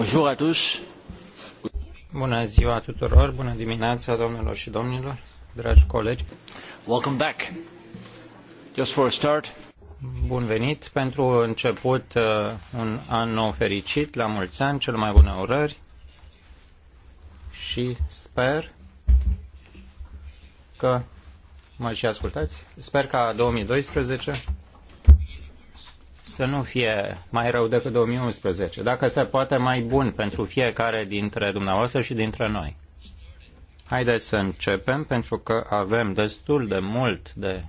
Bonjour à tous. Bună ziua tuturor, bună dimineața domnilor și domnilor, dragi colegi. Welcome back. Just for a start. Bun venit pentru început uh, un an nou fericit, la mulți ani, cele mai bune urări și sper că mă și ascultați. Sper ca 2012 să nu fie mai rău decât 2011, dacă se poate mai bun pentru fiecare dintre dumneavoastră și dintre noi. Haideți să începem, pentru că avem destul de mult de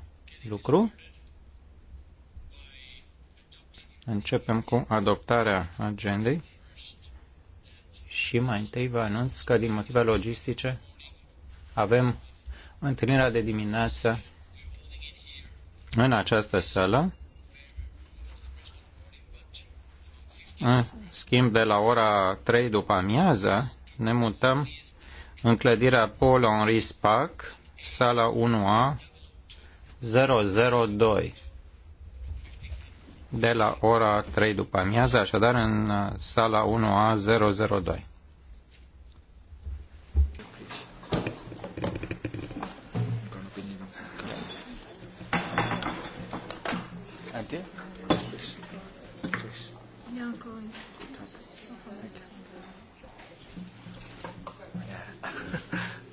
lucru. Începem cu adoptarea agendei și mai întâi vă anunț că din motive logistice avem întâlnirea de dimineață în această sală În schimb, de la ora 3 după amiază, ne mutăm în clădirea Paul Henri Spac, sala 1A 002 de la ora 3 după amiază, așadar în uh, sala 1A 002.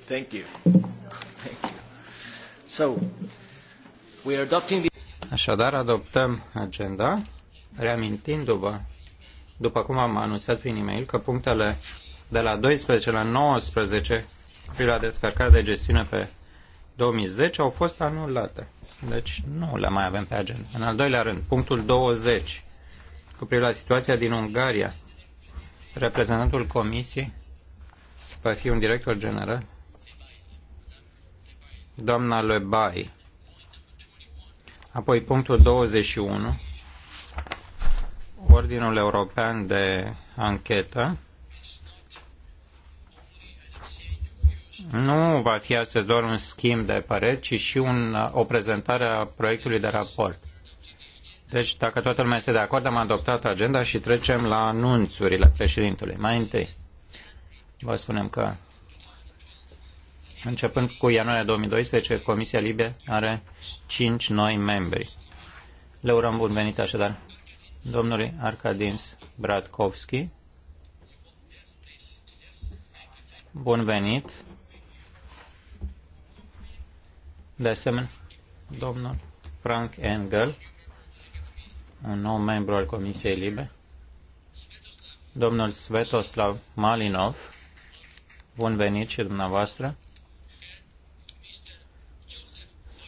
Thank you. Thank you. So, we are adopting the... Așadar, adoptăm agenda, reamintindu-vă, după cum am anunțat prin e-mail, că punctele de la 12 la 19 pri la descărcare de gestiune pe 2010 au fost anulate. Deci nu le mai avem pe agenda. În al doilea rând, punctul 20 cu privire la situația din Ungaria. Reprezentantul Comisiei va fi un director general doamna Lebai. Apoi punctul 21, Ordinul European de Anchetă. Nu va fi astăzi doar un schimb de păreri, ci și un, o prezentare a proiectului de raport. Deci, dacă toată lumea este de acord, am adoptat agenda și trecem la anunțurile președintului. Mai întâi, vă spunem că Începând cu ianuarie 2012, Comisia Libe are 5 noi membri. Le urăm bun venit așadar domnului Arkadins Bratkovski. Bun venit. De asemenea, domnul Frank Engel, un nou membru al Comisiei Libe, domnul Svetoslav Malinov, bun venit și dumneavoastră,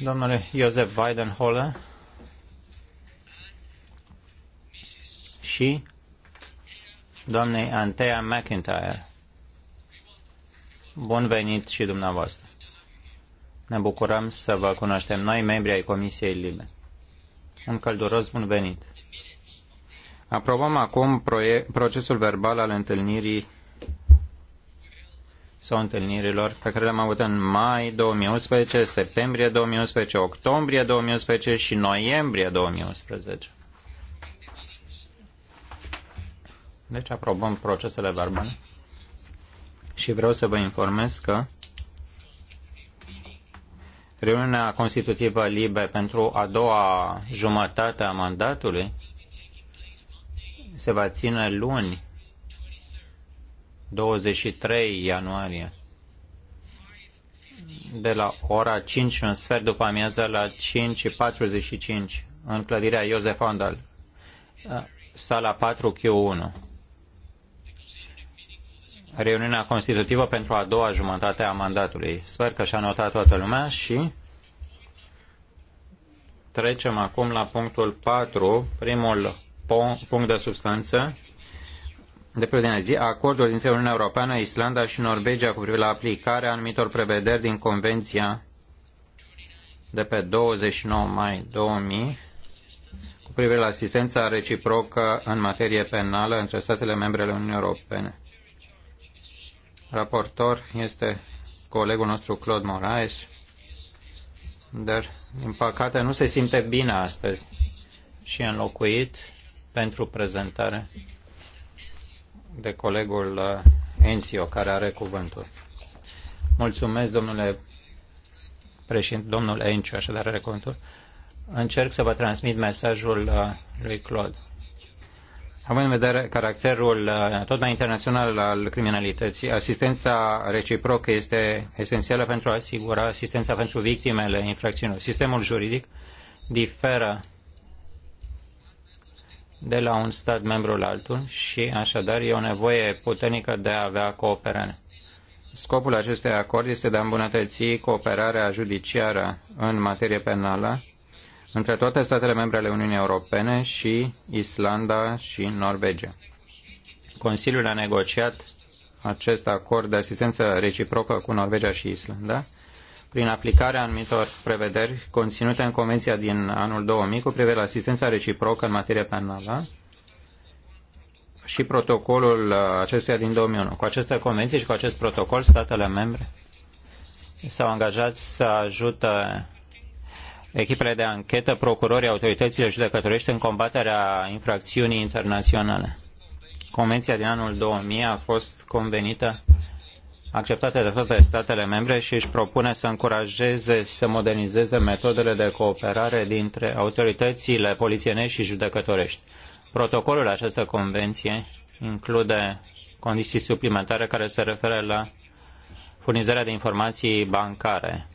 domnului Josef Weidenholler și doamnei Antea McIntyre. Bun venit și dumneavoastră. Ne bucurăm să vă cunoaștem noi, membri ai Comisiei Libe. Un călduros bun venit. Aprobăm acum procesul verbal al întâlnirii sau întâlnirilor pe care le-am avut în mai 2011, septembrie 2011, octombrie 2011 și noiembrie 2011. Deci aprobăm procesele verbale. Și vreau să vă informez că reuniunea constitutivă libe pentru a doua jumătate a mandatului se va ține luni 23 ianuarie, de la ora 5 și un sfert după amiază la 5 45 în clădirea Iosef Andal, sala 4Q1. Reuniunea constitutivă pentru a doua jumătate a mandatului. Sper că și-a notat toată lumea și trecem acum la punctul 4, primul punct de substanță, de pe ordinea zi a acordului dintre Uniunea Europeană, Islanda și Norvegia cu privire la aplicarea anumitor prevederi din Convenția de pe 29 mai 2000 cu privire la asistența reciprocă în materie penală între statele membre ale Uniunii Europene. Raportor este colegul nostru Claude Moraes, dar din păcate nu se simte bine astăzi și e înlocuit pentru prezentare de colegul uh, Enzio, care are cuvântul. Mulțumesc, domnule președinte, domnul Enciu, așadar are cuvântul. Încerc să vă transmit mesajul uh, lui Claude. Având în vedere caracterul uh, tot mai internațional al criminalității, asistența reciprocă este esențială pentru a asigura asistența pentru victimele infracțiunilor. Sistemul juridic diferă de la un stat membru la altul și așadar e o nevoie puternică de a avea cooperare. Scopul acestui acord este de a îmbunătăți cooperarea judiciară în materie penală între toate statele membre ale Uniunii Europene și Islanda și Norvegia. Consiliul a negociat acest acord de asistență reciprocă cu Norvegia și Islanda prin aplicarea anumitor prevederi conținute în Convenția din anul 2000 cu privire la asistența reciprocă în materie penală și protocolul uh, acestuia din 2001. Cu aceste convenții și cu acest protocol, statele membre s-au angajat să ajute echipele de anchetă, procurorii, autoritățile judecătorești în combaterea infracțiunii internaționale. Convenția din anul 2000 a fost convenită acceptate de toate statele membre și își propune să încurajeze și să modernizeze metodele de cooperare dintre autoritățile polițienești și judecătorești. Protocolul această convenție include condiții suplimentare care se referă la furnizarea de informații bancare.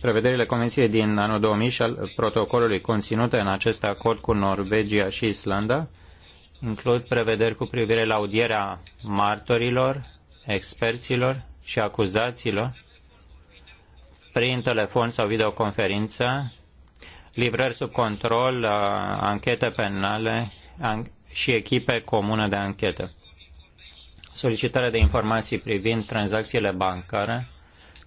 Prevederile Convenției din anul 2000 și al protocolului conținute în acest acord cu Norvegia și Islanda includ prevederi cu privire la audierea martorilor experților și acuzaților prin telefon sau videoconferință, livrări sub control, uh, anchete penale și echipe comune de anchetă. Solicitarea de informații privind tranzacțiile bancare,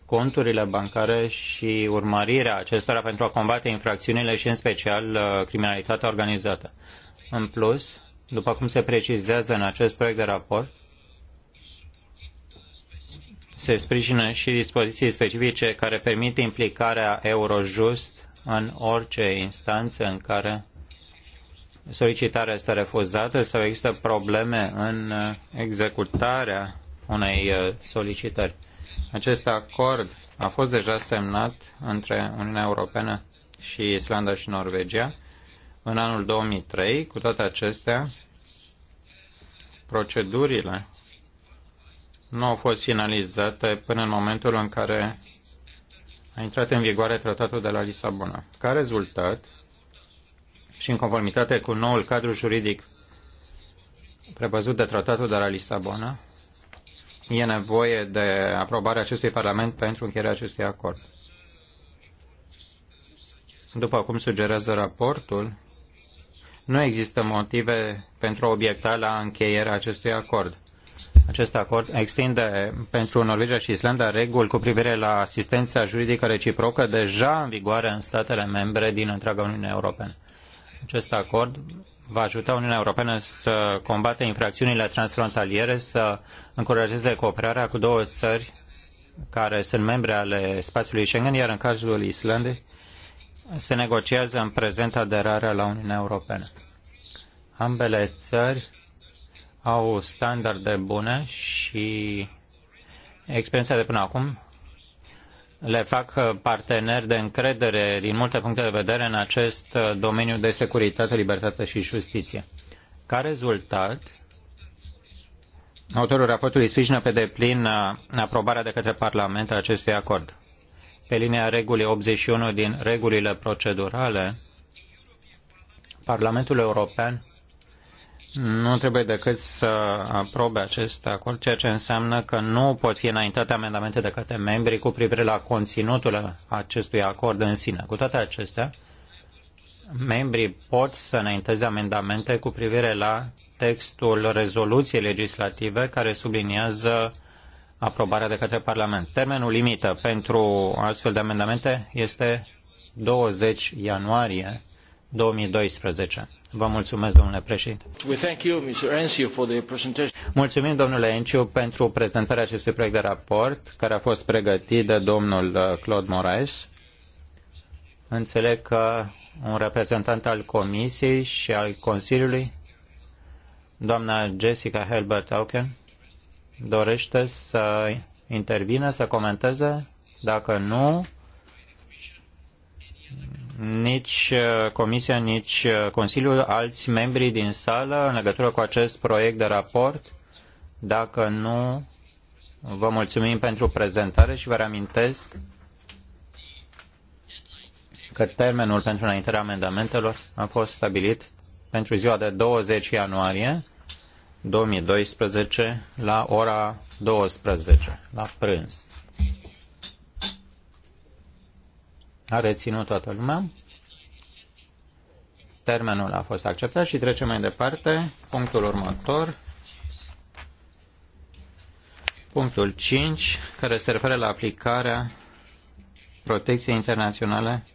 conturile bancare și urmărirea acestora pentru a combate infracțiunile și în special uh, criminalitatea organizată. În plus, după cum se precizează în acest proiect de raport, se sprijină și dispoziții specifice care permit implicarea Eurojust în orice instanță în care solicitarea este refuzată sau există probleme în executarea unei uh, solicitări. Acest acord a fost deja semnat între Uniunea Europeană și Islanda și Norvegia în anul 2003. Cu toate acestea, procedurile nu au fost finalizate până în momentul în care a intrat în vigoare tratatul de la Lisabona. Ca rezultat, și în conformitate cu noul cadru juridic prevăzut de tratatul de la Lisabona, e nevoie de aprobarea acestui Parlament pentru încheierea acestui acord. După cum sugerează raportul, nu există motive pentru a obiecta la încheierea acestui acord. Acest acord extinde pentru Norvegia și Islanda reguli cu privire la asistența juridică reciprocă deja în vigoare în statele membre din întreaga Uniune Europeană. Acest acord va ajuta Uniunea Europeană să combată infracțiunile transfrontaliere, să încurajeze cooperarea cu două țări care sunt membre ale spațiului Schengen, iar în cazul Islandei se negociază în prezent aderarea la Uniunea Europeană. Ambele țări au standarde bune și experiența de până acum le fac parteneri de încredere din multe puncte de vedere în acest domeniu de securitate, libertate și justiție. Ca rezultat, autorul raportului sprijină pe deplin aprobarea de către Parlament a acestui acord. Pe linia regulii 81 din regulile procedurale, Parlamentul European nu trebuie decât să aprobe acest acord, ceea ce înseamnă că nu pot fi înaintate amendamente de către membri cu privire la conținutul acestui acord în sine. Cu toate acestea, membrii pot să înainteze amendamente cu privire la textul rezoluției legislative care subliniază aprobarea de către Parlament. Termenul limită pentru astfel de amendamente este 20 ianuarie 2012. Vă mulțumesc, domnule președinte. Mulțumim, domnule Enciu, pentru prezentarea acestui proiect de raport, care a fost pregătit de domnul uh, Claude Moraes. Înțeleg că un reprezentant al Comisiei și al Consiliului, doamna Jessica Helbert Auken, dorește să intervină, să comenteze? Dacă nu, nici uh, Comisia, nici uh, Consiliul, alți membri din sală în legătură cu acest proiect de raport? Dacă nu, vă mulțumim pentru prezentare și vă reamintesc că termenul pentru înaintarea amendamentelor a fost stabilit pentru ziua de 20 ianuarie 2012 la ora 12, la prânz. A reținut toată lumea. Termenul a fost acceptat și trecem mai departe. Punctul următor. Punctul 5, care se referă la aplicarea protecției internaționale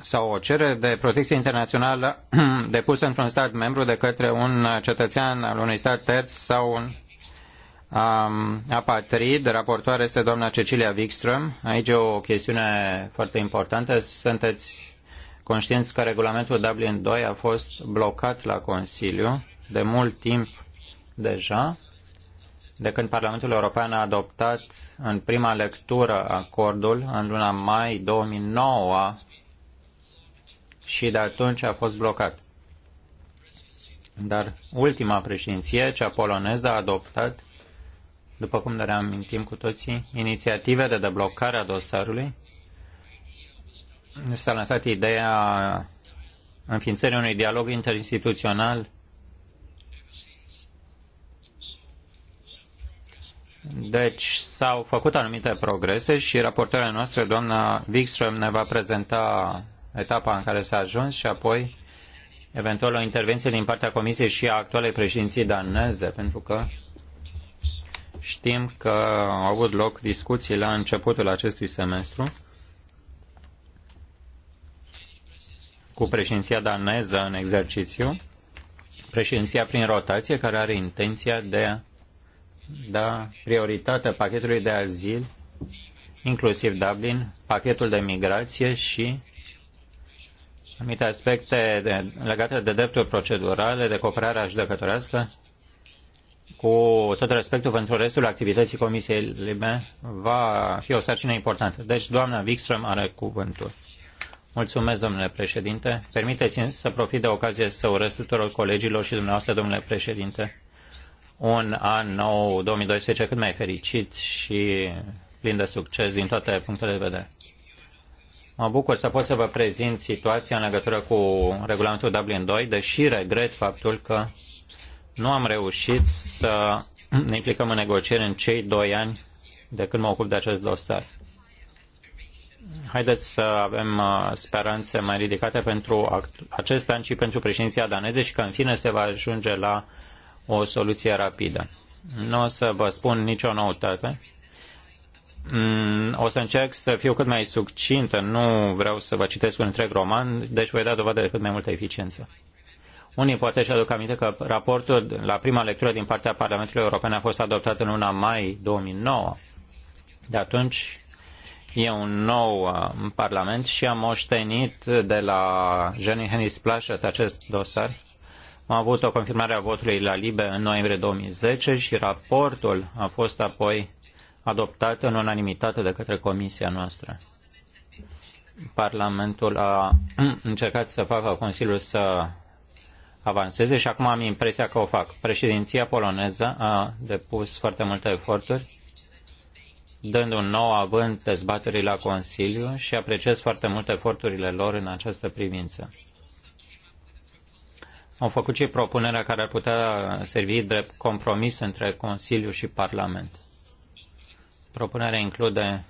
sau o cerere de protecție internațională depusă într-un stat membru de către un cetățean al unui stat terț sau un um, apatrid. Raportoare este doamna Cecilia Wikström. Aici e o chestiune foarte importantă. Sunteți conștienți că regulamentul Dublin 2 a fost blocat la Consiliu de mult timp deja, de când Parlamentul European a adoptat în prima lectură acordul în luna mai 2009 și de atunci a fost blocat. Dar ultima președinție, cea poloneză, a adoptat după cum ne reamintim cu toții, inițiativa de deblocare a dosarului. S-a lansat ideea înființării unui dialog interinstituțional Deci s-au făcut anumite progrese și raportarea noastră, doamna Wikström, ne va prezenta etapa în care s-a ajuns și apoi eventual o intervenție din partea Comisiei și a actualei președinții daneze, pentru că Știm că au avut loc discuții la începutul acestui semestru cu președinția daneză în exercițiu, președinția prin rotație care are intenția de a da prioritate pachetului de azil, inclusiv Dublin, pachetul de migrație și anumite aspecte de, legate de drepturi procedurale, de cooperarea judecătorească, cu tot respectul pentru restul activității Comisiei Libe, va fi o sarcină importantă. Deci, doamna Wikström are cuvântul. Mulțumesc, domnule președinte. Permiteți-mi să profit de ocazie să urez tuturor colegilor și dumneavoastră, domnule președinte, un an nou 2012 cât mai fericit și plin de succes din toate punctele de vedere. Mă bucur să pot să vă prezint situația în legătură cu regulamentul Dublin 2, deși regret faptul că nu am reușit să ne implicăm în negocieri în cei doi ani de când mă ocup de acest dosar. Haideți să avem uh, speranțe mai ridicate pentru acest an și pentru președinția daneză și că în fine se va ajunge la o soluție rapidă. Nu o să vă spun nicio noutate. Mm, o să încerc să fiu cât mai succintă, nu vreau să vă citesc un întreg roman, deci voi da dovadă de cât mai multă eficiență. Unii poate și aduc aminte că raportul la prima lectură din partea Parlamentului European a fost adoptat în luna mai 2009. De atunci e un nou uh, Parlament și am moștenit de la Jenny Hennis Splashet acest dosar. Am avut o confirmare a votului la Libe în noiembrie 2010 și raportul a fost apoi adoptat în unanimitate de către comisia noastră. Parlamentul a încercat să facă Consiliul să avanseze și acum am impresia că o fac. Președinția poloneză a depus foarte multe eforturi, dând un nou avânt dezbaterii la Consiliu și apreciez foarte mult eforturile lor în această privință. Au făcut și propunerea care ar putea servi drept compromis între Consiliu și Parlament. Propunerea include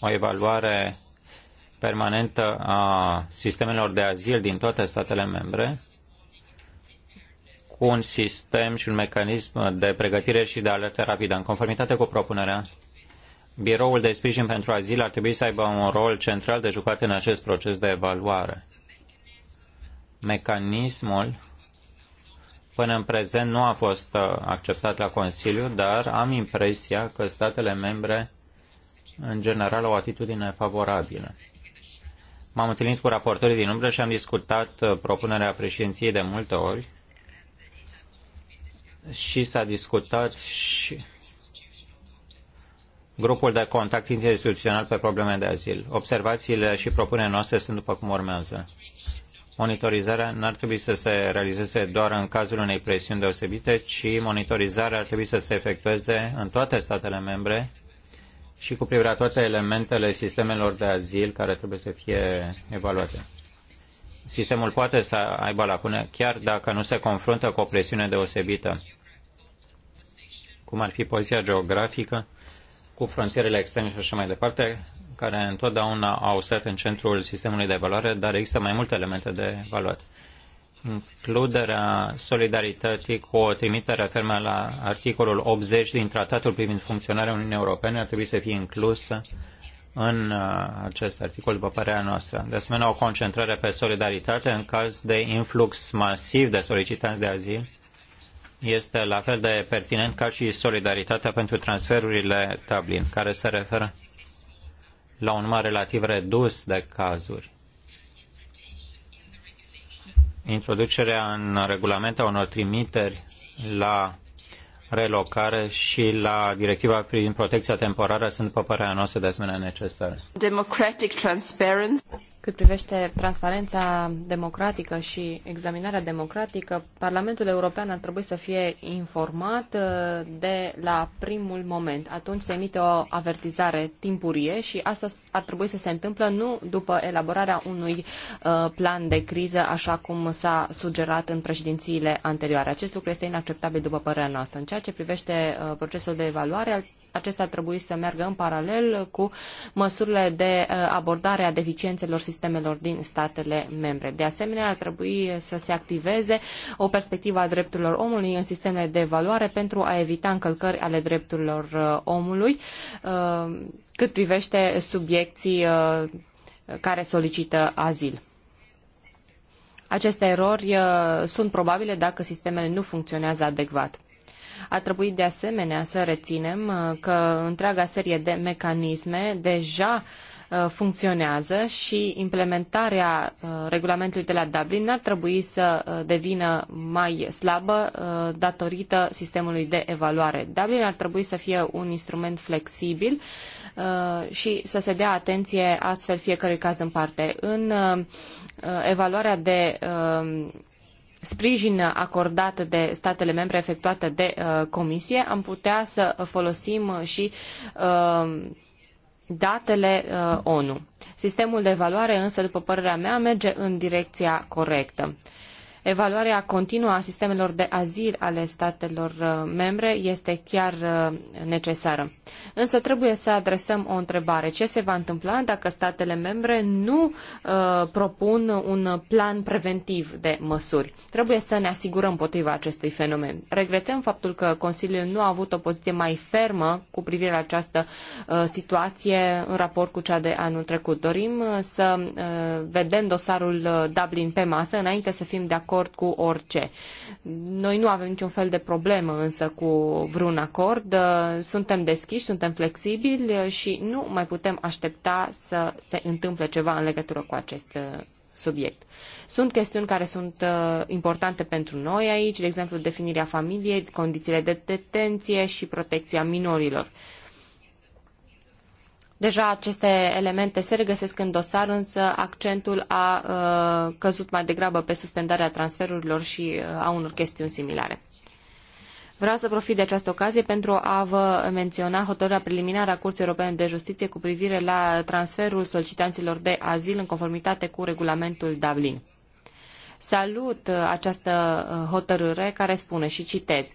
o evaluare permanentă a sistemelor de azil din toate statele membre, un sistem și un mecanism de pregătire și de alertă rapidă. În conformitate cu propunerea, Biroul de Sprijin pentru Azil ar trebui să aibă un rol central de jucat în acest proces de evaluare. Mecanismul până în prezent nu a fost uh, acceptat la Consiliu, dar am impresia că statele membre în general au o atitudine favorabilă. M-am întâlnit cu raportorii din umbră și am discutat uh, propunerea președinției de multe ori și s-a discutat și grupul de contact interinstituțional pe probleme de azil. Observațiile și propunerile noastre sunt după cum urmează. Monitorizarea nu ar trebui să se realizeze doar în cazul unei presiuni deosebite, ci monitorizarea ar trebui să se efectueze în toate statele membre și cu privire la toate elementele sistemelor de azil care trebuie să fie evaluate. Sistemul poate să aibă lacune chiar dacă nu se confruntă cu o presiune deosebită cum ar fi poziția geografică, cu frontierele externe și așa mai departe, care întotdeauna au stat în centrul sistemului de valoare, dar există mai multe elemente de valoare. Includerea solidarității cu o trimitere fermă la articolul 80 din Tratatul privind funcționarea Uniunii Europene ar trebui să fie inclusă în uh, acest articol, după părerea noastră. De asemenea, o concentrare pe solidaritate în caz de influx masiv de solicitanți de azil este la fel de pertinent ca și solidaritatea pentru transferurile Dublin, care se referă la un număr relativ redus de cazuri. Introducerea în regulament a unor trimiteri la relocare și la directiva privind protecția temporară sunt, după părerea noastră, de asemenea necesare. Democratic transparency. Cât privește transparența democratică și examinarea democratică, Parlamentul European ar trebui să fie informat uh, de la primul moment. Atunci se emite o avertizare timpurie și asta ar trebui să se întâmplă nu după elaborarea unui uh, plan de criză, așa cum s-a sugerat în președințiile anterioare. Acest lucru este inacceptabil după părerea noastră. În ceea ce privește uh, procesul de evaluare, acestea ar trebui să meargă în paralel cu măsurile de uh, abordare a deficiențelor sistemelor din statele membre. De asemenea, ar trebui să se activeze o perspectivă a drepturilor omului în sistemele de evaluare pentru a evita încălcări ale drepturilor uh, omului uh, cât privește subiecții care solicită azil. Aceste erori sunt probabile dacă sistemele nu funcționează adecvat. Ar trebui de asemenea să reținem uh, că întreaga serie de mecanisme deja uh, funcționează și implementarea uh, regulamentului de la Dublin n-ar trebui să devină mai slabă datorită sistemului de evaluare. Dublin ar trebui să fie un instrument flexibil și să se dea atenție astfel fiecărui caz în parte. În evaluarea de sprijin acordat de statele membre efectuată de uh, comisie, am putea să folosim și uh, datele uh, ONU. Sistemul de evaluare însă, după părerea mea, merge în direcția corectă. Evaluarea continuă a sistemelor de azil ale statelor uh, membre este chiar uh, necesară. Însă trebuie să adresăm o întrebare. Ce se va întâmpla dacă statele membre nu uh, propun un plan preventiv de măsuri? Trebuie să ne asigurăm împotriva acestui fenomen. Regretăm faptul că Consiliul nu a avut o poziție mai fermă cu privire la această uh, situație în raport cu cea de anul trecut. Dorim uh, să uh, vedem dosarul Dublin pe masă înainte să fim de acord acord cu orice. Noi nu avem niciun fel de problemă însă cu vreun acord, uh, suntem deschiși, suntem flexibili uh, și nu mai putem aștepta să se întâmple ceva în legătură cu acest uh, subiect. Sunt chestiuni care sunt uh, importante pentru noi aici, de exemplu definirea familiei, condițiile de detenție și protecția minorilor. Uh, Deja aceste elemente se regăsesc în dosar, însă accentul a uh, căzut mai degrabă pe suspendarea transferurilor și uh, a unor chestiuni similare. Vreau să profit de această ocazie pentru a vă menționa hotărârea preliminară a Curții Europene de Justiție cu privire la transferul solicitanților de azil în conformitate cu regulamentul Dublin. Salut uh, această hotărâre care spune și citez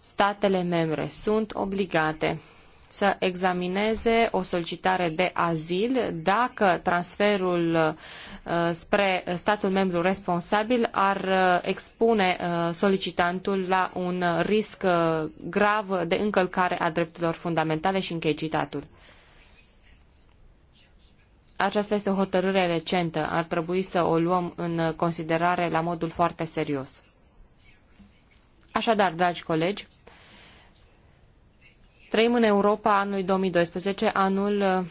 statele membre sunt obligate să examineze o solicitare de azil dacă transferul uh, spre statul membru responsabil ar uh, expune uh, solicitantul la un risc grav de încălcare a drepturilor fundamentale și închei citatul. Aceasta este o hotărâre recentă, ar trebui să o luăm în considerare la modul foarte serios. Așadar, dragi colegi, Trăim în Europa anului 2012, anul uh,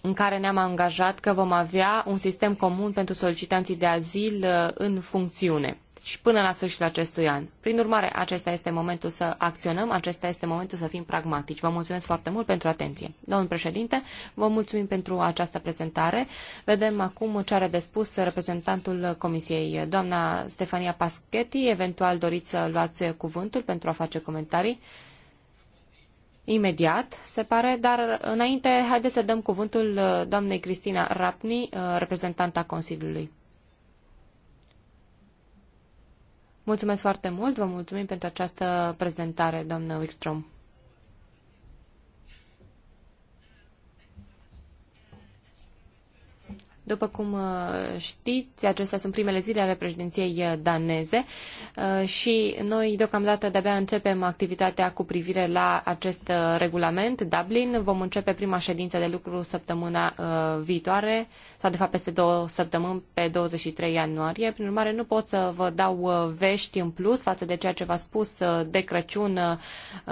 în care ne-am angajat că vom avea un sistem comun pentru solicitanții de azil uh, în funcțiune și până la sfârșitul acestui an. Prin urmare, acesta este momentul să acționăm, acesta este momentul să fim pragmatici. Vă mulțumesc foarte mult pentru atenție. Domnul președinte, vă mulțumim pentru această prezentare. Vedem acum ce are de spus reprezentantul Comisiei, doamna Stefania Paschetti. Eventual doriți să luați cuvântul pentru a face comentarii imediat, se pare, dar înainte, haideți să dăm cuvântul uh, doamnei Cristina Rapni, uh, reprezentanta Consiliului. Mulțumesc foarte mult, vă mulțumim pentru această prezentare, doamnă Wickstrom. După cum uh, știți, acestea sunt primele zile ale președinției uh, daneze uh, și noi deocamdată de-abia începem activitatea cu privire la acest regulament Dublin. Vom începe prima ședință de lucru săptămâna viitoare, sau de fapt peste două săptămâni, pe 23 ianuarie. Prin urmare, nu pot să vă dau vești în plus față de ceea ce v-a spus de Crăciun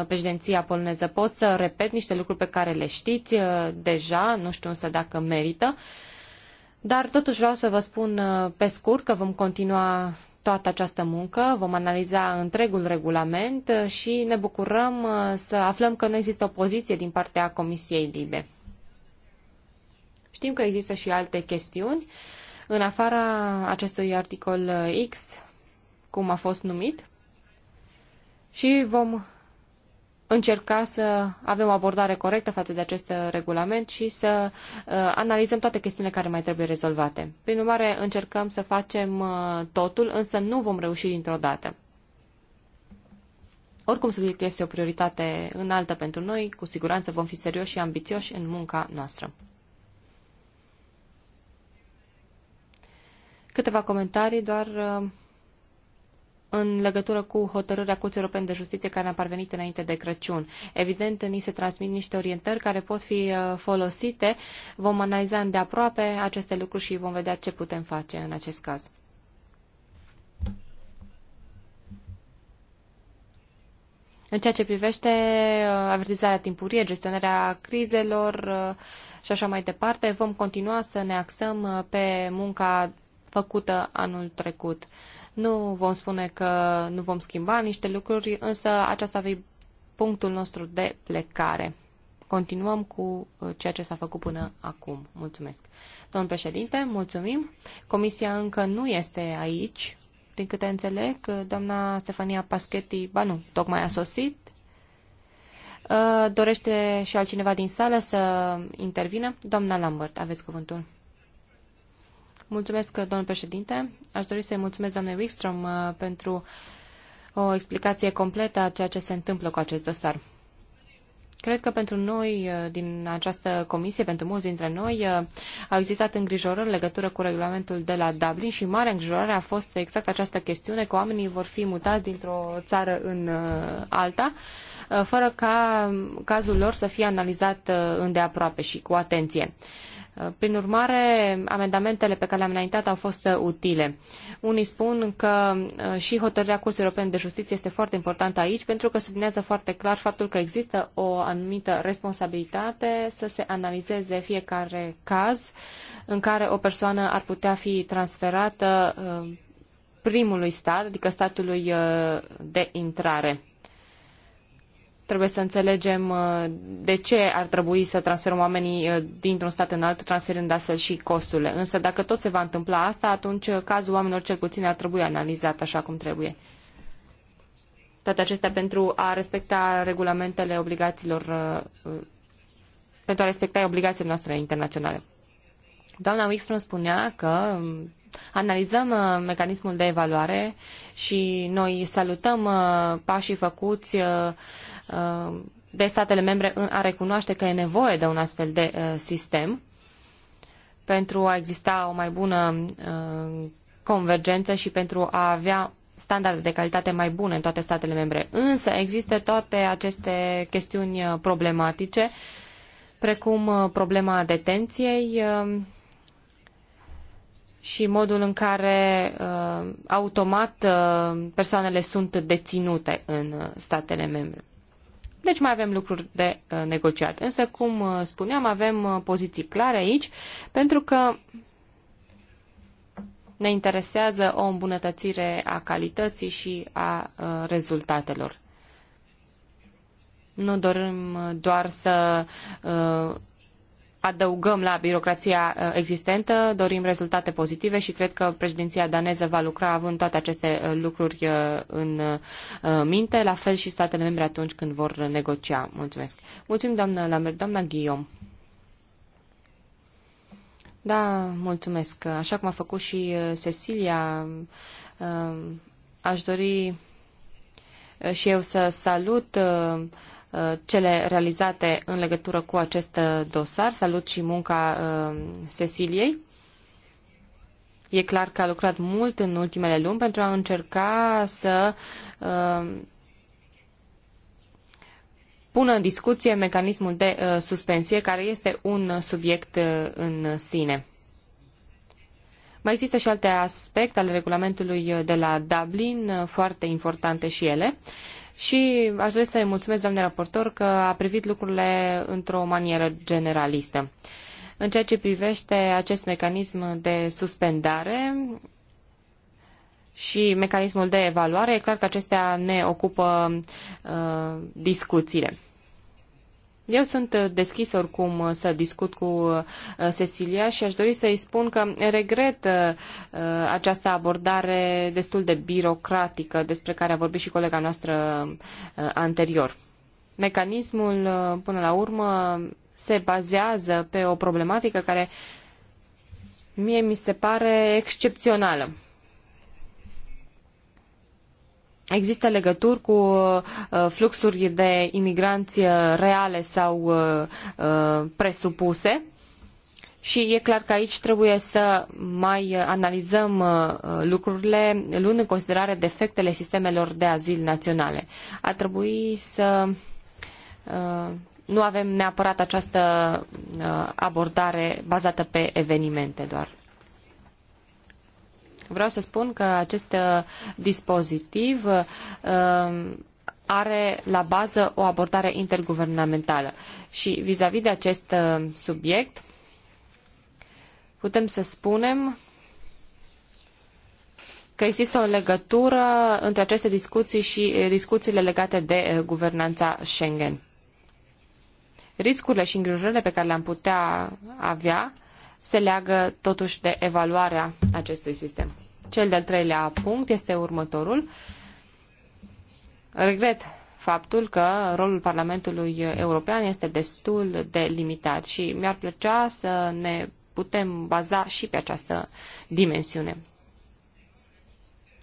președinția poloneză. Pot să repet niște lucruri pe care le știți deja, nu știu însă dacă merită. Dar totuși vreau să vă spun uh, pe scurt că vom continua toată această muncă, vom analiza întregul regulament uh, și ne bucurăm uh, să aflăm că nu există opoziție din partea Comisiei Libe. Știm că există și alte chestiuni în afara acestui articol X, cum a fost numit, și vom încerca să avem o abordare corectă față de acest uh, regulament și să uh, analizăm toate chestiunile care mai trebuie rezolvate. Prin urmare, încercăm să facem uh, totul, însă nu vom reuși dintr-o dată. Oricum, subiectul este o prioritate înaltă pentru noi, cu siguranță vom fi serioși și ambițioși în munca noastră. Câteva comentarii doar în legătură cu hotărârea Curții Europene de Justiție care a parvenit înainte de Crăciun. Evident, ni se transmit niște orientări care pot fi uh, folosite. Vom analiza îndeaproape aceste lucruri și vom vedea ce putem face în acest caz. În ceea ce privește uh, avertizarea timpurie, gestionarea crizelor uh, și așa mai departe, vom continua să ne axăm pe munca făcută anul trecut. Nu vom spune că nu vom schimba niște lucruri, însă aceasta va fi punctul nostru de plecare. Continuăm cu uh, ceea ce s-a făcut până acum. Mulțumesc. Domnul președinte, mulțumim. Comisia încă nu este aici. Din câte înțeleg, doamna Stefania Paschetti, ba nu, tocmai a sosit. Uh, dorește și altcineva din sală să intervină? Doamna Lambert, aveți cuvântul. Mulțumesc, domnul președinte. Aș dori să-i mulțumesc doamnei Wickstrom uh, pentru o explicație completă a ceea ce se întâmplă cu acest dosar. Cred că pentru noi, uh, din această comisie, pentru mulți dintre noi, uh, au existat îngrijorări în legătură cu regulamentul de la Dublin și mare îngrijorare a fost exact această chestiune că oamenii vor fi mutați dintr-o țară în alta, fără ca cazul lor să fie analizat îndeaproape și cu atenție. Prin urmare, amendamentele pe care le-am înaintat au fost uh, utile. Unii spun că uh, și hotărârea cursului Europene de Justiție este foarte importantă aici pentru că sublinează foarte clar faptul că există o anumită responsabilitate să se analizeze fiecare caz în care o persoană ar putea fi transferată uh, primului stat, adică statului de intrare. Trebuie să înțelegem uh, de ce ar trebui să transferăm oamenii uh, dintr-un stat în altul, transferând astfel și costurile. Însă dacă tot se va întâmpla asta, atunci uh, cazul oamenilor cel puțin ar trebui analizat așa cum trebuie. Toate acestea pentru a respecta regulamentele obligațiilor, pentru a respecta obligațiile noastre internaționale. Doamna Wickstrom spunea că um, analizăm uh, mecanismul de evaluare și noi salutăm uh, pașii făcuți uh, de statele membre în a recunoaște că e nevoie de un astfel de sistem pentru a exista o mai bună convergență și pentru a avea standarde de calitate mai bune în toate statele membre. Însă există toate aceste chestiuni problematice, precum problema detenției, și modul în care uh, automat uh, persoanele sunt deținute în uh, statele membre. Deci mai avem lucruri de uh, negociat. Însă, cum uh, spuneam, avem uh, poziții clare aici, pentru că ne interesează o îmbunătățire a calității și a uh, rezultatelor. Nu dorim uh, doar să uh, adăugăm la birocrația uh, existentă, dorim rezultate pozitive și cred că președinția daneză va lucra având toate aceste uh, lucruri uh, în minte, la fel și statele membre atunci când vor negocia. Mulțumesc. Mulțumim, doamna Lambert, doamna Guillaume. Da, mulțumesc. Așa cum a făcut și Cecilia, aș dori și eu să salut cele realizate în legătură cu acest dosar. Salut și munca uh, Ceciliei. E clar că a lucrat mult în ultimele luni pentru a încerca să uh, pună în discuție mecanismul de uh, suspensie, care este un subiect în sine. Mai există și alte aspecte ale regulamentului de la Dublin, foarte importante și ele. Și aș dori să-i mulțumesc, doamne raportor, că a privit lucrurile într-o manieră generalistă. În ceea ce privește acest mecanism de suspendare și mecanismul de evaluare, e clar că acestea ne ocupă uh, discuțiile. Eu sunt uh, deschis oricum uh, să discut cu uh, Cecilia și aș dori să-i spun că regret această abordare destul de birocratică despre care a vorbit și colega noastră anterior. Mecanismul, până la urmă, se bazează pe o problematică care mie mi se pare excepțională există legături cu uh, fluxuri de imigranți uh, reale sau uh, presupuse. Și e clar că aici trebuie să mai analizăm lucrurile luând în considerare defectele sistemelor de azil naționale. Ar trebui să nu avem neapărat această abordare bazată pe evenimente doar. Vreau să spun că acest uh, dispozitiv uh, um, are la bază o abordare interguvernamentală. Și vis-a-vis de acest uh, subiect, putem să spunem că există o legătură între aceste discuții și discuțiile legate de guvernanța Schengen. Riscurile și îngrijorările pe care le-am putea avea se leagă totuși de evaluarea acestui sistem. Cel de-al treilea punct este următorul. Regret faptul că rolul Parlamentului European este destul de limitat și mi-ar plăcea să ne putem baza și pe această dimensiune.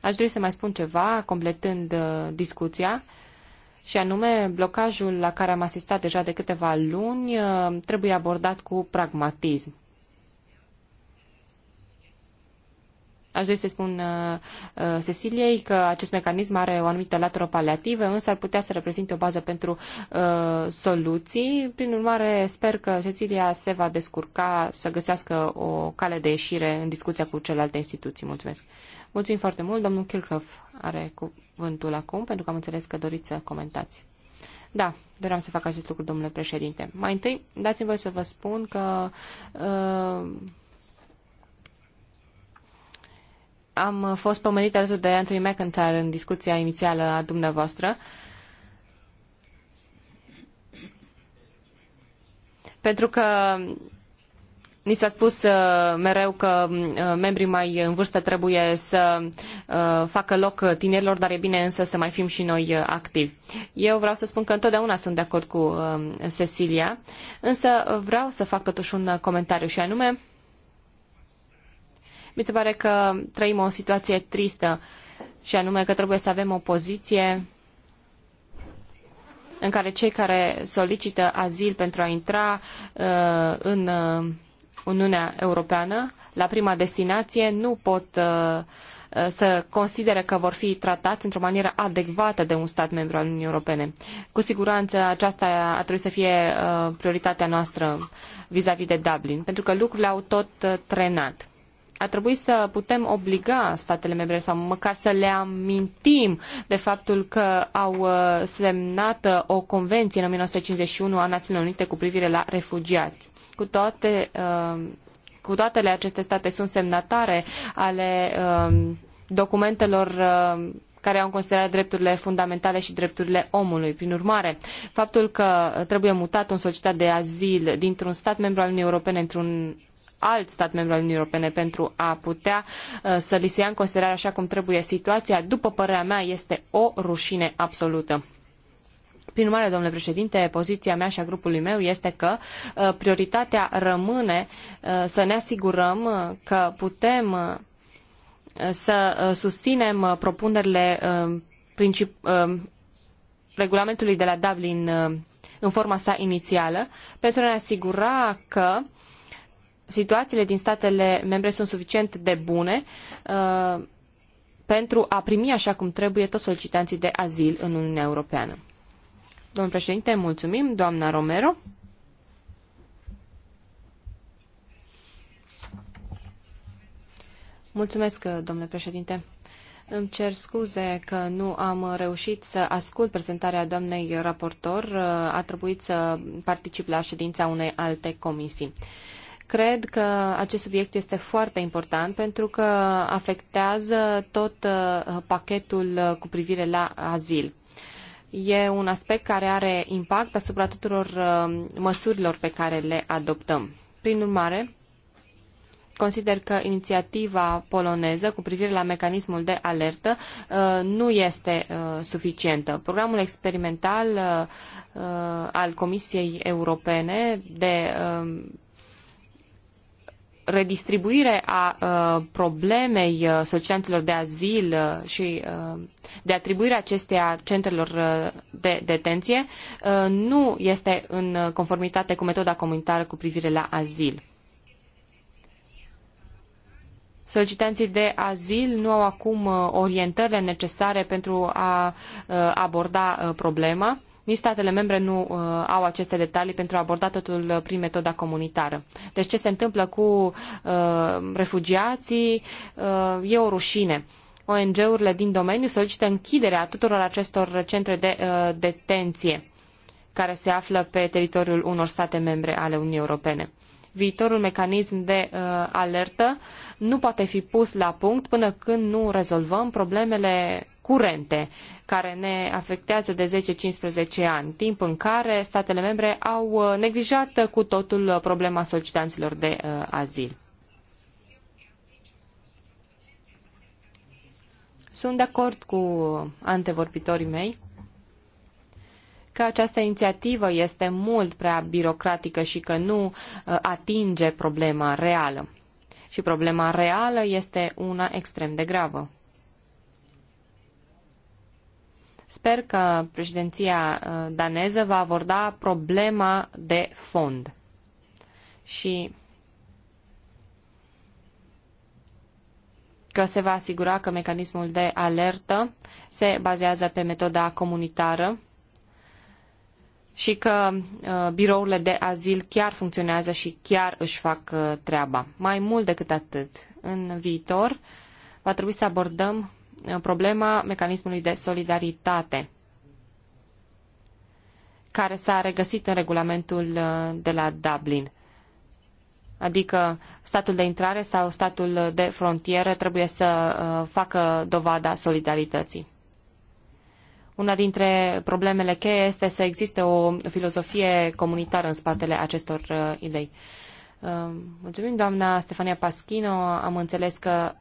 Aș dori să mai spun ceva, completând uh, discuția, și anume blocajul la care am asistat deja de câteva luni uh, trebuie abordat cu pragmatism. Aș dori să spun uh, uh, Ceciliei că acest mecanism are o anumită latură paliativă, însă ar putea să reprezinte o bază pentru uh, soluții. Prin urmare, sper că Cecilia se va descurca să găsească o cale de ieșire în discuția cu celelalte instituții. Mulțumesc! Mulțumim foarte mult. Domnul Kirchhoff are cuvântul acum, pentru că am înțeles că doriți să comentați. Da, doream să fac acest lucru, domnule președinte. Mai întâi, dați-mi voi să vă spun că... Uh, am fost pomenit alături de Anthony McIntyre în discuția inițială a dumneavoastră. Pentru că Ni s-a spus uh, mereu că uh, membrii mai în vârstă trebuie să uh, facă loc tinerilor, dar e bine însă să mai fim și noi activi. Eu vreau să spun că întotdeauna sunt de acord cu Cecilia, însă vreau să fac totuși un comentariu și anume mi se pare că trăim o situație tristă și anume că trebuie să avem o poziție în care cei care solicită azil pentru a intra uh, în uh, Uniunea Europeană la prima destinație nu pot uh, uh să considere că vor fi tratați într-o manieră adecvată de un stat membru al Uniunii Europene. Cu siguranță aceasta ar trebui să fie uh, prioritatea noastră vis-a-vis de Dublin, pentru că lucrurile au tot uh, trenat ar trebui să putem obliga statele membre sau măcar să le amintim de faptul că au uh, semnat uh, o convenție în 1951 a Națiunilor Unite cu privire la refugiați. Cu toate, uh, cu toatele aceste state sunt semnatare ale documentelor care au în considerare drepturile fundamentale și drepturile omului. Prin urmare, faptul că trebuie mutat un solicitat de azil dintr-un stat membru al Uniunii Europene într-un alt stat membru al Uniunii Europene pentru a putea uh, să li se ia în considerare așa cum trebuie situația, după părerea mea, este o rușine absolută. Prin urmare, domnule președinte, poziția mea și a grupului meu este că uh, prioritatea rămâne uh, să ne asigurăm că putem să susținem propunerile regulamentului de la Dublin în forma sa inițială pentru a ne asigura că situațiile din statele membre sunt suficient de bune uh, pentru a primi așa cum trebuie toți solicitanții de azil în Uniunea Europeană. Domnul președinte, mulțumim. Doamna Romero. Mulțumesc, domnule președinte. Îmi cer scuze că nu am reușit să ascult prezentarea doamnei raportor. A trebuit să particip la ședința unei alte comisii. Cred că acest subiect este foarte important pentru că afectează tot uh, pachetul uh, cu privire la azil. E un aspect care are impact asupra tuturor uh, măsurilor pe care le adoptăm. Prin urmare, consider că inițiativa poloneză cu privire la mecanismul de alertă nu este suficientă. Programul experimental al Comisiei Europene de redistribuire a uh, problemei uh, solicitanților de azil uh, și de atribuirea acesteia centrelor de detenție nu este în conformitate cu metoda comunitară cu privire la azil. Solicitanții de azil nu au acum orientările necesare pentru a aborda problema nici statele membre nu uh, au aceste detalii pentru a aborda totul uh, prin metoda comunitară. Deci ce se întâmplă cu uh, refugiații uh, e o rușine. ONG-urile din domeniu solicită închiderea tuturor acestor centre de uh, detenție care se află pe teritoriul unor state membre ale Uniunii Europene. Viitorul mecanism de uh, alertă nu poate fi pus la punct până când nu rezolvăm problemele curente care ne afectează de 10-15 ani, timp în care statele membre au uh, neglijat cu totul uh, problema solicitanților de uh, azil. Sunt de acord cu antevorbitorii mei că această inițiativă este mult prea birocratică și că nu atinge problema reală. Și problema reală este una extrem de gravă. Sper că președinția uh, daneză va aborda problema de fond. Și că se va asigura că mecanismul de alertă se bazează pe metoda comunitară și că uh, birourile de azil chiar funcționează și chiar își fac uh, treaba. Mai mult decât atât, în viitor va trebui să abordăm problema mecanismului de solidaritate care s-a regăsit în regulamentul uh, de la Dublin. Adică statul de intrare sau statul de frontieră trebuie să uh, facă dovada solidarității. Una dintre problemele cheie este să existe o filozofie comunitară în spatele acestor uh, idei. Mulțumim, doamna Stefania Paschino. Am înțeles că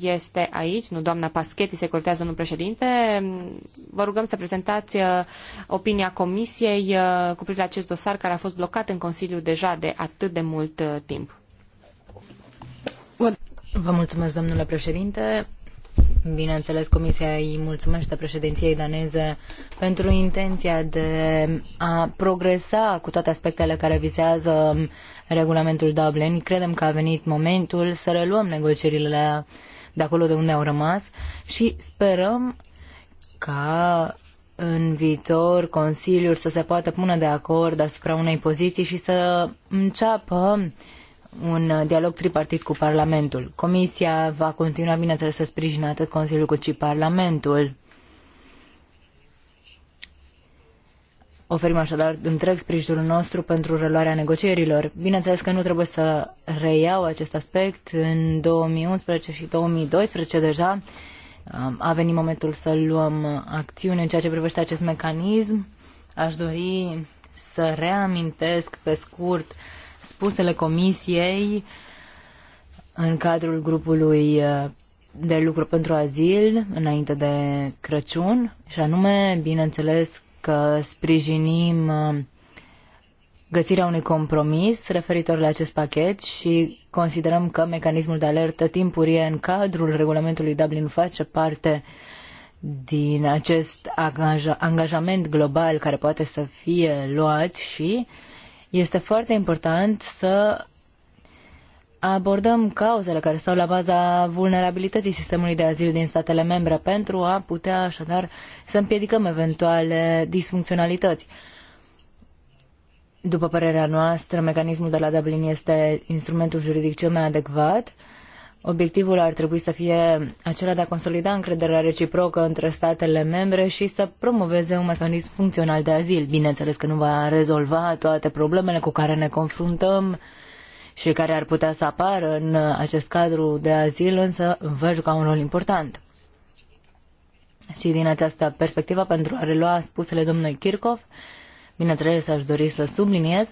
este aici, nu doamna Paschetti, se corectează domnul președinte. Vă rugăm să prezentați uh, opinia comisiei uh, cu privire la acest dosar care a fost blocat în Consiliu deja de atât de mult uh, timp. Vă mulțumesc, domnule președinte. Bineînțeles, Comisia îi mulțumește președinției daneze pentru intenția de a progresa cu toate aspectele care vizează um, regulamentul Dublin. Credem că a venit momentul să reluăm negocierile de acolo de unde au rămas și sperăm ca în viitor Consiliul să se poată pune de acord asupra unei poziții și să înceapă un dialog tripartit cu Parlamentul. Comisia va continua, bineînțeles, să sprijine atât Consiliul cât și Parlamentul. Oferim așadar întreg sprijinul nostru pentru reluarea negocierilor. Bineînțeles că nu trebuie să reiau acest aspect. În 2011 și 2012 deja um, a venit momentul să luăm acțiune în ceea ce privește acest mecanism. Aș dori să reamintesc pe scurt spusele comisiei în cadrul grupului uh, de lucru pentru azil înainte de Crăciun și anume, bineînțeles, că sprijinim uh, găsirea unui compromis referitor la acest pachet și considerăm că mecanismul de alertă timpurie în cadrul regulamentului Dublin face parte din acest angajament global care poate să fie luat și este foarte important să abordăm cauzele care stau la baza vulnerabilității sistemului de azil din statele membre pentru a putea așadar să împiedicăm eventuale disfuncționalități. După părerea noastră, mecanismul de la Dublin este instrumentul juridic cel mai adecvat. Obiectivul ar trebui să fie acela de a consolida încrederea reciprocă între statele membre și să promoveze un mecanism funcțional de azil. Bineînțeles că nu va rezolva toate problemele cu care ne confruntăm și care ar putea să apară în acest cadru de azil, însă va juca un rol important. Și din această perspectivă, pentru a relua spusele domnului Kirchhoff, bineînțeles aș dori să subliniez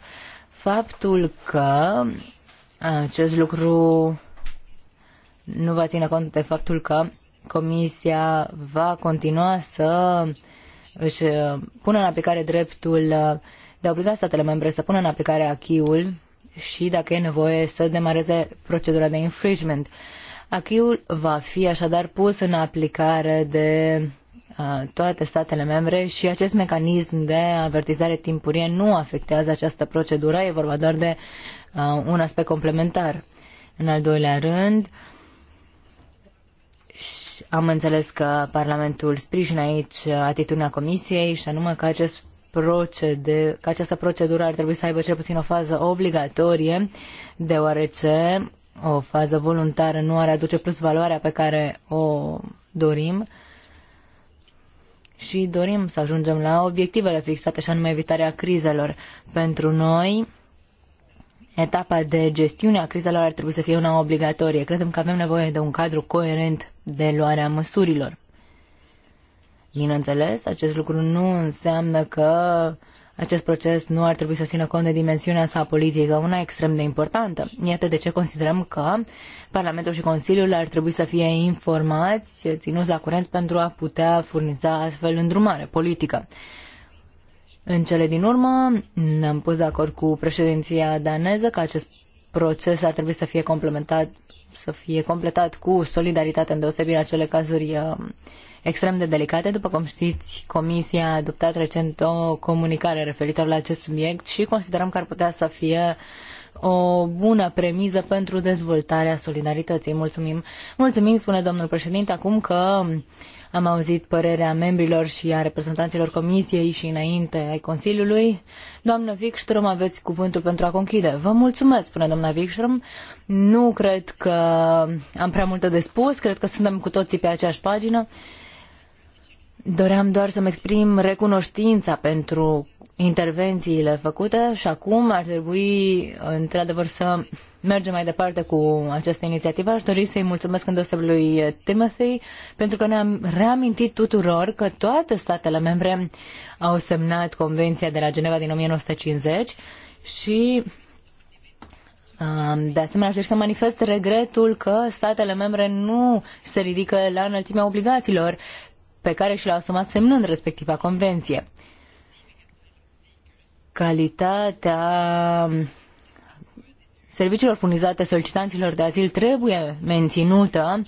faptul că acest lucru nu va ține cont de faptul că Comisia va continua să își pună în aplicare dreptul de a obliga statele membre să pună în aplicare achiul și, dacă e nevoie, să demareze procedura de infringement. Achiul va fi așadar pus în aplicare de uh, toate statele membre și acest mecanism de avertizare timpurie nu afectează această procedură, e vorba doar de uh, un aspect complementar. În al doilea rând, am înțeles că Parlamentul sprijină aici atitudinea Comisiei și anume că acest procede, că această procedură ar trebui să aibă cel puțin o fază obligatorie, deoarece o fază voluntară nu ar aduce plus valoarea pe care o dorim și dorim să ajungem la obiectivele fixate și anume evitarea crizelor. Pentru noi, etapa de gestiune a crizelor ar trebui să fie una obligatorie. Credem că avem nevoie de un cadru coerent de luarea măsurilor. Bineînțeles, acest lucru nu înseamnă că acest proces nu ar trebui să țină cont de dimensiunea sa politică, una extrem de importantă. Iată de ce considerăm că Parlamentul și Consiliul ar trebui să fie informați, ținuți la curent pentru a putea furniza astfel îndrumare politică. În cele din urmă, ne-am pus de acord cu președinția daneză că acest proces ar trebui să fie complementat, să fie completat cu solidaritate în deosebire acele cazuri uh, extrem de delicate. După cum știți, Comisia a adoptat recent o comunicare referitor la acest subiect și considerăm că ar putea să fie o bună premiză pentru dezvoltarea solidarității. Mulțumim. Mulțumim, spune domnul președinte, acum că am auzit părerea membrilor și a reprezentanților comisiei și înainte ai Consiliului. Doamnă Wikström, aveți cuvântul pentru a conchide. Vă mulțumesc, spune doamna Wikström. Nu cred că am prea multe de spus, cred că suntem cu toții pe aceeași pagină. Doream doar să-mi exprim recunoștința pentru intervențiile făcute și acum ar trebui, într-adevăr, să mergem mai departe cu această inițiativă. Aș dori să-i mulțumesc îndeosebit lui Timothy pentru că ne-am reamintit tuturor că toate statele membre au semnat Convenția de la Geneva din 1950 și um, de asemenea, aș dori să manifest regretul că statele membre nu se ridică la înălțimea obligațiilor pe care și l au asumat semnând respectiva convenție. Calitatea serviciilor furnizate solicitanților de azil trebuie menținută.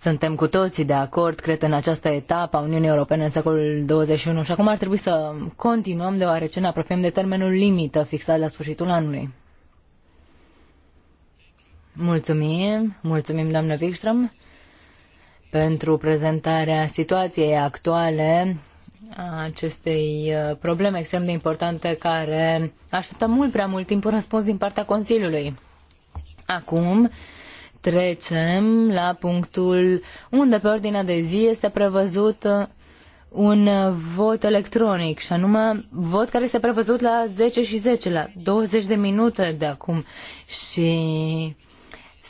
Suntem cu toții de acord, cred, în această etapă a Uniunii Europene în secolul 21 și acum ar trebui să continuăm deoarece ne apropiem de termenul limită fixat la sfârșitul anului. Mulțumim, mulțumim doamnă Wikström pentru prezentarea situației actuale a acestei uh, probleme extrem de importante care așteptă mult prea mult timp un răspuns din partea Consiliului. Acum trecem la punctul unde pe ordinea de zi este prevăzut uh, un uh, vot electronic și anume vot care este prevăzut la 10 și 10, la 20 de minute de acum și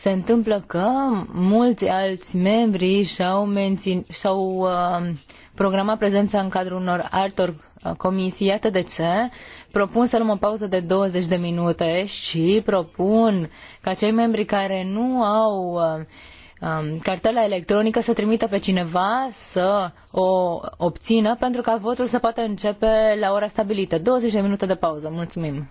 se întâmplă că mulți alți membri și-au, mențin, și-au uh, programat prezența în cadrul unor altor uh, comisii. Iată de ce propun să luăm o pauză de 20 de minute și propun ca cei membri care nu au uh, um, cartela electronică să trimită pe cineva să o obțină pentru ca votul să poată începe la ora stabilită. 20 de minute de pauză. Mulțumim!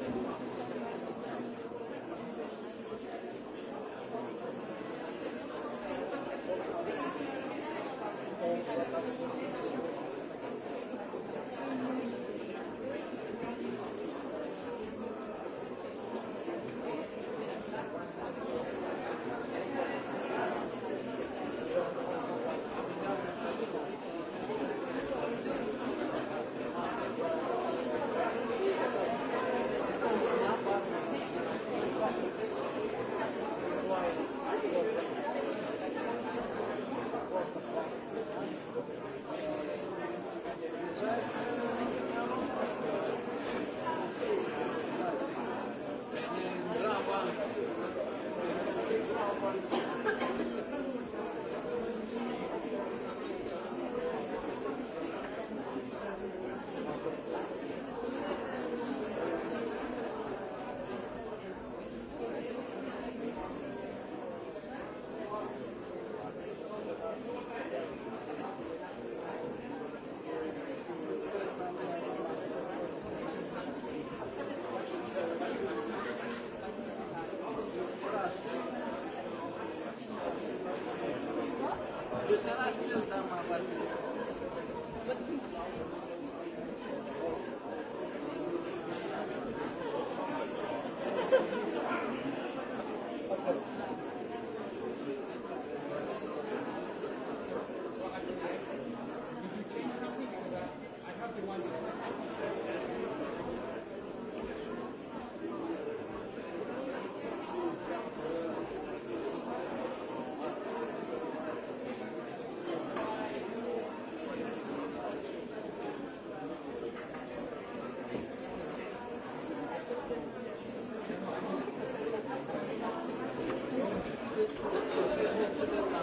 Pentru că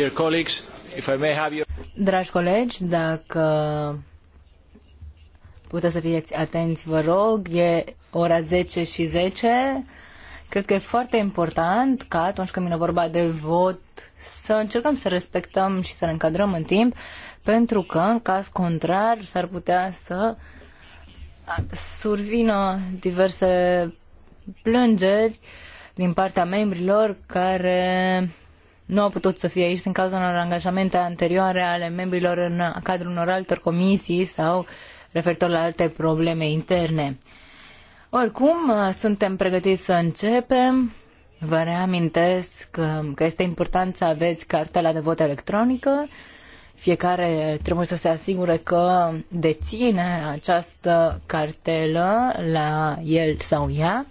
Dear colleagues, if I may have Dragi colegi, dacă puteți să fiți atenți, vă rog, e ora 10 și 10. Cred că e foarte important ca atunci când vine vorba de vot să încercăm să respectăm și să ne încadrăm în timp, pentru că, în caz contrar, s-ar putea să survină diverse plângeri din partea membrilor care nu au putut să fie aici din cauza unor angajamente anterioare ale membrilor în cadrul unor altor comisii sau referitor la alte probleme interne. Oricum, suntem pregătiți să începem. Vă reamintesc um, că, este important să aveți cartela de vot electronică. Fiecare trebuie să se asigure că deține această cartelă la el sau ea.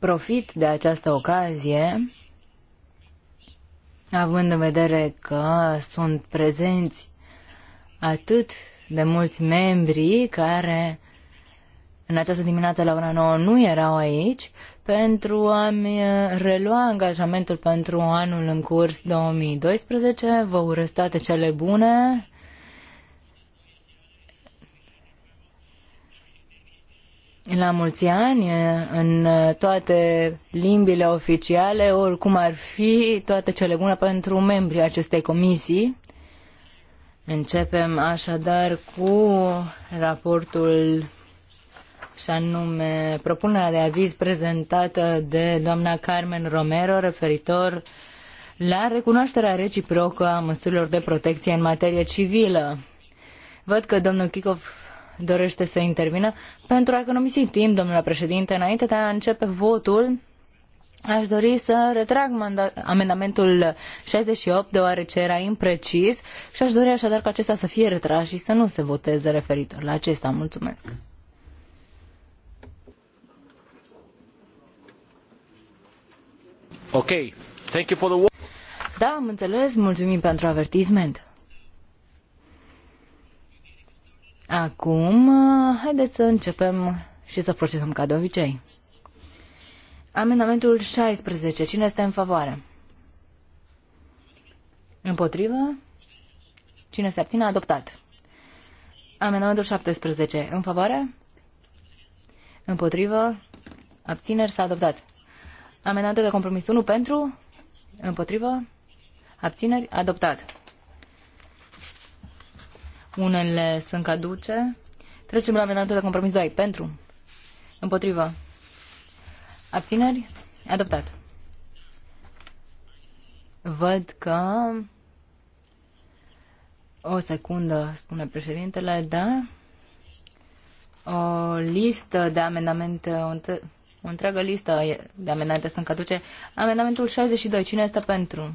Profit de această ocazie, având în vedere că sunt prezenți atât de mulți membri care în această dimineață la ora 9 nu erau aici, pentru a-mi relua angajamentul pentru anul în curs 2012. Vă urez toate cele bune la mulți ani în toate limbile oficiale, oricum ar fi, toate cele bune pentru membrii acestei comisii. Începem așadar cu raportul și anume propunerea de aviz prezentată de doamna Carmen Romero referitor la recunoașterea reciprocă a măsurilor de protecție în materie civilă. Văd că domnul Chicov dorește să intervină. Pentru a economisi timp, domnule președinte, înainte de a începe votul, Aș dori să retrag amendamentul 68, deoarece era imprecis și aș dori așadar ca acesta să fie retras și să nu se voteze referitor la acesta. Mulțumesc. Ok. Thank you for the... Da, am înțeles. Mulțumim pentru avertisment. Acum, uh, haideți să începem și să procesăm ca de obicei. Amendamentul 16. Cine este în favoare? Împotrivă? Cine se abține? Adoptat. Amendamentul 17. În favoare? Împotrivă? Abțineri? S-a adoptat. Amendamentul de compromis 1 pentru? Împotrivă? Abțineri? Adoptat. Unele sunt caduce. Trecem la amendamentul de compromis 2. Pentru. Împotrivă. Abțineri? Adoptat. Văd că... O secundă, spune președintele, da? O listă de amendamente, o, întreagă listă de amendamente sunt caduce. Amendamentul 62. Cine este pentru?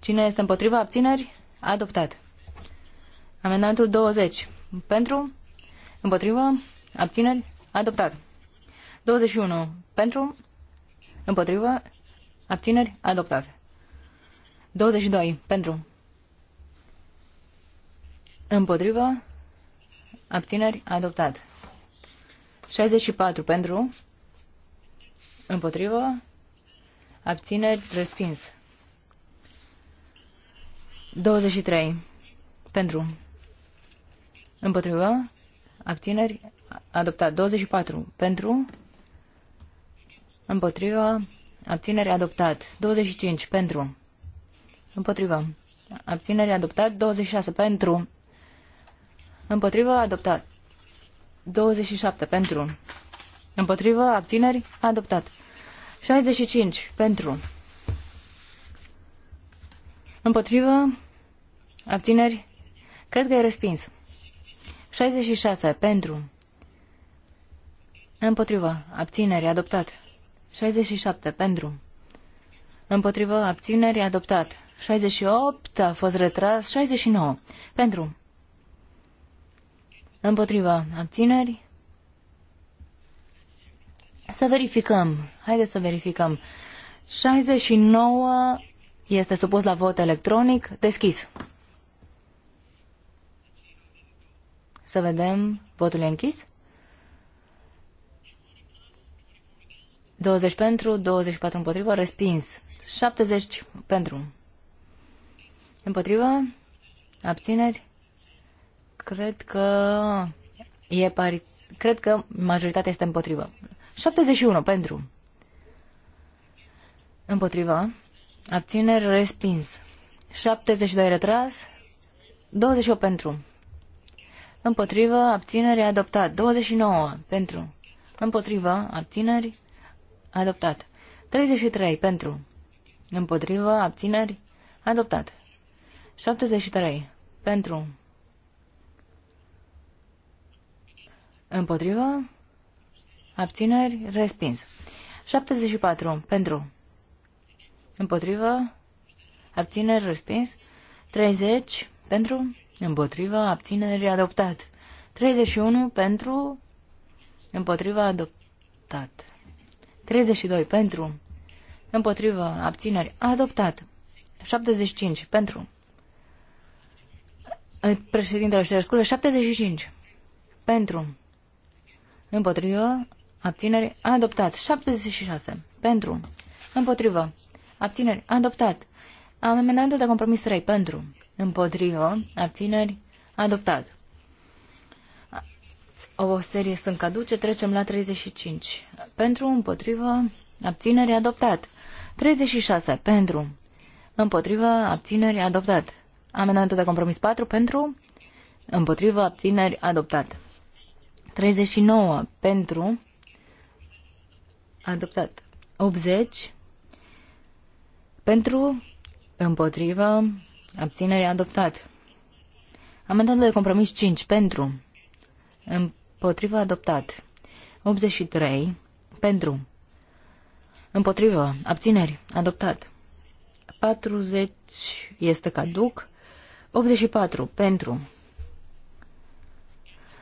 Cine este împotriva? Abțineri? Adoptat. Amendamentul 20. Pentru? Împotrivă? Abțineri? Adoptat. 21. Pentru? Împotrivă? Abțineri? Adoptat. 22. Pentru? Împotrivă? Abțineri? Adoptat. 64. Pentru? Împotrivă? Abțineri? Respins. 23. Pentru? Împotrivă. Abțineri. Adoptat. 24. Pentru. Împotrivă. abțineri adoptat. 25. Pentru. Împotrivă. abțineri adoptat. 26. Pentru. Împotrivă. Adoptat. 27. Pentru. Împotrivă. Abțineri. Adoptat. 65. Pentru. Împotrivă. Abțineri. Cred că e respins. 66 pentru. Împotrivă. Abțineri. Adoptat. 67 pentru. Împotrivă. Abțineri. Adoptat. 68 a fost retras. 69 pentru. Împotrivă. Abțineri. Să verificăm. Haideți să verificăm. 69 este supus la vot electronic. Deschis. Să vedem. Votul e închis. 20 pentru, 24 împotrivă, respins. 70 pentru. Împotrivă, abțineri. Cred că e pari... Cred că majoritatea este împotrivă. 71 pentru. Împotrivă. Abțineri, respins. 72 retras. 28 pentru. Împotrivă, abțineri, adoptat. 29 pentru. Împotrivă, abțineri, adoptat. 33 pentru. Împotrivă, abțineri, adoptat. 73 pentru. Împotrivă, abțineri, respins. 74 pentru. Împotrivă, abțineri, respins. 30 pentru. Împotriva abținerii adoptat. 31 pentru, Împotriva adoptat. 32 pentru, Împotriva abțineri, adoptat. 75 pentru. Președintele își scuze, 75 pentru. Împotriva abțineri, adoptat. 76 pentru. Împotriva abțineri, adoptat. Amendamentul de compromis 3 pentru împotrivă, abțineri, adoptat. O serie sunt caduce, trecem la 35. Pentru, împotrivă, abțineri, adoptat. 36. Pentru, împotrivă, abțineri, adoptat. Amendamentul de compromis 4 pentru, împotrivă, abțineri, adoptat. 39 pentru, adoptat. 80 pentru, împotrivă, Abținere adoptat. Amendamentul de compromis 5 pentru. Împotrivă adoptat. 83 pentru. Împotrivă. Abțineri. Adoptat. 40 este caduc. 84 pentru.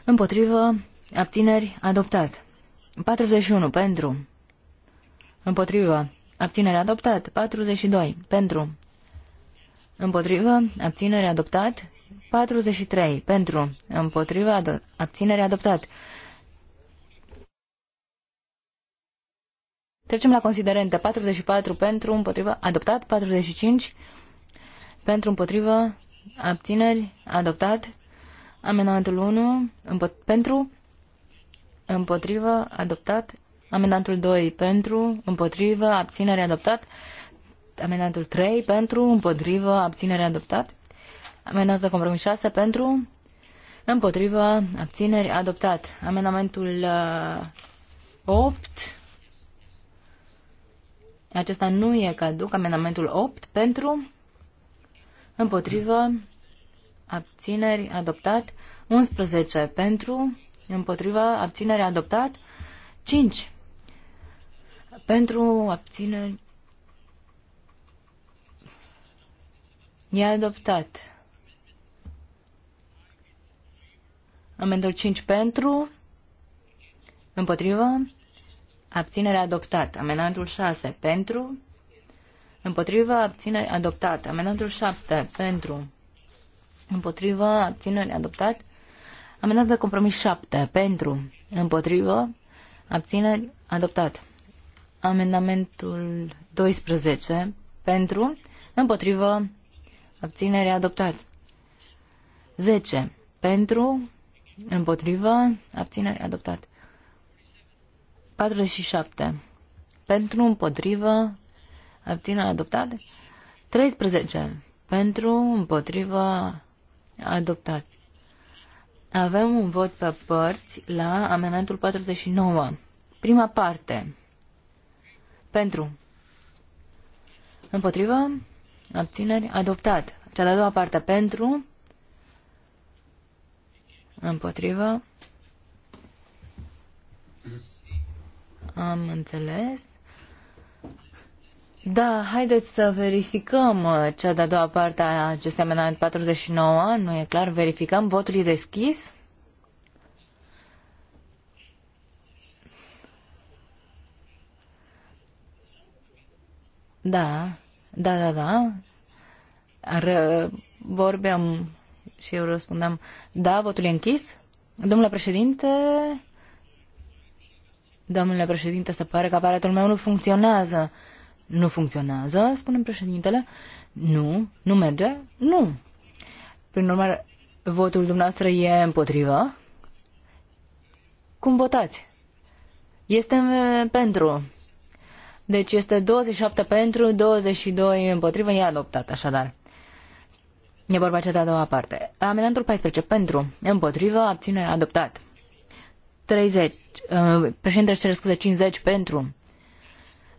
Împotrivă. Abțineri. Adoptat. 41 pentru. Împotrivă. Abținere adoptat. 42 pentru. Împotrivă, abținere adoptat. 43. Pentru. Împotrivă, ado abținere adoptat. Trecem la considerente. 44 pentru, împotrivă, adoptat. 45 pentru, împotrivă, abțineri, adoptat. Amendamentul 1 Împo pentru, împotrivă, adoptat. Amendamentul 2 pentru, împotrivă, abținere, adoptat amendamentul 3 pentru, împotrivă, abținere adoptat. Amendamentul compromis 6 pentru, împotrivă, abțineri adoptat. Amendamentul 8 uh, acesta nu e caduc, amendamentul 8 pentru, împotrivă, abțineri, adoptat, 11 pentru, împotrivă, abțineri, adoptat, 5 pentru, abțineri, E adoptat. Amendul 5 pentru. Împotrivă. Abținere adoptat. Amendul 6 pentru. Împotrivă. Abținere adoptat. Amendul 7 pentru. Împotrivă. Abținere adoptat. Amendul de compromis 7 pentru. Împotrivă. abținere adoptat. Amendamentul 12 pentru. Împotrivă abținere adoptat. 10. Pentru, împotrivă, abținere adoptat. 47. Pentru, împotrivă, abținere adoptat. 13. Pentru, împotrivă, adoptat. Avem un vot pe părți la amendamentul 49. Prima parte. Pentru. Împotrivă abțineri, adoptat. Cea de-a doua parte pentru, împotrivă. Am înțeles. Da, haideți să verificăm uh, cea de-a doua parte a acestui amendament 49, nu e clar, verificăm, votul e deschis. Da, da, da, da. Ar, uh, vorbeam și eu răspundeam, da, votul e închis. Domnule președinte, domnule președinte, se pare că aparatul meu nu funcționează. Nu funcționează, spune președintele. Nu, nu merge, nu. Prin urmare, votul dumneavoastră e împotrivă? Cum votați? Este uh, pentru. Deci este 27 pentru, 22 împotrivă, e adoptat așadar. E vorba cea de-a doua parte. Amendamentul 14 pentru, împotrivă, abținere, adoptat. 30, uh, Președintele cere scuze, 50 pentru,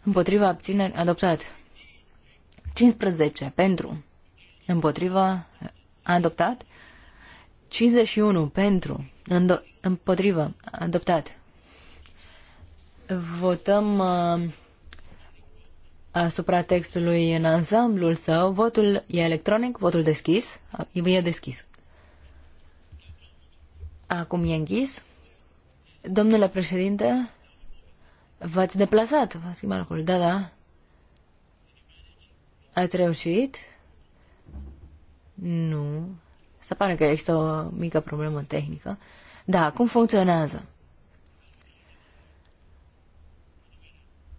împotrivă, abținere, adoptat. 15 pentru, împotrivă, adoptat. 51 pentru, împotrivă, adoptat. Votăm uh, asupra textului în ansamblul său. Votul e electronic, votul deschis, e deschis. Acum e închis. Domnule președinte, v-ați deplasat, v-ați schimbat locul, da, da. Ați reușit? Nu. Se pare că există o mică problemă tehnică. Da, cum funcționează?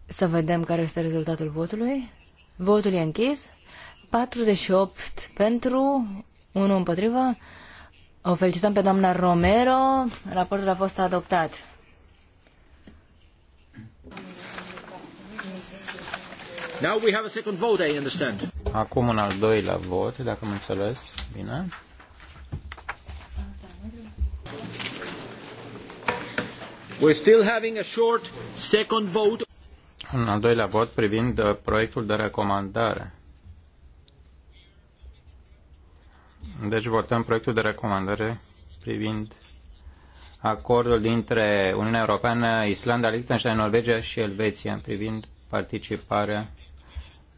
Să vedem care este rezultatul votului. Votul e închis. 48 pentru, 1 împotrivă. O felicităm pe doamna Romero. Raportul a fost adoptat. Now we have a second vote, I understand. Acum un al doilea vot, dacă am înțeles bine. We're still having a short second vote un al doilea vot privind uh, proiectul de recomandare. Deci votăm proiectul de recomandare privind acordul dintre Uniunea Europeană, Islanda, Liechtenstein, Norvegia și Elveția privind participarea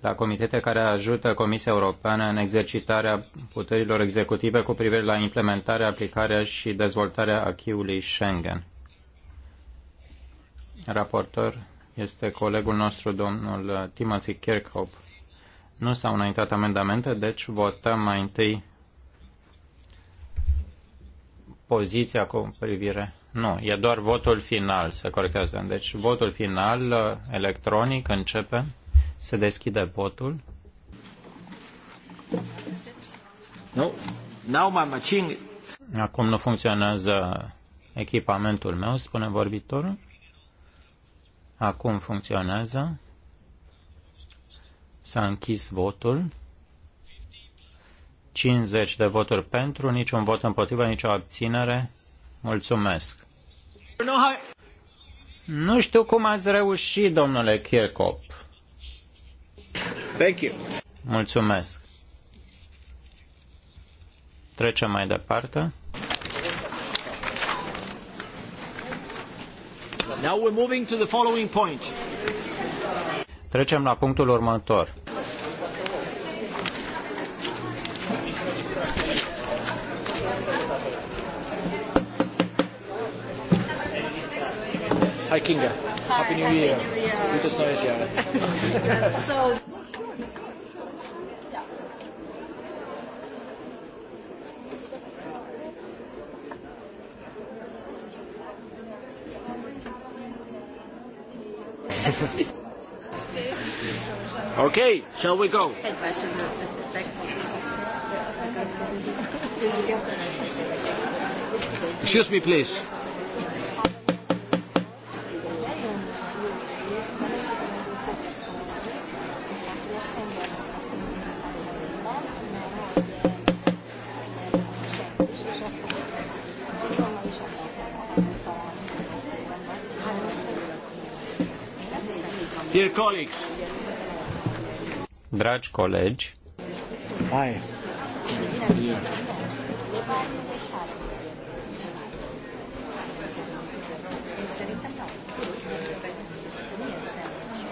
la comitete care ajută Comisia Europeană în exercitarea puterilor executive cu privire la implementarea, aplicarea și dezvoltarea acquis Schengen. Raportor este colegul nostru, domnul uh, Timothy Kirkhope. Nu s-au înaintat amendamente, deci votăm mai întâi poziția cu privire. Nu, e doar votul final, Să corectează. Deci votul final uh, electronic începe, se deschide votul. Nu, n-au mai machine. Acum nu funcționează echipamentul meu, spune vorbitorul. Acum funcționează. S-a închis votul. 50 de voturi pentru, niciun vot împotrivă, nicio abținere. Mulțumesc. Nu știu cum ați reușit, domnule Kirkop. Thank you. Mulțumesc. Trecem mai departe. Now we're moving to the following point. Trecem la punctul următor. Hi Kinga. Hi, Happy New Year. Happy New Year. Gutes neues Jahr. so Okay, shall we go? Excuse me, please. Dear colleagues, dragi colegi, Hai.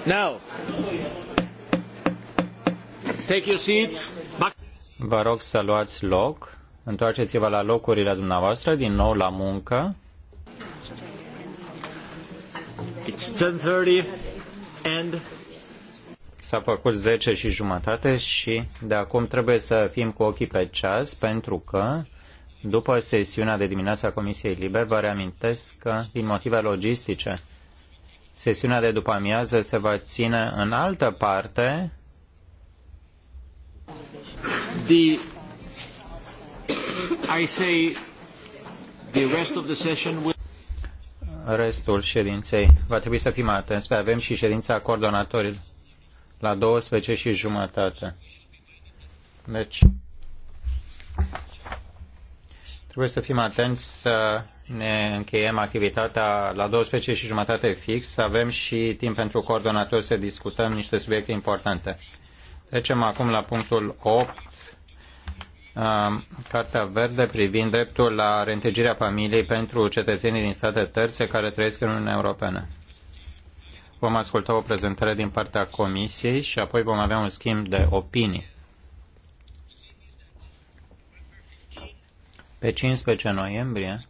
Now, take your seats. Vă rog să luați loc. Întoarceți-vă la locurile dumneavoastră, din nou la muncă. It's 10:30 and S-a făcut 10 și jumătate și de acum trebuie să fim cu ochii pe ceas pentru că după sesiunea de dimineață a Comisiei Liber, vă reamintesc că, din motive logistice, sesiunea de după amiază se va ține în altă parte. The, I say, the rest of the session will... Restul ședinței. Va trebui să fim atenți, avem și ședința coordonatorilor la 12 și jumătate. Deci, trebuie să fim atenți să ne încheiem activitatea la 12 și jumătate fix, să avem și timp pentru coordonator să discutăm niște subiecte importante. Trecem acum la punctul 8, um, Cartea Verde privind dreptul la reîntregirea familiei pentru cetățenii din state terțe care trăiesc în Uniunea Europeană vom asculta o prezentare din partea Comisiei și apoi vom avea un schimb de opinii. Pe 15 noiembrie,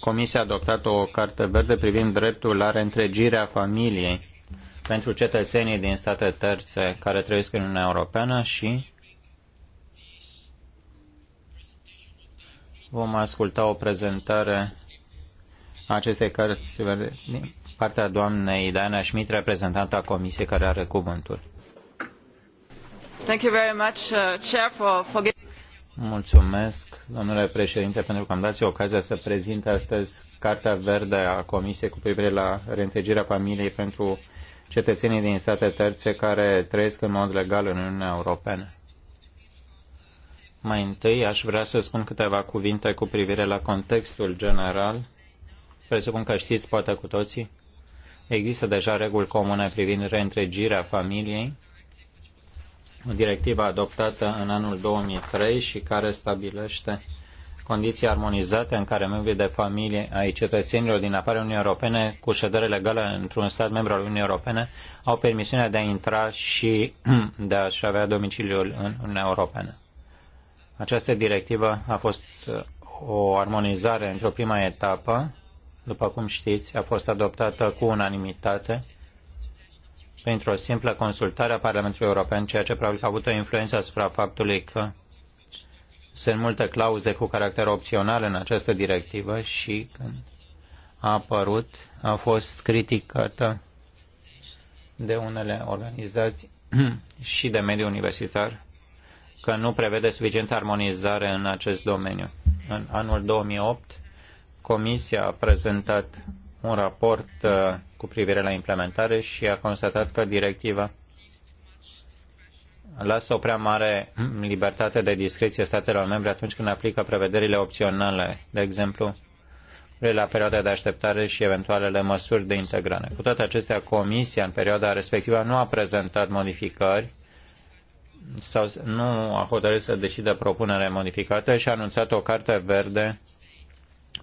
Comisia a adoptat o carte verde privind dreptul la reîntregirea familiei pentru cetățenii din state terțe care trăiesc în Uniunea Europeană și vom asculta o prezentare aceste cărți verde din partea doamnei Diana Schmidt, reprezentanta comisiei care are cuvântul. Thank you very much, uh, Chair, for, for... Mulțumesc, domnule președinte, pentru că am dat ocazia să prezint astăzi Cartea Verde a Comisiei cu privire la reintegrarea familiei pentru cetățenii din state terțe care trăiesc în mod legal în Uniunea Europeană. Mai întâi aș vrea să spun câteva cuvinte cu privire la contextul general presupun că știți poate cu toții, există deja reguli comune privind reîntregirea familiei, o directivă adoptată în anul 2003 și care stabilește condiții armonizate în care membrii de familie ai cetățenilor din afara Uniunii Europene cu ședere legală într-un stat membru al Uniunii Europene au permisiunea de a intra și de a-și avea domiciliul în Uniunea Europeană. Această directivă a fost uh, o armonizare într-o prima etapă după cum știți, a fost adoptată cu unanimitate printr-o simplă consultare a Parlamentului European, ceea ce probabil a avut o influență asupra faptului că sunt multe clauze cu caracter opțional în această directivă și când a apărut a fost criticată de unele organizații și de mediul universitar că nu prevede suficientă armonizare în acest domeniu. În anul 2008 Comisia a prezentat un raport uh, cu privire la implementare și a constatat că directiva lasă o prea mare mm, libertate de discreție statelor membre atunci când aplică prevederile opționale, de exemplu, la perioada de așteptare și eventualele măsuri de integrare. Cu toate acestea, Comisia în perioada respectivă nu a prezentat modificări sau nu a hotărât să decidă propunere modificată și a anunțat o carte verde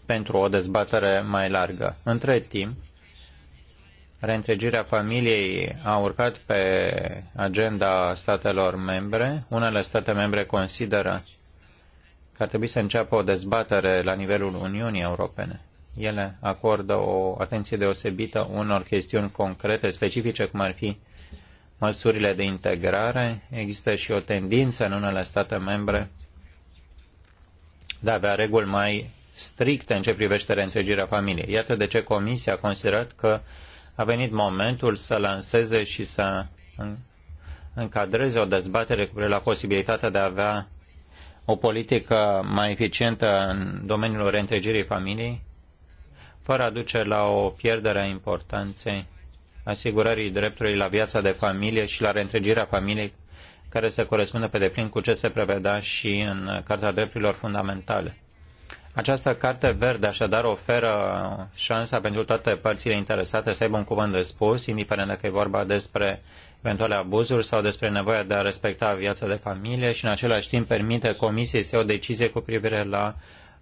pentru o dezbatere mai largă. Între timp, reîntregirea familiei a urcat pe agenda statelor membre. Unele state membre consideră că ar trebui să înceapă o dezbatere la nivelul Uniunii Europene. Ele acordă o atenție deosebită unor chestiuni concrete, specifice, cum ar fi măsurile de integrare. Există și o tendință în unele state membre de a avea reguli mai stricte în ce privește reîntregirea familiei. Iată de ce Comisia a considerat că a venit momentul să lanseze și să încadreze o dezbatere cu la posibilitatea de a avea o politică mai eficientă în domeniul reîntregirii familiei, fără a duce la o pierdere a importanței asigurării dreptului la viața de familie și la reîntregirea familiei, care se corespundă pe deplin cu ce se prevedea și în Carta Drepturilor Fundamentale. Această carte verde așadar oferă șansa pentru toate părțile interesate să aibă un cuvânt de spus, indiferent dacă e vorba despre eventuale abuzuri sau despre nevoia de a respecta viața de familie și în același timp permite comisiei să o decizie cu privire la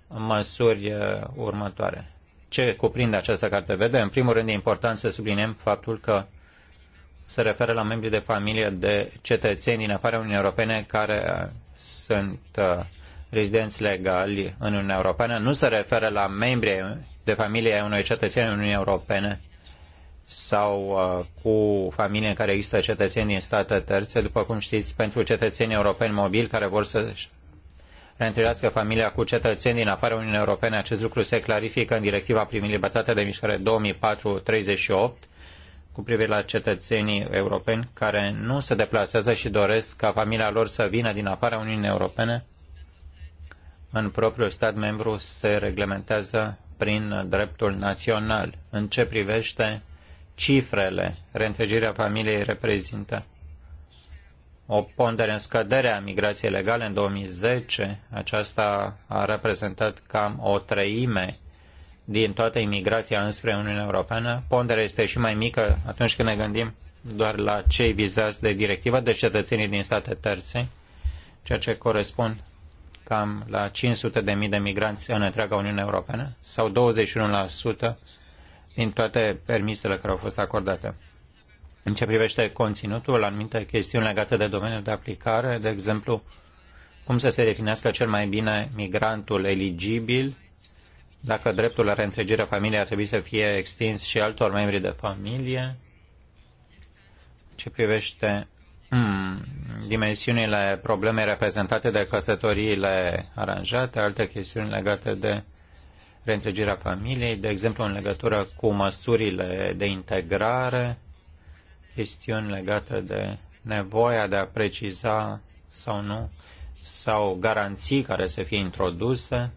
măsuri uh, următoare. Ce cuprinde această carte verde? În primul rând e important să subliniem faptul că se referă la membrii de familie de cetățeni din afara Uniunii Europene care uh, sunt uh, rezidenți legali în Uniunea Europeană nu se referă la membrii de familie ai unui cetățean în Uniunea Europene sau uh, cu familie în care există cetățeni din state terțe, după cum știți, pentru cetățenii europeni mobili care vor să reîntâlnească familia cu cetățeni din afara Uniunii Europene. Acest lucru se clarifică în directiva privind libertatea de mișcare 2004-38 cu privire la cetățenii europeni care nu se deplasează și doresc ca familia lor să vină din afara Uniunii Europene în propriul stat membru se reglementează prin dreptul național. În ce privește cifrele, reîntregirea familiei reprezintă o pondere în scădere a migrației legale în 2010. Aceasta a reprezentat cam o treime din toată imigrația înspre Uniunea Europeană. Ponderea este și mai mică atunci când ne gândim doar la cei vizați de directivă de cetățenii din state terțe, ceea ce corespund cam la 500.000 de de migranți în întreaga Uniune Europeană sau 21% din toate permisele care au fost acordate. În ce privește conținutul, anumite chestiuni legate de domeniul de aplicare, de exemplu, cum să se definească cel mai bine migrantul eligibil, dacă dreptul la reîntregire familiei ar trebui să fie extins și altor membri de familie, ce privește Hmm. Dimensiunile problemei reprezentate de căsătoriile aranjate, alte chestiuni legate de reîntregirea familiei, de exemplu în legătură cu măsurile de integrare, chestiuni legate de nevoia de a preciza sau nu, sau garanții care să fie introduse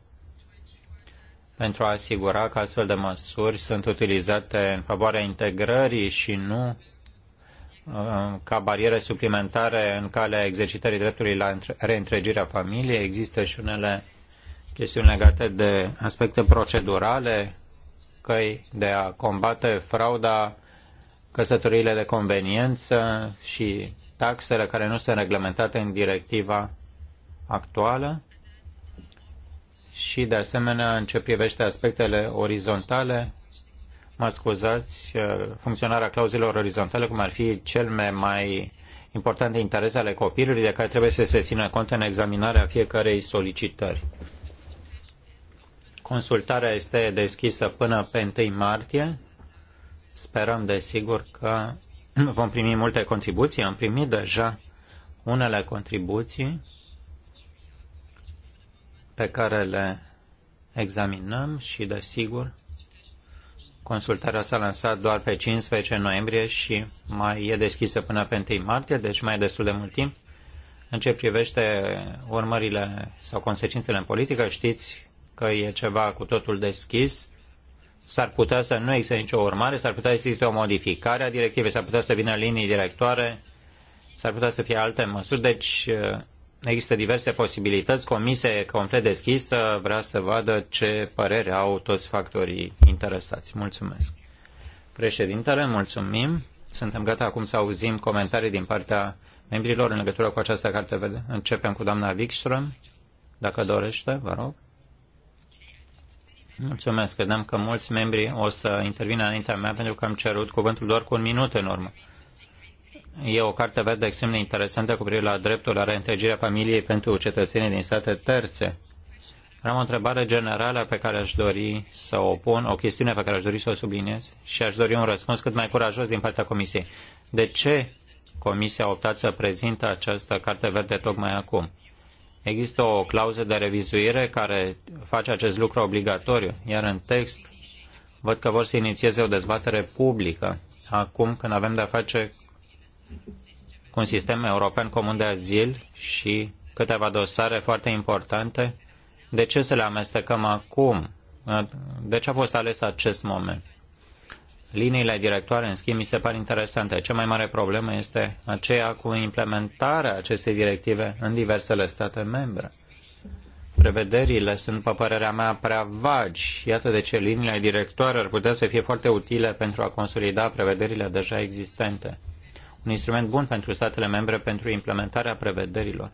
pentru a asigura că astfel de măsuri sunt utilizate în favoarea integrării și nu ca bariere suplimentare în calea exercitării dreptului la reîntregirea familiei. Există și unele chestiuni legate de aspecte procedurale, căi de a combate frauda, căsătoriile de conveniență și taxele care nu sunt reglementate în directiva actuală și, de asemenea, în ce privește aspectele orizontale, mă scuzați, uh, funcționarea clauzelor orizontale, cum ar fi cel mai important interes ale copilului, de care trebuie să se țină cont în examinarea fiecarei solicitări. Consultarea este deschisă până pe 1 martie. Sperăm, desigur, că vom primi multe contribuții. Am primit deja unele contribuții pe care le examinăm și, desigur, Consultarea s-a lansat doar pe 15 noiembrie și mai e deschisă până pe 1 martie, deci mai e destul de mult timp. În ce privește urmările sau consecințele în politică, știți că e ceva cu totul deschis. S-ar putea să nu existe nicio urmare, s-ar putea să existe o modificare a directivei, s-ar putea să vină linii directoare, s-ar putea să fie alte măsuri, deci Există diverse posibilități, comisia este complet deschisă, vrea să vadă ce părere au toți factorii interesați. Mulțumesc. Președintele, mulțumim. Suntem gata acum să auzim comentarii din partea membrilor în legătură cu această carte verde. Începem cu doamna Wikström, dacă dorește, vă rog. Mulțumesc. Credeam că mulți membri o să intervină înaintea mea pentru că am cerut cuvântul doar cu un minut în urmă. E o carte verde extrem de interesantă cu privire la dreptul la reîntregirea familiei pentru cetățenii din state terțe. Am o întrebare generală pe care aș dori să o pun, o chestiune pe care aș dori să o subliniez și aș dori un răspuns cât mai curajos din partea Comisiei. De ce Comisia a optat să prezintă această carte verde tocmai acum? Există o clauză de revizuire care face acest lucru obligatoriu, iar în text văd că vor să inițieze o dezbatere publică acum când avem de-a face un sistem european comun de azil și câteva dosare foarte importante. De ce să le amestecăm acum? De ce a fost ales acest moment? Liniile directoare, în schimb, mi se par interesante. Cea mai mare problemă este aceea cu implementarea acestei directive în diversele state membre. Prevederile sunt, pe părerea mea, prea vagi. Iată de ce liniile directoare ar putea să fie foarte utile pentru a consolida prevederile deja existente un instrument bun pentru statele membre pentru implementarea prevederilor.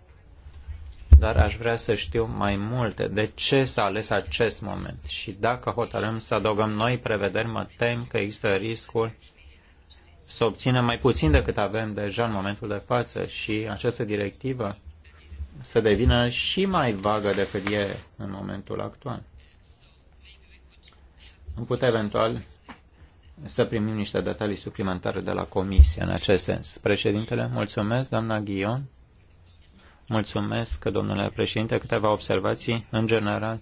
Dar aș vrea să știu mai multe. De ce s-a ales acest moment? Și dacă hotărâm să adăugăm noi prevederi, mă tem că există riscul să obținem mai puțin decât avem deja în momentul de față și această directivă să devină și mai vagă decât e în momentul actual. Am putea eventual să primim niște detalii suplimentare de la Comisie în acest sens. Președintele, mulțumesc, doamna Ghion. Mulțumesc, domnule președinte. Câteva observații în general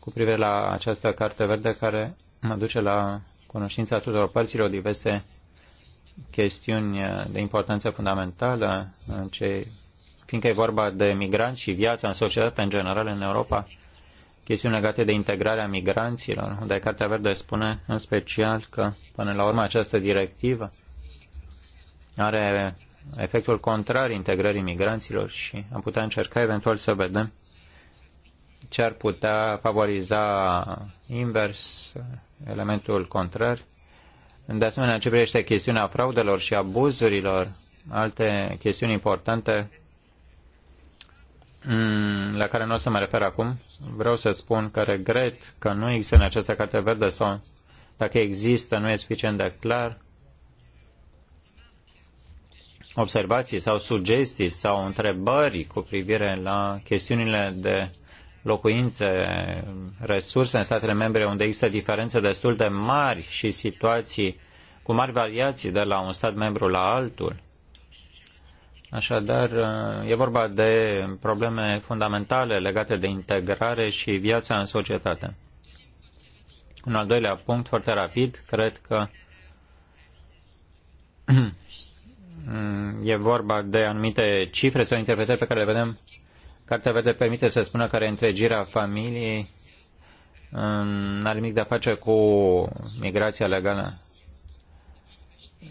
cu privire la această carte verde care mă duce la cunoștința tuturor părților diverse chestiuni de importanță fundamentală, în ce, fiindcă e vorba de migranți și viața în societate în general în Europa, chestiuni legate de integrarea migranților, unde Cartea Verde spune în special că, până la urmă, această directivă are efectul contrar integrării migranților și am putea încerca eventual să vedem ce ar putea favoriza invers elementul contrar. De asemenea, ce privește chestiunea fraudelor și abuzurilor, alte chestiuni importante Mm, la care nu o să mă refer acum, vreau să spun că regret că nu există în această carte verde sau dacă există, nu e suficient de clar, observații sau sugestii sau întrebări cu privire la chestiunile de locuințe, resurse în statele membre unde există diferențe destul de mari și situații cu mari variații de la un stat membru la altul. Așadar, e vorba de probleme fundamentale legate de integrare și viața în societate. Un al doilea punct, foarte rapid, cred că e vorba de anumite cifre sau interpretări pe care le vedem. Cartea verde permite să spună că e întregirea familiei n-are nimic de a face cu migrația legală.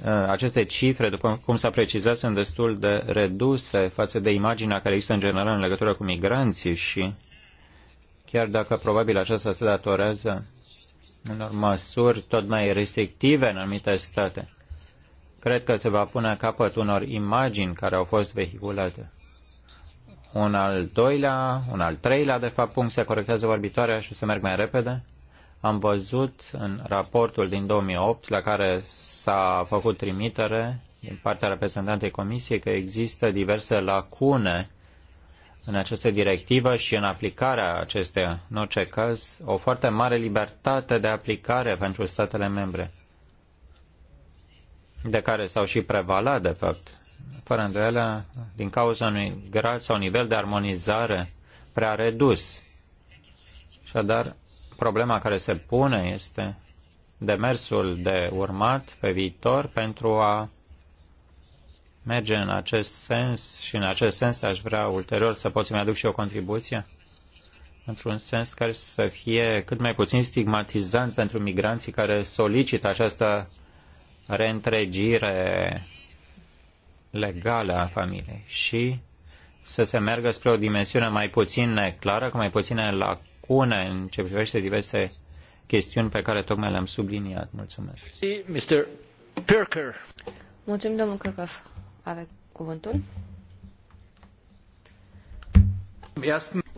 Uh, aceste cifre, după cum s-a precizat, sunt destul de reduse față de imaginea care există în general în legătură cu migranții și chiar dacă probabil aceasta se datorează în măsuri tot mai restrictive în anumite state, cred că se va pune capăt unor imagini care au fost vehiculate. Un al doilea, un al treilea, de fapt, punct se corectează vorbitoarea și se să merg mai repede am văzut în raportul din 2008 la care s-a făcut trimitere din partea reprezentantei Comisiei că există diverse lacune în această directivă și în aplicarea acesteia, în orice caz, o foarte mare libertate de aplicare pentru statele membre, de care s-au și prevalat, de fapt, fără îndoială, din cauza unui grad sau nivel de armonizare prea redus. Și dar problema care se pune este demersul de urmat pe viitor pentru a merge în acest sens și în acest sens aș vrea ulterior să pot să-mi aduc și o contribuție într-un sens care să fie cât mai puțin stigmatizant pentru migranții care solicită această reîntregire legală a familiei și să se meargă spre o dimensiune mai puțin neclară, cu mai puține lacune una în ce privește diverse chestiuni pe care tocmai le-am subliniat. Mulțumesc. Mr. Perker. Mulțumim, domnul Kirchhoff. Aveți cuvântul?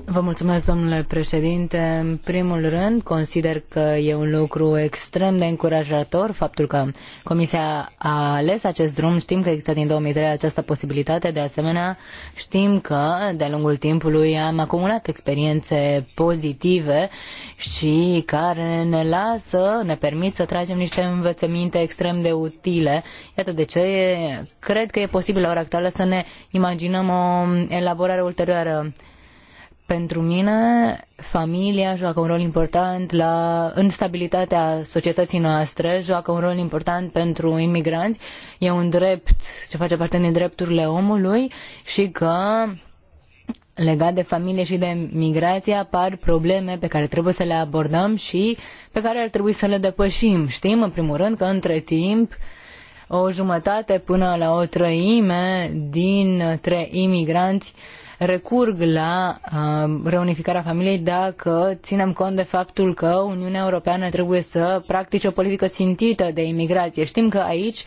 Vă mulțumesc, domnule președinte. În primul rând, consider că e un lucru extrem de încurajator faptul că Comisia a ales acest drum. Știm că există din 2003 această posibilitate. De asemenea, știm că de-a lungul timpului am acumulat experiențe pozitive și care ne lasă, ne permit să tragem niște învățăminte extrem de utile. Iată de ce cred că e posibil la ora actuală să ne imaginăm o elaborare ulterioară pentru mine, familia joacă un rol important la, în stabilitatea societății noastre, joacă un rol important pentru imigranți, e un drept ce face parte din drepturile omului și că legat de familie și de migrație apar probleme pe care trebuie să le abordăm și pe care ar trebui să le depășim. Știm, în primul rând, că între timp o jumătate până la o trăime dintre imigranți uh, recurg la uh, reunificarea familiei dacă ținem cont de faptul că Uniunea Europeană trebuie să practice o politică țintită de imigrație. Știm că aici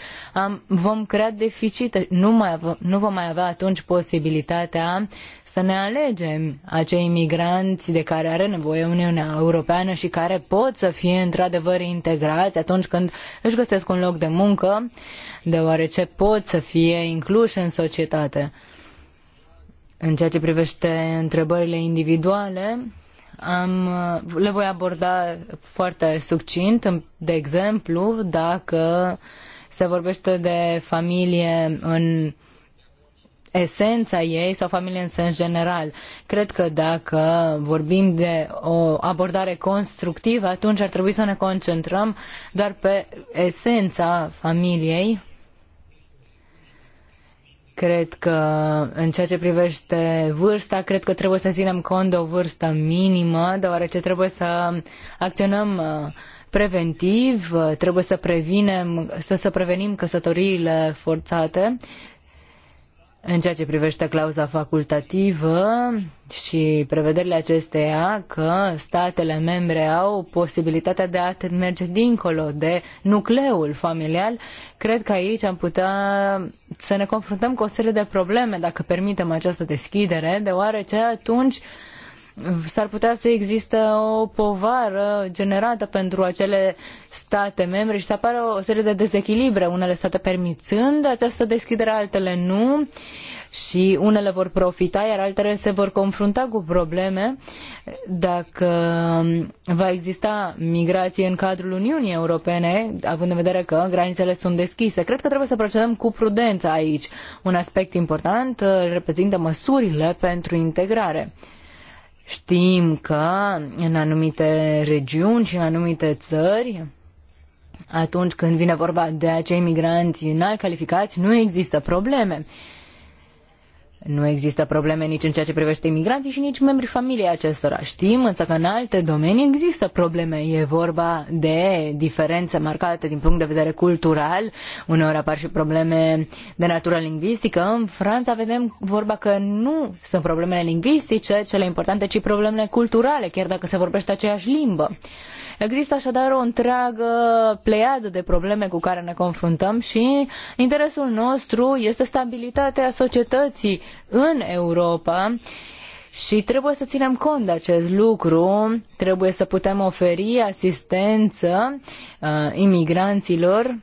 vom crea deficite. Nu, mai, nu vom mai avea atunci posibilitatea să ne alegem acei imigranți de care are nevoie Uniunea Europeană și care pot să fie într-adevăr integrați atunci când își găsesc un loc de muncă, deoarece pot să fie incluși în societate. În ceea ce privește întrebările individuale, am, le voi aborda foarte succint. De exemplu, dacă se vorbește de familie în esența ei sau familie în sens general. Cred că dacă vorbim de o abordare constructivă, atunci ar trebui să ne concentrăm doar pe esența familiei Cred că în ceea ce privește vârsta, cred că trebuie să ținem cont de o vârstă minimă, deoarece trebuie să acționăm uh, preventiv, uh, trebuie să previnem, să, să prevenim căsătoriile forțate în ceea ce privește clauza facultativă și prevederile acesteia că statele membre au posibilitatea de a merge dincolo de nucleul familial, cred că aici am putea să ne confruntăm cu o serie de probleme dacă permitem această deschidere, deoarece atunci uh, s-ar putea să existe o povară generată pentru acele state membre și să apară o serie de dezechilibre, unele state permițând această deschidere, altele nu și unele vor profita, iar altele se vor confrunta cu probleme dacă va exista migrație în cadrul Uniunii Europene, având în vedere că granițele sunt deschise. Cred că trebuie să procedăm cu prudență aici. Un aspect important reprezintă măsurile pentru integrare. Știm că în anumite regiuni și în anumite țări, atunci când vine vorba de acei migranți înalt calificați, nu există probleme. Uh, nu există probleme nici în ceea ce privește imigranții și nici membrii familiei acestora. Știm însă că în alte domenii există probleme. E vorba de diferențe marcate din punct de vedere cultural. Uneori apar și probleme de natură lingvistică. În Franța vedem vorba că nu sunt problemele lingvistice cele importante, ci problemele culturale, chiar dacă se vorbește aceeași limbă. Există așadar o întreagă pleiadă de probleme cu care ne confruntăm și interesul nostru este stabilitatea societății în Europa. Și trebuie să ținem cont de acest lucru, trebuie să putem oferi asistență uh, imigranților,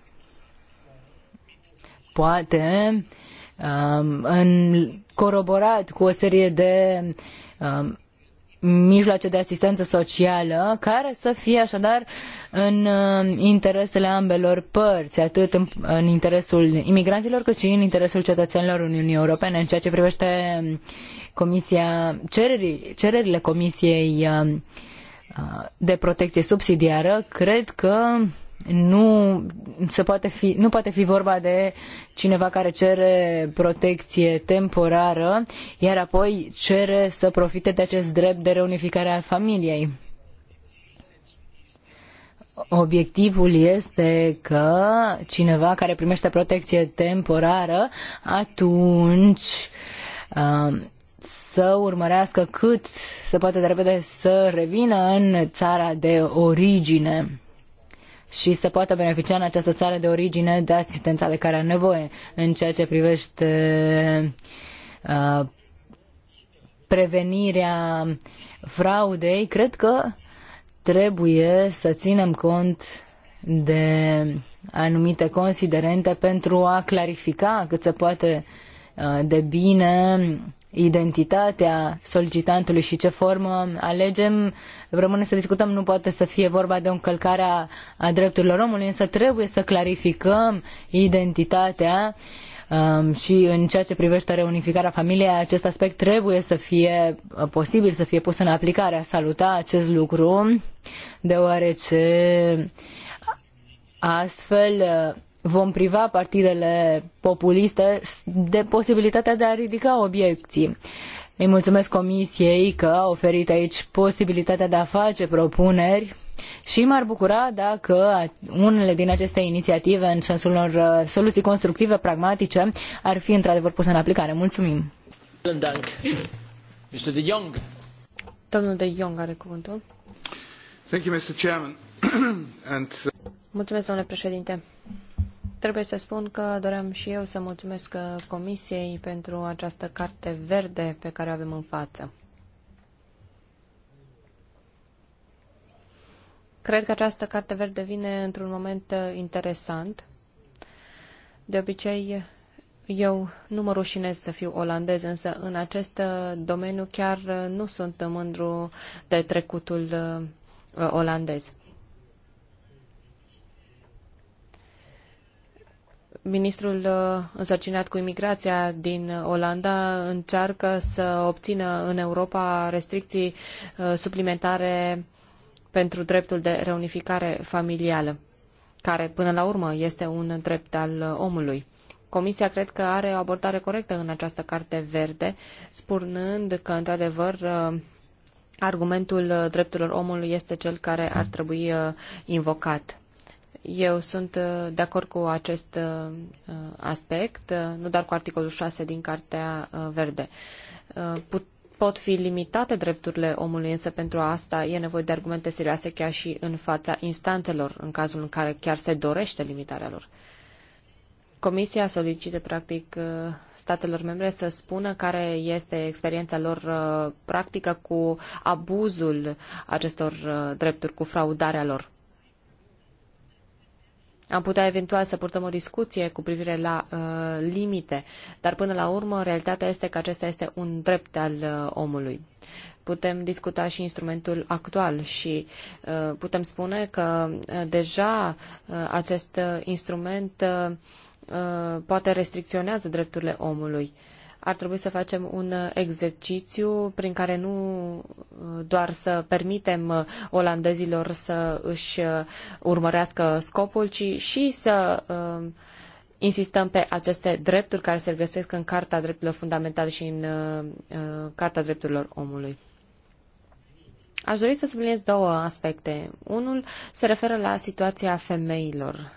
poate uh, în, coroborat cu o serie de uh, mijloace de asistență socială care să fie așadar în uh, interesele ambelor părți, atât în, în interesul imigranților cât și în interesul cetățenilor Uniunii Europene în ceea ce privește um, comisia, cererii, cererile Comisiei um, uh, de protecție subsidiară, cred că nu, se poate fi, nu poate fi vorba de cineva care cere protecție temporară, iar apoi cere să profite de acest drept de reunificare al familiei. Obiectivul este că cineva care primește protecție temporară, atunci um, să urmărească cât se poate de repede să revină în țara de origine și să poată beneficia în această țară de origine de asistența de care are nevoie în ceea ce privește uh, prevenirea fraudei, cred că trebuie să ținem cont de anumite considerente pentru a clarifica cât se poate uh, de bine identitatea solicitantului și ce formă alegem rămâne să discutăm, nu poate să fie vorba de o încălcare a, a drepturilor omului, însă trebuie să clarificăm identitatea um, și în ceea ce privește reunificarea familiei, acest aspect trebuie să fie uh, posibil să fie pus în aplicare. A saluta acest lucru, deoarece astfel uh, vom priva partidele populiste de posibilitatea de a ridica obiecții. Uh, îi mulțumesc comisiei că a oferit aici posibilitatea de a face propuneri și m-ar bucura dacă unele din aceste inițiative în sensul unor uh, soluții constructive, pragmatice, ar fi într-adevăr puse în aplicare. Mulțumim! Mr. De Jong. Domnul De Jong are cuvântul. Thank you, Mr. Chairman. And... Uh, mulțumesc, domnule președinte. Trebuie să spun că doream și eu să mulțumesc uh, Comisiei pentru această carte verde pe care o avem în față. Cred că această carte verde vine într-un moment uh, interesant. De obicei, eu nu mă rușinez să fiu olandez, însă în acest uh, domeniu chiar nu sunt mândru de trecutul olandez. ministrul uh, însărcinat cu imigrația din Olanda încearcă să obțină în Europa restricții uh, suplimentare pentru dreptul de reunificare familială, care până la urmă este un drept al omului. Comisia cred că are o abordare corectă în această carte verde, spunând că, într-adevăr, uh, argumentul drepturilor omului este cel care ar trebui invocat. Eu sunt uh, de acord cu acest uh, uh, aspect, nu doar cu articolul 6 din Cartea Verde. Put pot fi limitate drepturile omului, însă pentru asta e nevoie de argumente serioase chiar și în fața instanțelor, în cazul în care chiar se dorește limitarea lor. Comisia solicită, practic, statelor membre să spună care este experiența lor practică cu abuzul acestor drepturi, cu fraudarea lor. Am putea eventual să purtăm o discuție cu privire la uh, limite, dar până la urmă realitatea este că acesta este un drept al uh, omului. Putem discuta și instrumentul actual și uh, putem spune că uh, deja uh, acest uh, instrument uh, uh, poate restricționează drepturile omului. Uh, ar trebui să facem un uh, exercițiu prin care nu uh, doar să permitem uh, olandezilor să își urmărească scopul, ci și să insistăm pe aceste drepturi care se regăsesc în Carta Drepturilor Fundamentale și în Carta Drepturilor Omului. Aș dori să subliniez două aspecte. Unul se referă la situația femeilor.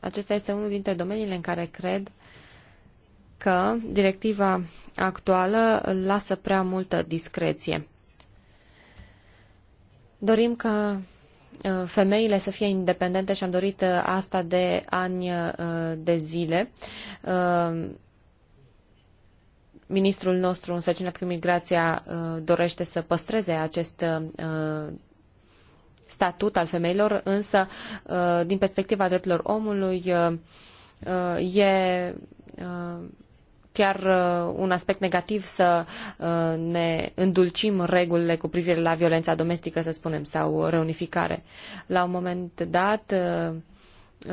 Acesta este unul dintre domeniile în care cred că directiva actuală lasă prea multă discreție. Dorim ca uh, femeile să fie independente și am dorit uh, asta de ani uh, de zile. Ministrul nostru însăcinat cu migrația dorește să păstreze acest statut al femeilor, însă din perspectiva drepturilor omului e chiar uh, un aspect negativ să uh, ne îndulcim regulile cu privire la violența domestică, să spunem, sau reunificare. La un moment dat uh,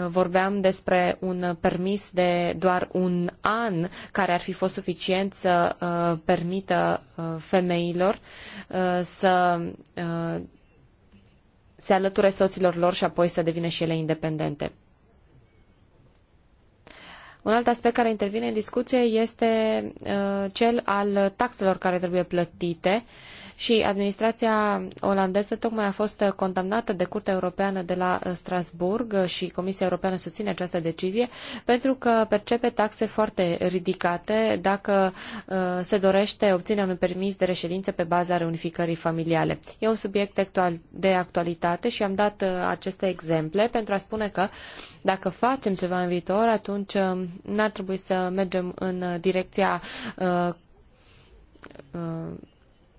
vorbeam despre un permis de doar un an care ar fi fost suficient să permită femeilor să se alăture soților lor și apoi să devină și ele independente. Un alt aspect care intervine în discuție este uh, cel al taxelor care trebuie plătite. Uh, și administrația olandeză tocmai a fost condamnată de Curtea Europeană de la uh, Strasburg și Comisia Europeană susține această decizie pentru că percepe taxe foarte ridicate dacă uh, se dorește obținerea unui permis de reședință pe baza reunificării familiale. E un subiect de actualitate și am dat uh, aceste exemple pentru a spune că dacă facem ceva în viitor, atunci n-ar trebui să mergem în direcția uh, uh,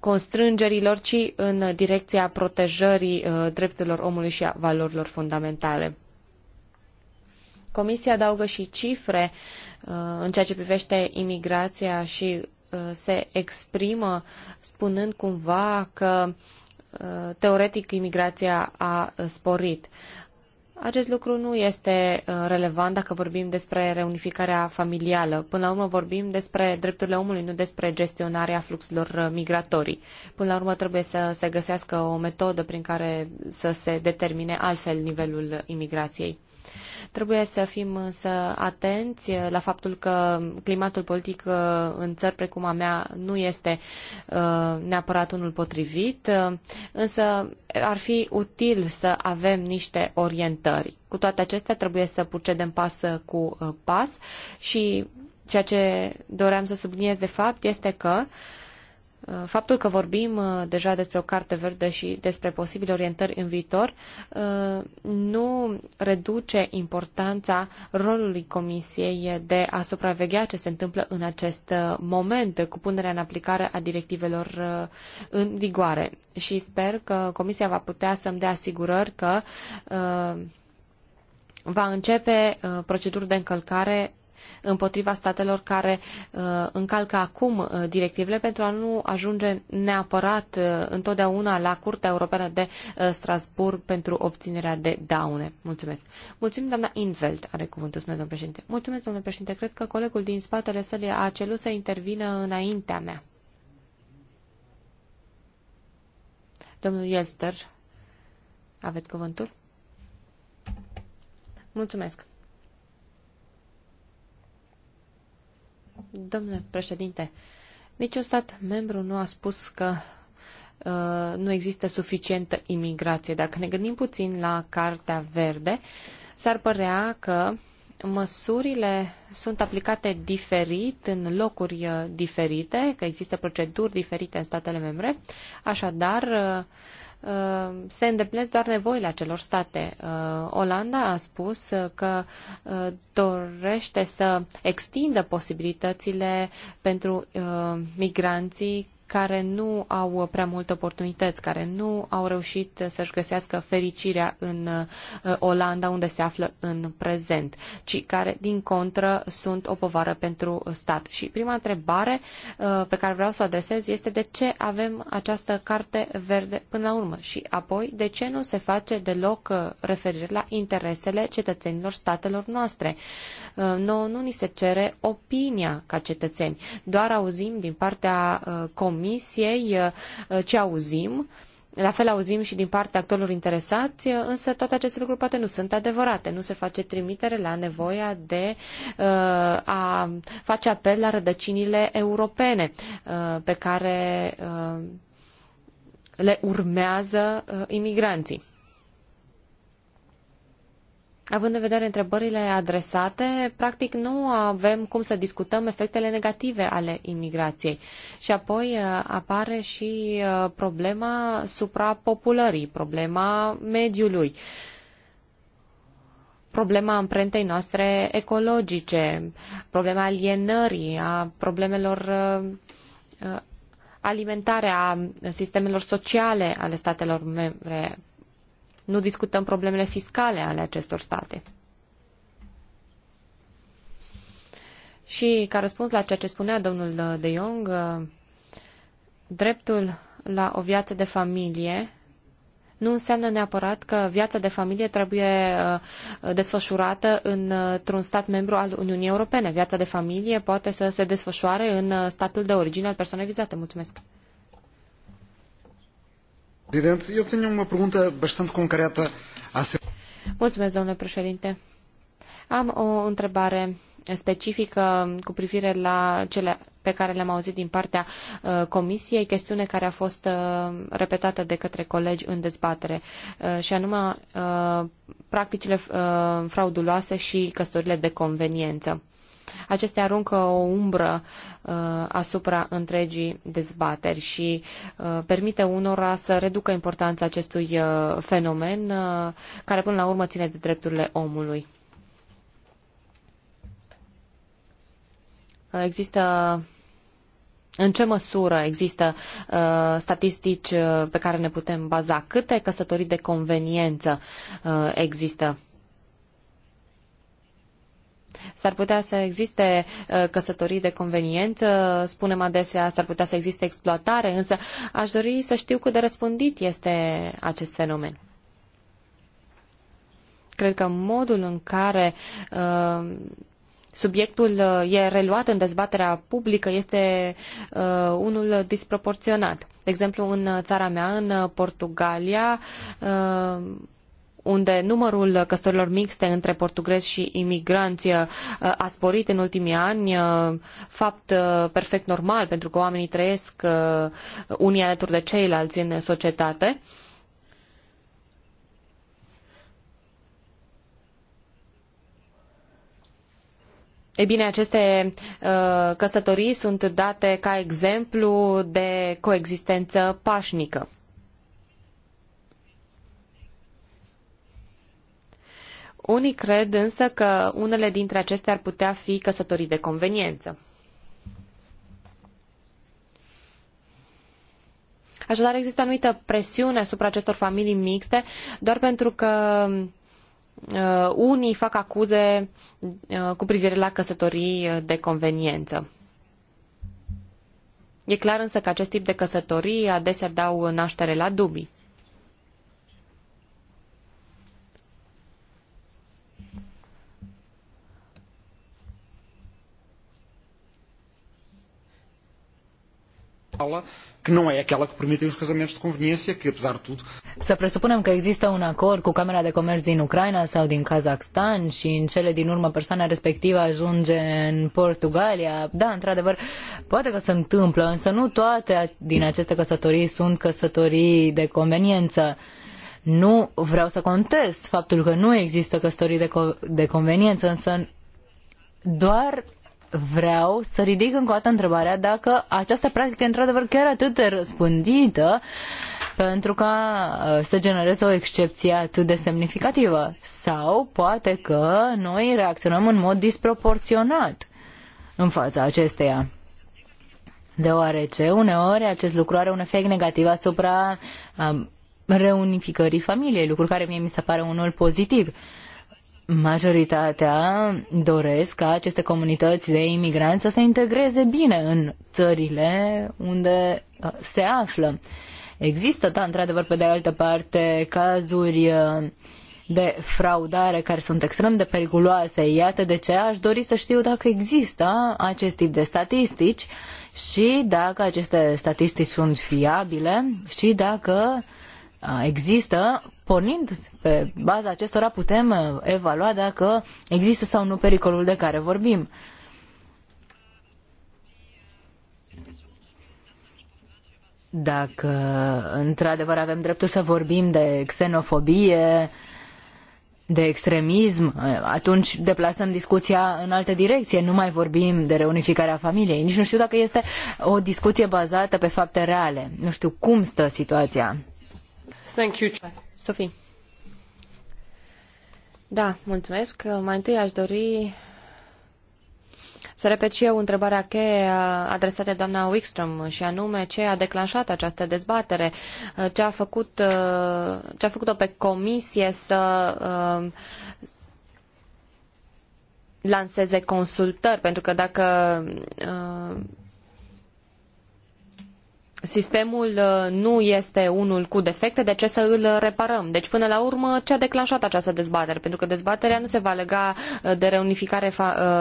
constrângerilor, ci în direcția protejării uh, drepturilor omului și a valorilor fundamentale. Comisia adaugă și cifre uh, în ceea ce privește imigrația și uh, se exprimă spunând cumva că teoretic imigrația a sporit. Acest lucru nu este uh, relevant dacă vorbim despre reunificarea familială. Până la urmă vorbim despre drepturile omului, nu despre gestionarea fluxurilor uh, migratorii. Până la urmă trebuie să se găsească o metodă prin care să se determine altfel nivelul imigrației. Trebuie să fim însă atenți la faptul că climatul politic uh, în țări precum a mea nu este uh, neapărat unul potrivit, uh, însă ar fi util să avem niște orientări. Cu toate acestea trebuie să procedem pas cu pas și ceea ce doream să subliniez de fapt este că uh, Uh, faptul că vorbim uh, deja despre o carte verde și despre posibile orientări în viitor uh, nu reduce importanța rolului Comisiei de a supraveghea ce se întâmplă în acest moment cu punerea în aplicare a directivelor în vigoare. Și sper că Comisia va putea să-mi dea asigurări că va începe proceduri de încălcare împotriva statelor care uh, încalcă acum uh, directivele pentru a nu ajunge neapărat uh, întotdeauna la Curtea Europeană de Strasbourg pentru obținerea de daune. Mulțumesc. Mulțumim, doamna Inveld, are cuvântul, spune domnul președinte. Mulțumesc, domnule președinte. Cred că colegul din spatele sălii a cerut să intervină înaintea mea. Domnul Elster, aveți cuvântul? Mulțumesc. Domnule președinte, niciun stat membru nu a spus că uh, nu există suficientă imigrație. Dacă ne gândim puțin la Cartea Verde, s-ar părea că măsurile sunt aplicate diferit în locuri uh, diferite, că există proceduri diferite în statele membre. Așadar, uh, Uh, se îndeplinesc doar nevoile acelor state. Uh, Olanda a spus uh, că dorește să extindă posibilitățile pentru migranții care nu au prea multe oportunități, care nu au reușit să-și găsească fericirea în uh, Olanda, unde se află în prezent, ci care, din contră, sunt o povară pentru stat. Și prima întrebare uh, pe care vreau să o adresez este de ce avem această carte verde până la urmă și apoi de ce nu se face deloc uh, referire la interesele cetățenilor statelor noastre. Nouă nu ni se cere opinia ca cetățeni, doar auzim din partea Comisiei comisiei uh, uh, ce auzim, la fel auzim și din partea actorilor interesați, uh, însă toate aceste lucruri poate nu sunt adevărate. Nu se face trimitere la nevoia de uh, a face apel la rădăcinile europene uh, pe care uh, le urmează uh, imigranții. Având în vedere întrebările adresate, practic nu avem cum să discutăm efectele negative ale imigrației. Și apoi uh, apare și uh, problema suprapopulării, problema mediului, problema amprentei noastre ecologice, problema alienării, a problemelor uh, alimentare, a sistemelor sociale ale statelor membre nu discutăm problemele fiscale ale acestor state. Și ca răspuns la ceea ce spunea domnul De Jong, dreptul la o viață de familie nu înseamnă neapărat că viața de familie trebuie uh, desfășurată într-un stat membru al Uniunii Europene. Viața de familie poate să se desfășoare în statul de origine al persoanei vizate. Mulțumesc! Presidente, eu tenho uma pergunta bastante Mulțumesc, domnule președinte. Am o întrebare specifică cu privire la cele pe care le-am auzit din partea uh, Comisiei, chestiune care a fost uh, repetată de către colegi în dezbatere, uh, și anume uh, practicile uh, frauduloase și căsătorile de conveniență. Acestea aruncă o umbră uh, asupra întregii dezbateri și uh, permite unora să reducă importanța acestui uh, fenomen uh, care până la urmă ține de drepturile omului. Există în ce măsură există uh, statistici uh, pe care ne putem baza? Câte căsătorii de conveniență uh, există? S-ar putea să existe uh, căsătorii de conveniență, uh, spunem adesea, s-ar putea să existe exploatare, însă aș dori să știu cât de răspândit este acest fenomen. Cred că modul în care uh, subiectul uh, e reluat în dezbaterea publică este uh, unul disproporționat. De exemplu, în țara mea, în Portugalia, uh, unde numărul căsătorilor mixte între portughezi și imigranți uh, a sporit în ultimii ani, uh, fapt uh, perfect normal pentru că oamenii trăiesc unii alături de ceilalți în societate. Ei bine, aceste căsătorii sunt date ca exemplu de coexistență pașnică. Unii cred însă că unele dintre acestea ar putea fi căsătorii de conveniență. Așadar, există anumită presiune asupra acestor familii mixte, doar pentru că uh, unii fac acuze uh, cu privire la căsătorii uh, de conveniență. E clar însă că acest tip de căsătorii adesea dau naștere la dubii. que não é aquela que permitem os casamentos de conveniência, que apesar de tudo... Să presupunem că există un acord cu Camera de Comerț din Ucraina sau din Kazakhstan și în cele din urmă persoana respectivă ajunge în Portugalia. Da, într-adevăr, poate că se întâmplă, însă nu toate din aceste căsătorii sunt căsătorii de conveniență. Nu vreau să contest faptul că nu există căsătorii de, co- de conveniență, însă doar vreau să ridic încă o dată întrebarea dacă această practică e într-adevăr chiar atât de răspândită pentru ca uh, să genereze o excepție atât de semnificativă. Sau poate că noi reacționăm în mod disproporționat în fața acesteia. Deoarece uneori acest lucru are un efect negativ asupra um, reunificării familiei, lucru care mie mi se pare unul pozitiv majoritatea doresc ca aceste comunități de imigranți să se integreze bine în țările unde uh, se află. Există, da, într-adevăr, pe de altă parte, cazuri uh, de fraudare care sunt extrem de periculoase. Iată de ce aș dori să știu dacă există acest tip de statistici și dacă aceste statistici sunt fiabile și dacă uh, există pornind pe baza acestora putem uh, evalua dacă există sau nu pericolul de care vorbim. Dacă într-adevăr avem dreptul să vorbim de xenofobie, de extremism, uh, atunci deplasăm discuția în altă direcție. Nu mai vorbim de reunificarea familiei. Nici nu știu dacă este o discuție bazată pe fapte reale. Nu știu cum stă situația. Da, mulțumesc. Mai întâi aș dori să repet și eu întrebarea cheie adresată doamna Wickstrom și anume ce a declanșat această dezbatere, ce a făcut, ce a făcut-o pe comisie să uh, lanseze consultări, pentru că dacă uh, sistemul uh, nu este unul cu defecte, de ce să îl uh, reparăm? Deci, până la urmă, ce a declanșat această dezbatere? Pentru că dezbaterea nu se va lega uh, de reunificare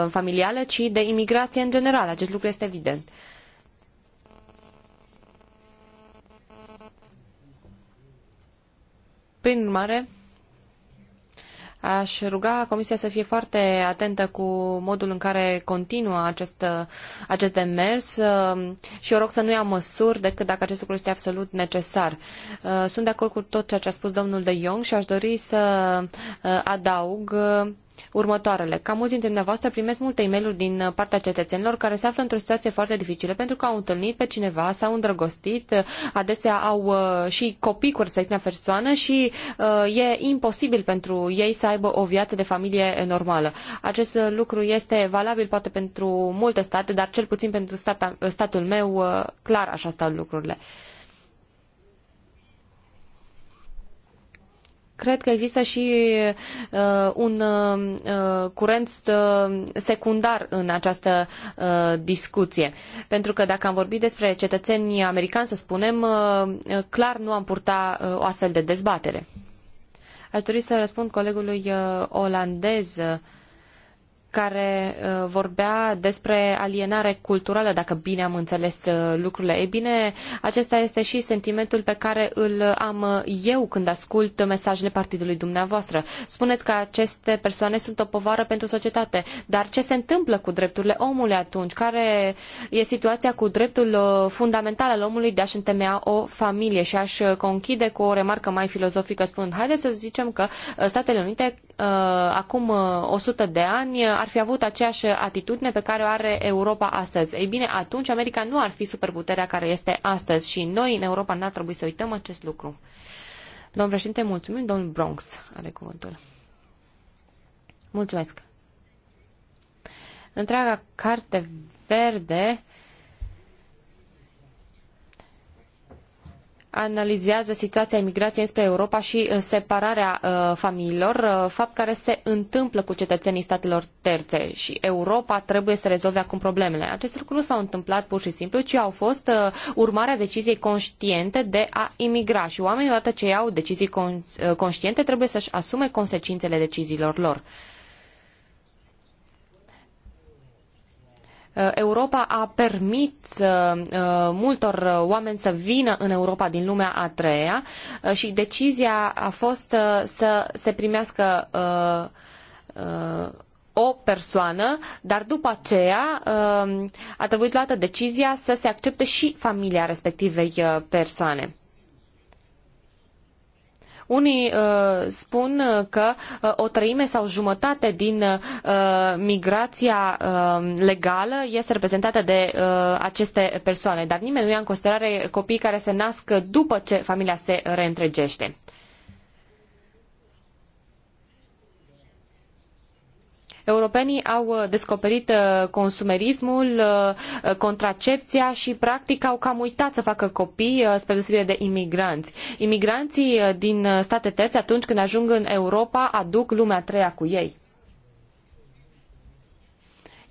familială, ci de imigrație în general. Acest lucru este evident. Prin urmare, Aș ruga Comisia să fie foarte atentă cu modul în care continuă acest, acest demers uh, și o rog să nu ia măsuri decât dacă acest lucru este absolut necesar. Uh, sunt de acord cu tot ceea ce a spus domnul De Jong și aș dori să uh, adaug următoarele. Cam mulți dintre dumneavoastră primesc multe e mail din uh, partea cetățenilor care se află într-o situație foarte dificilă pentru că au întâlnit pe cineva, s-au îndrăgostit, uh, adesea au uh, și copii cu respectiva persoană și e imposibil pentru ei să aibă o viață de familie normală. Acest lucru este valabil poate pentru multe state, dar cel puțin pentru statul meu clar așa stau lucrurile. cred că există și uh, un uh, curent uh, secundar în această uh, discuție. Pentru că dacă am vorbit despre cetățenii americani, să spunem, uh, clar nu am purta uh, o astfel de dezbatere. Aș dori să răspund colegului uh, olandez. Uh, care uh, vorbea despre alienare culturală, dacă bine am înțeles uh, lucrurile. Ei bine, acesta este și sentimentul pe care îl am eu când ascult mesajele partidului dumneavoastră. Spuneți că aceste persoane sunt o povară pentru societate, dar ce se întâmplă cu drepturile omului atunci? Care e situația cu dreptul uh, fundamental al omului de a-și întemeia o familie? Și aș conchide cu o remarcă mai filozofică spunând, haideți să zicem că Statele Unite acum 100 de ani ar fi avut aceeași atitudine pe care o are Europa astăzi. Ei bine, atunci America nu ar fi superputerea care este astăzi și noi în Europa n-ar trebui să uităm acest lucru. Domnul președinte, mulțumim. Domnul Bronx are cuvântul. Mulțumesc. Întreaga carte verde analizează situația imigrației spre Europa și uh, separarea uh, familiilor, uh, fapt care se întâmplă cu cetățenii statelor terțe și Europa trebuie să rezolve acum problemele. Acest lucru nu s-au întâmplat pur și simplu, ci au fost urmarea deciziei conștiente de a imigra și oamenii odată ce iau decizii conștiente trebuie să-și asume consecințele deciziilor lor. Uh, Europa a permis uh, uh, multor oameni să vină în Europa din lumea a treia și decizia a fost să se primească o persoană, dar după aceea a trebuit luată decizia să se accepte și familia respectivei persoane. Unii uh, spun uh, că uh, o treime sau jumătate din uh, migrația um, legală este reprezentată de uh, aceste persoane, dar nimeni nu ia în considerare copiii care se nasc după ce familia se reîntregește. Europenii au uh, descoperit uh, consumerismul, uh, contracepția și practic au cam uitat să facă copii spre deosebire de imigranți. Imigranții din state terțe atunci când ajung în Europa aduc lumea a treia cu ei.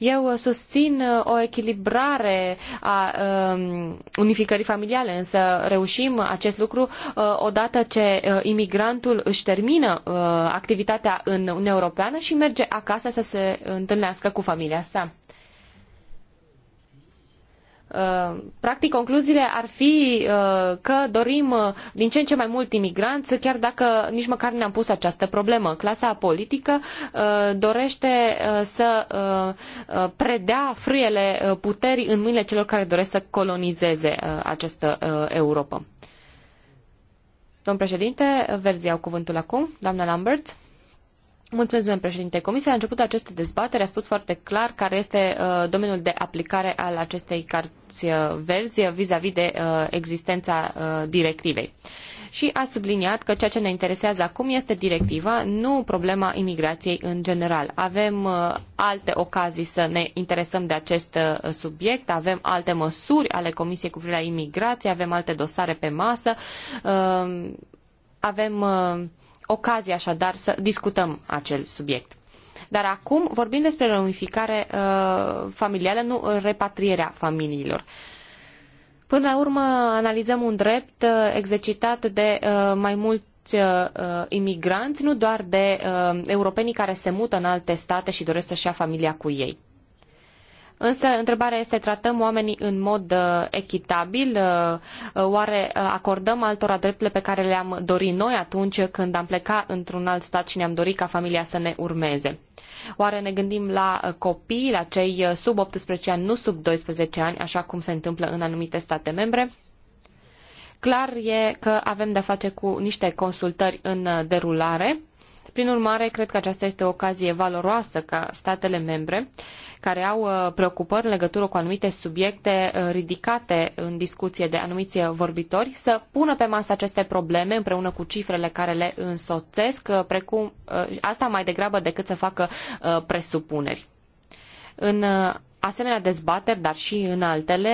Eu uh, susțin uh, o echilibrare a um, unificării familiale, însă reușim acest lucru uh, odată ce imigrantul își termină activitatea în Uniunea Europeană și merge acasă să se întâlnească cu familia sa. Uh, practic, concluziile ar fi uh, că dorim uh, din ce în ce mai mult imigranți, chiar dacă nici măcar ne-am pus această problemă. Clasa politică dorește să predea frâiele puteri în mâinile celor care doresc să colonizeze această Europa. Domn președinte, verzii cuvântul acum. Doamna Lambert. Mulțumesc, domnule președinte. Comisia a început aceste dezbatere, a spus foarte clar care este uh, domeniul de aplicare al acestei carți uh, verzi vis a -vis de uh, existența uh, directivei. Și a subliniat că ceea ce ne interesează acum este directiva, nu problema imigrației în general. Avem uh, alte ocazii să ne interesăm de acest uh, subiect, avem alte măsuri ale Comisiei cu privire la imigrație, avem alte dosare pe masă, uh, avem... Uh, ocazie așadar să discutăm acel subiect. Dar acum vorbim despre reunificare uh, familială, nu uh, repatrierea familiilor. Până la urmă analizăm un drept uh, exercitat de uh, mai mulți uh, uh, imigranți, nu doar de uh, europenii care se mută în alte state și doresc să-și ia familia cu ei. Însă, întrebarea este, tratăm oamenii în mod uh, echitabil? Uh, uh, oare acordăm altora drepturile pe care le-am dorit noi atunci când am plecat într-un alt stat și ne-am dorit ca familia să ne urmeze? Oare ne gândim la copii, la cei sub 18 ani, nu sub 12 ani, așa cum se întâmplă în anumite state membre? Clar e că avem de-a face cu niște consultări în derulare. Prin urmare, cred că aceasta este o ocazie valoroasă ca statele membre care au uh, preocupări în legătură cu anumite subiecte uh, ridicate în discuție de anumiți vorbitori, să pună pe masă aceste probleme împreună cu cifrele care le însoțesc, uh, precum, asta mai degrabă decât să facă presupuneri. În asemenea dezbateri, dar și în altele,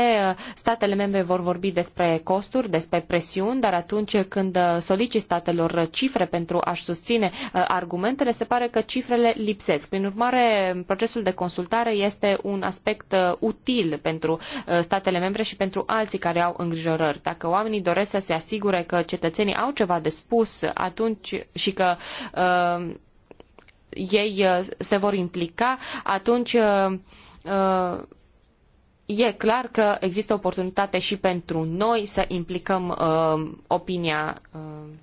statele membre vor vorbi despre costuri, despre presiuni, dar atunci când solicit statelor cifre pentru a-și susține uh, argumentele, se pare că cifrele lipsesc. Prin urmare, procesul de consultare este un aspect uh, util pentru uh, statele membre și pentru alții care au îngrijorări. Dacă oamenii doresc să se asigure că cetățenii au ceva de spus atunci și că uh, ei se vor implica, atunci uh, Uh, e clar că există oportunitate și pentru noi să implicăm uh, opinia uh,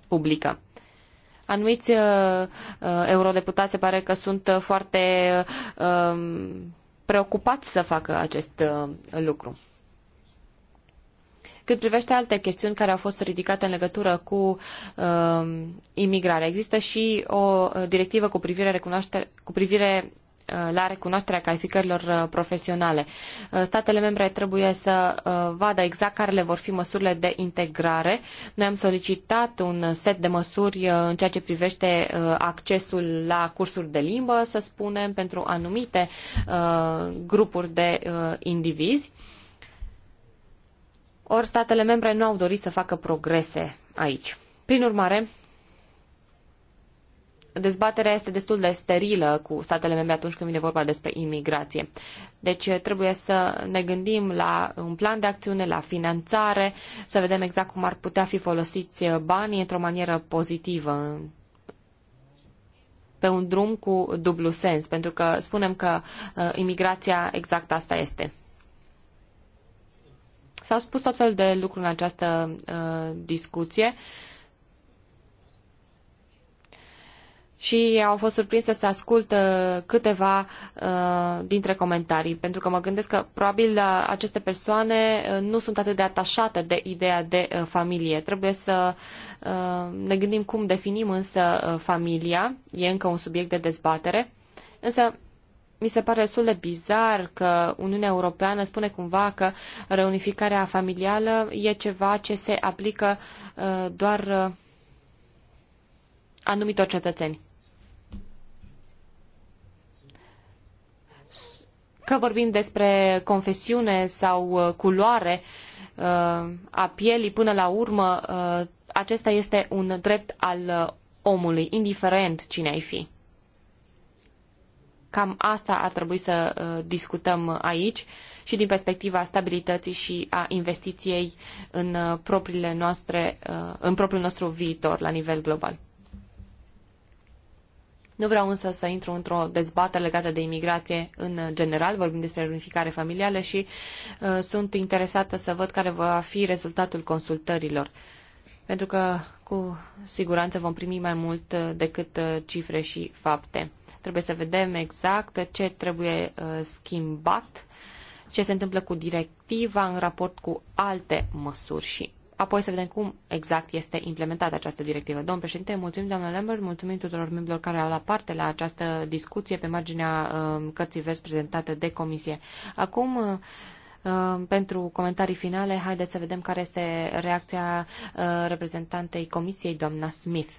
publică. Anumiți uh, eurodeputați se pare că sunt foarte uh, preocupați să facă acest lucru. Cât privește alte chestiuni care au fost ridicate în legătură cu uh, imigrarea, există și o directivă cu privire, recunoaște, cu privire Uh, la recunoașterea calificărilor uh, profesionale. Uh, statele membre trebuie să vadă exact care le vor fi măsurile de integrare. Noi am solicitat un set de măsuri în ceea ce privește accesul la cursuri de limbă, să spunem, pentru anumite grupuri de indivizi. Ori statele membre nu au dorit să facă progrese aici. Prin urmare, dezbaterea este destul de sterilă cu statele membre atunci când vine vorba despre imigrație. Deci eh, trebuie să ne gândim la un plan de acțiune, la finanțare, să vedem exact cum ar putea fi folosiți eh, banii într-o manieră pozitivă pe un drum cu dublu sens, pentru că spunem că uh, imigrația exact asta este. S-au spus tot fel de lucruri în această uh, discuție. Uh, și au fost surprinse să asculte câteva uh, dintre comentarii, pentru că mă gândesc că probabil uh, aceste persoane uh, nu sunt atât de atașate de ideea de familie. Trebuie să ne gândim cum definim însă familia, e încă un subiect de dezbatere, însă mi se pare destul de bizar că Uniunea Europeană spune cumva că reunificarea familială e ceva ce se aplică doar anumitor cetățeni. că vorbim despre confesiune sau uh, culoare uh, a pielii, până la urmă uh, acesta este un drept al omului, indiferent cine ai fi. Cam asta ar trebui să discutăm aici și din perspectiva stabilității și a investiției în, propriile noastre, în propriul nostru viitor la nivel global. Nu vreau însă să intru într-o dezbatere legată de imigrație în general, vorbim despre reunificare familială și uh, sunt interesată să văd care va fi rezultatul consultărilor. Pentru că cu siguranță vom primi mai mult uh, decât uh, cifre și fapte. Trebuie să vedem exact ce trebuie uh, schimbat, ce se întâmplă cu directiva în raport cu alte măsuri și apoi să vedem cum exact este implementată această directivă. Domn președinte, mulțumim, doamna Lambert, mulțumim tuturor membrilor care au luat parte la această discuție pe marginea um, cărții vers prezentate de comisie. Acum, um, pentru comentarii finale, haideți să vedem care este reacția uh, reprezentantei comisiei, doamna Smith.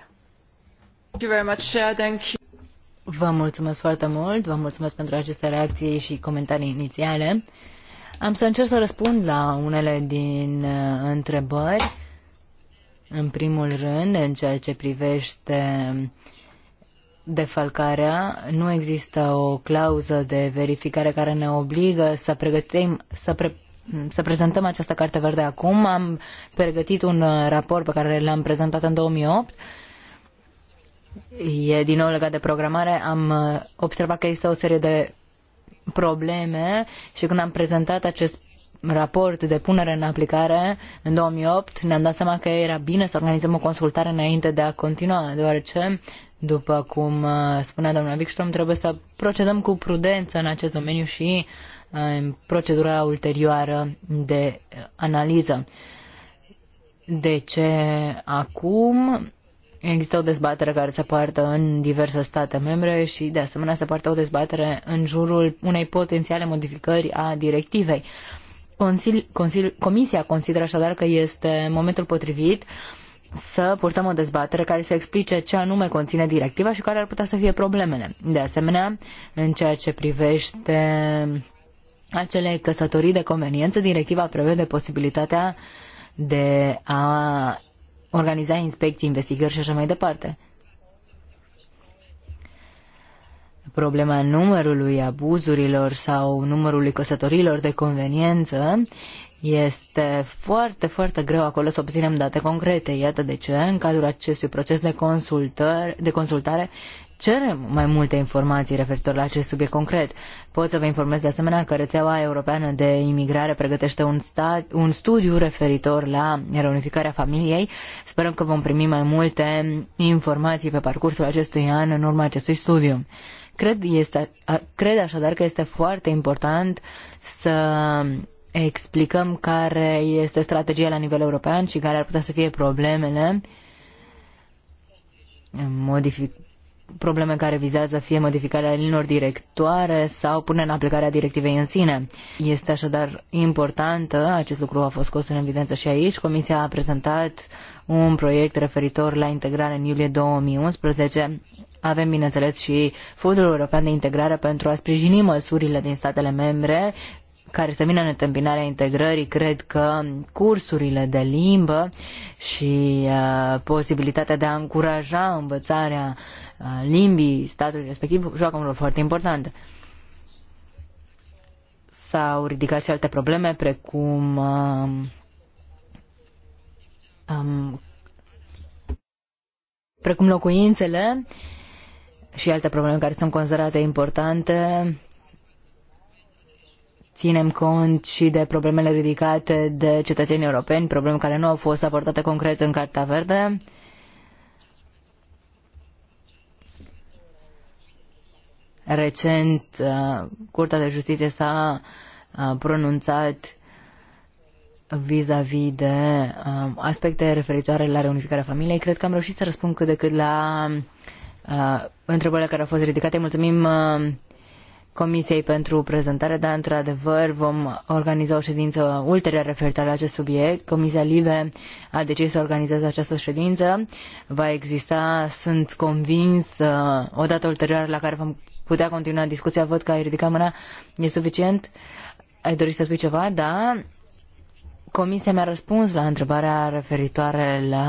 Thank you very much. Thank you. Vă mulțumesc foarte mult, vă mulțumesc pentru aceste reacții și comentarii inițiale. Am să încerc să răspund la unele din uh, întrebări. În primul rând, în ceea ce privește defalcarea, nu există o clauză de verificare care ne obligă să pregătim, să pre- să prezentăm această carte verde acum. Am pregătit un uh, raport pe care l-am prezentat în 2008. E din nou legat de programare. Am uh, observat că există o serie de probleme și când am prezentat acest raport de punere în aplicare în 2008, ne-am dat seama că era bine să organizăm o consultare înainte de a continua, deoarece, după cum uh, spunea doamna Wikström, trebuie să procedăm cu prudență în acest domeniu și uh, în procedura ulterioară de uh, analiză. De ce acum? Există o dezbatere care se poartă în diverse state membre și, de asemenea, se poartă o dezbatere în jurul unei potențiale modificări a directivei. Consil, consil, comisia consideră așadar că este momentul potrivit să purtăm o dezbatere care să explice ce anume conține directiva și care ar putea să fie problemele. De asemenea, în ceea ce privește acele căsătorii de conveniență, directiva prevede posibilitatea de a organiza inspecții, investigări și așa mai departe. Problema numărului abuzurilor sau numărului căsătorilor de conveniență este foarte, foarte greu acolo să obținem date concrete. Iată de ce, în cadrul acestui proces de, consultări, de consultare, cerem mai multe informații referitor la acest subiect concret. Pot să vă informez de asemenea că rețeaua europeană de imigrare pregătește un, un studiu referitor la reunificarea familiei. Sperăm că vom primi mai multe informații pe parcursul acestui an în urma acestui studiu. Cred, este, cred așadar că este foarte important să explicăm care este strategia la nivel european și care ar putea să fie problemele modific- probleme care vizează fie modificarea linilor directoare sau pune în aplicarea directivei în sine. Este așadar importantă, acest lucru a fost scos în evidență și aici, Comisia a prezentat un proiect referitor la integrare în iulie 2011. Avem, bineînțeles, și Fondul European de Integrare pentru a sprijini măsurile din statele membre care să vină în întâmpinarea integrării, cred că cursurile de limbă și uh, posibilitatea de a încuraja învățarea uh, limbii statului respectiv joacă un rol foarte important. S-au ridicat și alte probleme, precum um, um, precum locuințele și alte probleme care sunt considerate importante. Ținem cont și de problemele ridicate de cetățenii europeni, probleme care nu au fost abordate concret în Carta Verde. Recent, uh, Curtea de Justiție s-a uh, pronunțat vis-a-vis -vis de uh, aspecte referitoare la reunificarea familiei. Cred că am reușit să răspund cât de cât la întrebările care au fost ridicate. Mulțumim Comisiei pentru prezentare, dar într-adevăr vom organiza o ședință ulterioară referitoare la acest subiect. Comisia Libe a decis să organizeze această ședință. Va exista, sunt convins, o dată ulterioară la care vom putea continua discuția, văd că ai ridicat mâna, e suficient. Ai dorit să spui ceva? Da. Comisia mi-a răspuns la întrebarea referitoare la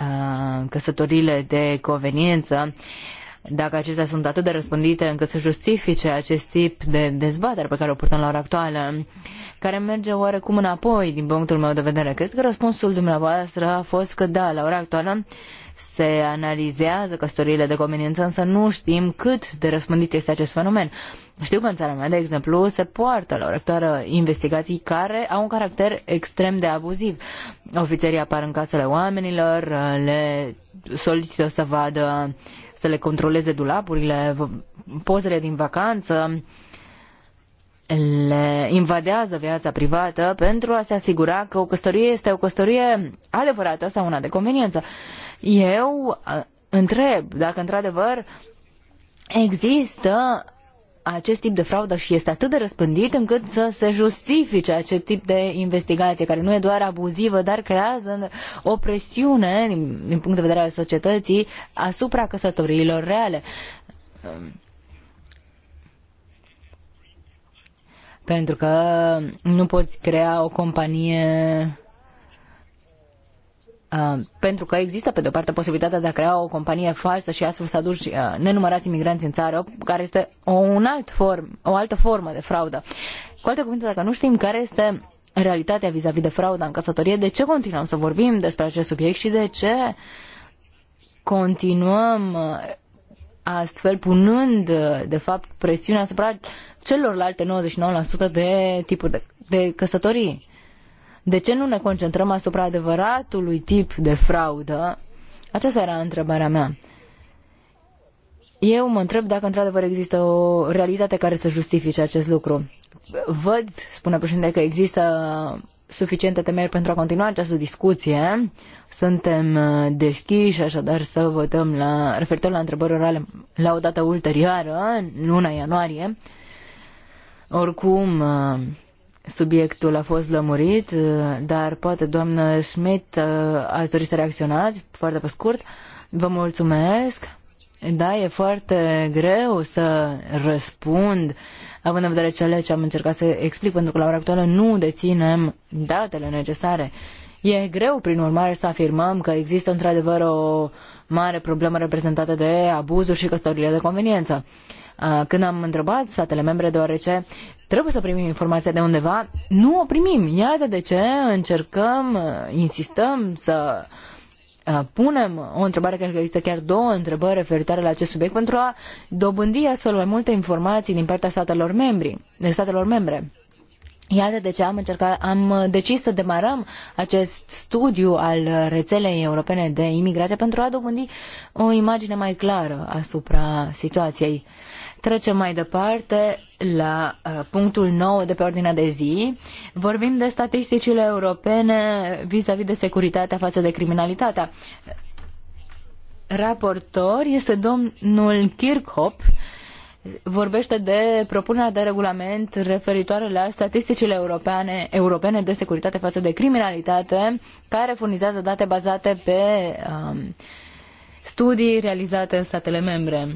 uh, căsătorile de conveniență. Dacă acestea sunt atât de răspândite încât să justifice acest tip de dezbatere pe care o purtăm la ora actuală, care merge oarecum înapoi din punctul meu de vedere. Cred că răspunsul dumneavoastră a fost că da, la ora actuală uh, se analizează căsătoriile de conveniență, însă nu știm cât de răspândit este acest fenomen. Știu că în țara mea, de exemplu, se poartă la orectoară investigații care au un caracter extrem de abuziv. Ofițerii apar în casele oamenilor, le solicită să vadă, să le controleze dulapurile, pozele din vacanță, le invadează viața privată pentru a se asigura că o căsătorie este o căsătorie adevărată sau una de conveniență. Eu întreb dacă într-adevăr există acest tip de fraudă și este atât de răspândit încât să se justifice acest tip de investigație, care nu e doar abuzivă, dar creează o presiune, din punct de vedere al societății, asupra căsătoriilor reale. Um, pentru că nu poți crea o companie Uh, pentru că există, pe de-o parte, posibilitatea de a crea o companie falsă și astfel să aduci uh, nenumărați imigranți în țară, care este o, un alt form, o altă formă de fraudă. Cu alte cuvinte, dacă nu știm care este realitatea vis-a-vis de frauda în căsătorie, de ce continuăm să vorbim despre acest subiect și de ce continuăm uh, astfel punând, uh, de fapt, presiunea asupra celorlalte 99% de tipuri de, de căsătorii? De ce nu ne concentrăm asupra adevăratului tip de fraudă? Aceasta era întrebarea mea. Eu mă întreb dacă într-adevăr există o realitate care să justifice acest lucru. Văd, spune președinte, că există suficiente temeri pentru a continua această discuție. Suntem uh, deschiși, așadar, să votăm la, referitor la întrebări orale la o dată ulterioară, în luna ianuarie. Oricum, uh, Subiectul a fost lămurit, uh, dar poate, doamnă Schmidt, uh, ați dori să reacționați foarte pe scurt. Vă mulțumesc. Da, e foarte greu să răspund, având în vedere cele ce am încercat să explic, pentru că la ora actuală nu deținem datele necesare. E greu, prin urmare, să afirmăm că există într-adevăr o mare problemă reprezentată de abuzuri și căsătorile de conveniență. Uh, Uh, când am întrebat statele membre, deoarece trebuie să primim informația de undeva, nu o primim. Iată de ce încercăm, uh, insistăm să uh, punem o întrebare, cred că există chiar două întrebări referitoare la acest subiect, pentru a dobândi astfel mai multe informații din partea statelor, membri, de statelor membre. Iată de ce am, încercat, am decis să demarăm acest studiu al rețelei europene de imigrație pentru a dobândi o imagine mai clară asupra situației. Trecem mai departe la uh, punctul 9 de pe ordinea de zi. Vorbim de statisticile europene vis-a-vis -vis de securitatea față de criminalitatea. Raportor este domnul Kirchhoff, vorbește de propunerea de regulament referitoare la statisticile europene, europene de securitate față de criminalitate, care furnizează date bazate pe um, studii realizate în statele membre.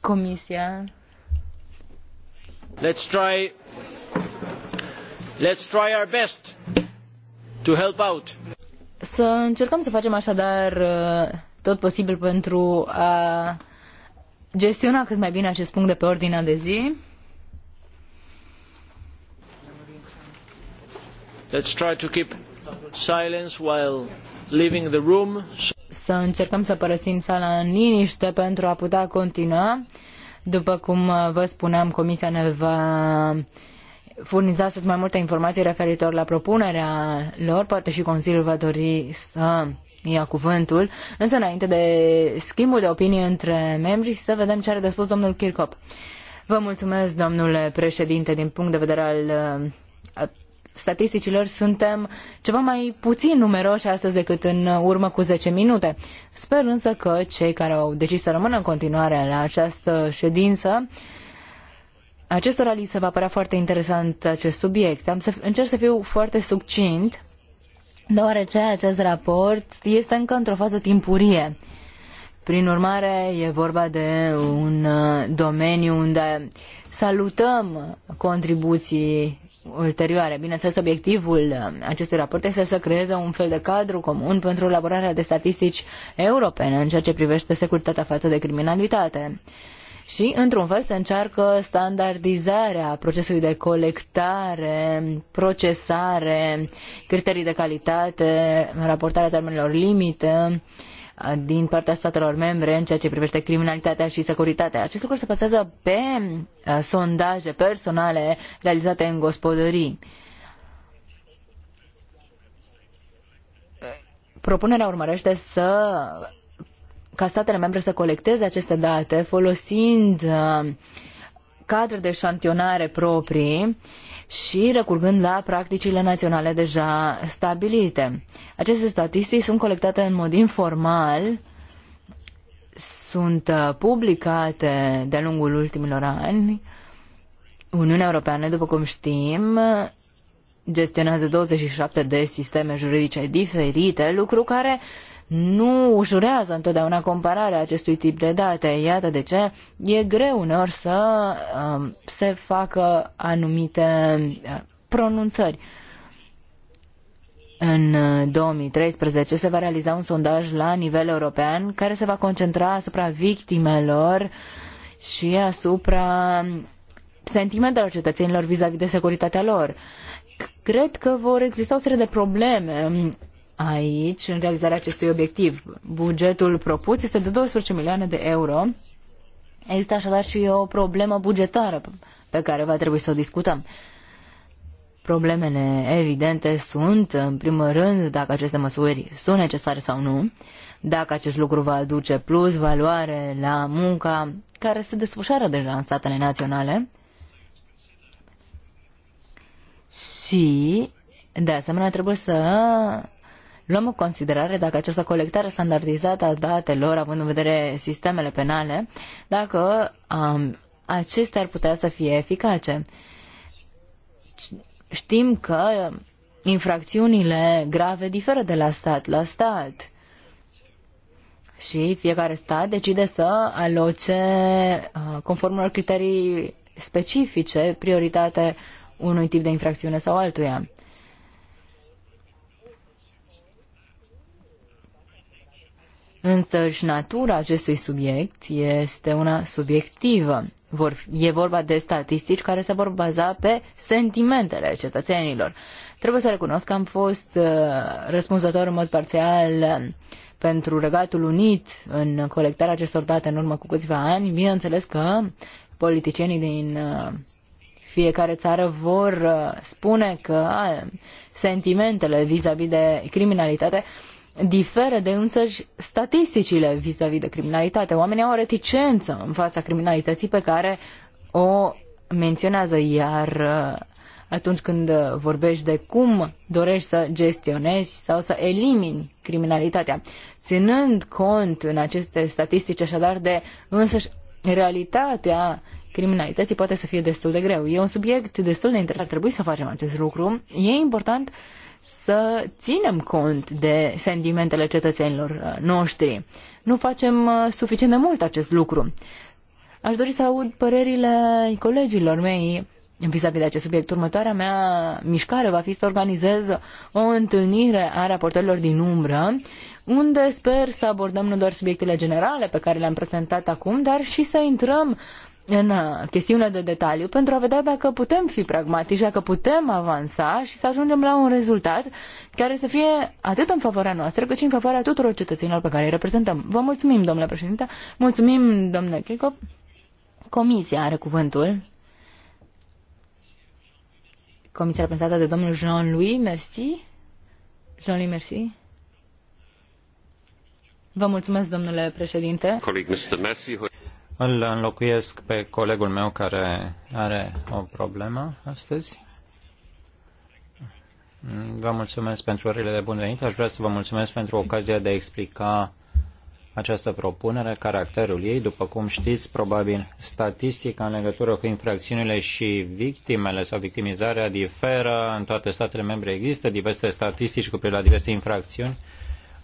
Comisia Let's try, let's try our best to help out. Să încercăm să facem așadar uh, tot posibil pentru a gestiona cât mai bine acest punct de pe ordinea de zi. Let's try to keep silence while leaving the room. Să încercăm să părăsim sala în liniște pentru a putea continua. După cum uh, vă spuneam, Comisia ne va furniza astăzi mai multe informații referitor la propunerea lor. Poate și Consiliul va dori să ia cuvântul, însă înainte de schimbul de opinii între membri să vedem ce are de spus domnul Kirkop. Vă mulțumesc, domnule președinte, din punct de vedere al uh, statisticilor suntem ceva mai puțin numeroși astăzi decât în urmă cu 10 minute. Sper însă că cei care au decis să rămână în continuare la această ședință acestora li se va părea foarte interesant acest subiect. Am să încerc să fiu foarte succint, deoarece acest raport este încă într-o fază timpurie. Prin urmare, e vorba de un uh, domeniu unde salutăm contribuții ulterioare. Bineînțeles, obiectivul uh, acestui raport este să creeze un fel de cadru comun pentru elaborarea de statistici europene în ceea ce privește securitatea față de criminalitate. Și, într-un fel, se încearcă standardizarea procesului de colectare, procesare, criterii de calitate, raportarea termenilor limite, uh, din partea statelor membre în ceea ce privește criminalitatea și securitatea. Acest lucru se bazează pe uh, sondaje personale realizate în gospodării. Propunerea urmărește să ca statele membre să colecteze aceste date folosind uh, cadre de șantionare proprii uh, și recurgând la practicile naționale deja stabilite. Aceste statistici sunt colectate în mod informal, sunt uh, publicate de-a lungul ultimilor ani. Uniunea Europeană, după cum știm, gestionează 27 de sisteme juridice diferite, lucru care uh, nu ușurează întotdeauna compararea acestui tip de date. Iată de ce e greu uneori să um, se facă anumite uh, pronunțări. În 2013 uh, se va realiza un sondaj la nivel european care se va concentra asupra victimelor și asupra sentimentelor cetățenilor vis-a-vis -vis de securitatea lor. Cred că vor exista o serie de probleme um, aici în realizarea acestui obiectiv. Bugetul propus este de 12 milioane de euro. Există așadar și o problemă bugetară pe care va trebui să o discutăm. Problemele evidente sunt, în primul rând, dacă aceste măsuri sunt necesare sau nu, dacă acest lucru va aduce plus valoare la munca care se desfășoară deja în statele naționale și, de asemenea, trebuie să luăm în considerare dacă această colectare standardizată a datelor, având în vedere sistemele penale, dacă um, acestea ar putea să fie eficace. Știm că infracțiunile grave diferă de la stat la stat și fiecare stat decide să aloce, uh, conform unor criterii specifice, prioritate unui tip de infracțiune sau altuia. și natura acestui subiect este una subiectivă. Vor, e vorba de statistici care se vor baza pe sentimentele cetățenilor. Trebuie să recunosc că am fost uh, răspunzător în mod parțial uh, pentru Regatul Unit în colectarea acestor date în urmă cu câțiva ani. Bineînțeles că politicienii din uh, fiecare țară vor uh, spune că uh, sentimentele vis-a-vis -vis de criminalitate uh, diferă de însăși statisticile vis-a-vis -vis de criminalitate. Oamenii au o reticență în fața criminalității pe care o menționează, iar uh, atunci când vorbești de cum dorești să gestionezi sau să elimini criminalitatea. Ținând cont în aceste statistici așadar de însăși realitatea criminalității poate să fie destul de greu. E un subiect destul de interesant. Ar trebui să facem acest lucru. E important să ținem cont de sentimentele cetățenilor uh, noștri. Nu facem uh, suficient de mult acest lucru. Aș dori să aud părerile colegilor mei vis-a-vis -vis de acest subiect. Următoarea mea mișcare va fi să organizez o întâlnire a raportărilor din umbră, unde sper să abordăm nu doar subiectele generale pe care le-am prezentat acum, dar și să intrăm în uh, chestiune de detaliu pentru a vedea dacă putem fi pragmatici, dacă putem avansa și să ajungem la un rezultat care să fie atât în favoarea noastră cât și în favoarea tuturor cetățenilor pe care îi reprezentăm. Vă mulțumim, domnule președinte, mulțumim, domnule Chico. Comisia are cuvântul. Comisia reprezentată de domnul Jean-Louis Merci. Jean-Louis Merci. Vă mulțumesc, domnule președinte. Coleg, Mr. Merci, îl înlocuiesc pe colegul meu care are o problemă astăzi. Vă mulțumesc pentru orele de bun venit. Aș vrea să vă mulțumesc pentru ocazia de a explica această propunere, caracterul ei. După cum știți, probabil, statistica în legătură cu infracțiunile și victimele sau victimizarea diferă în toate statele membre. Există diverse statistici cu privire la diverse infracțiuni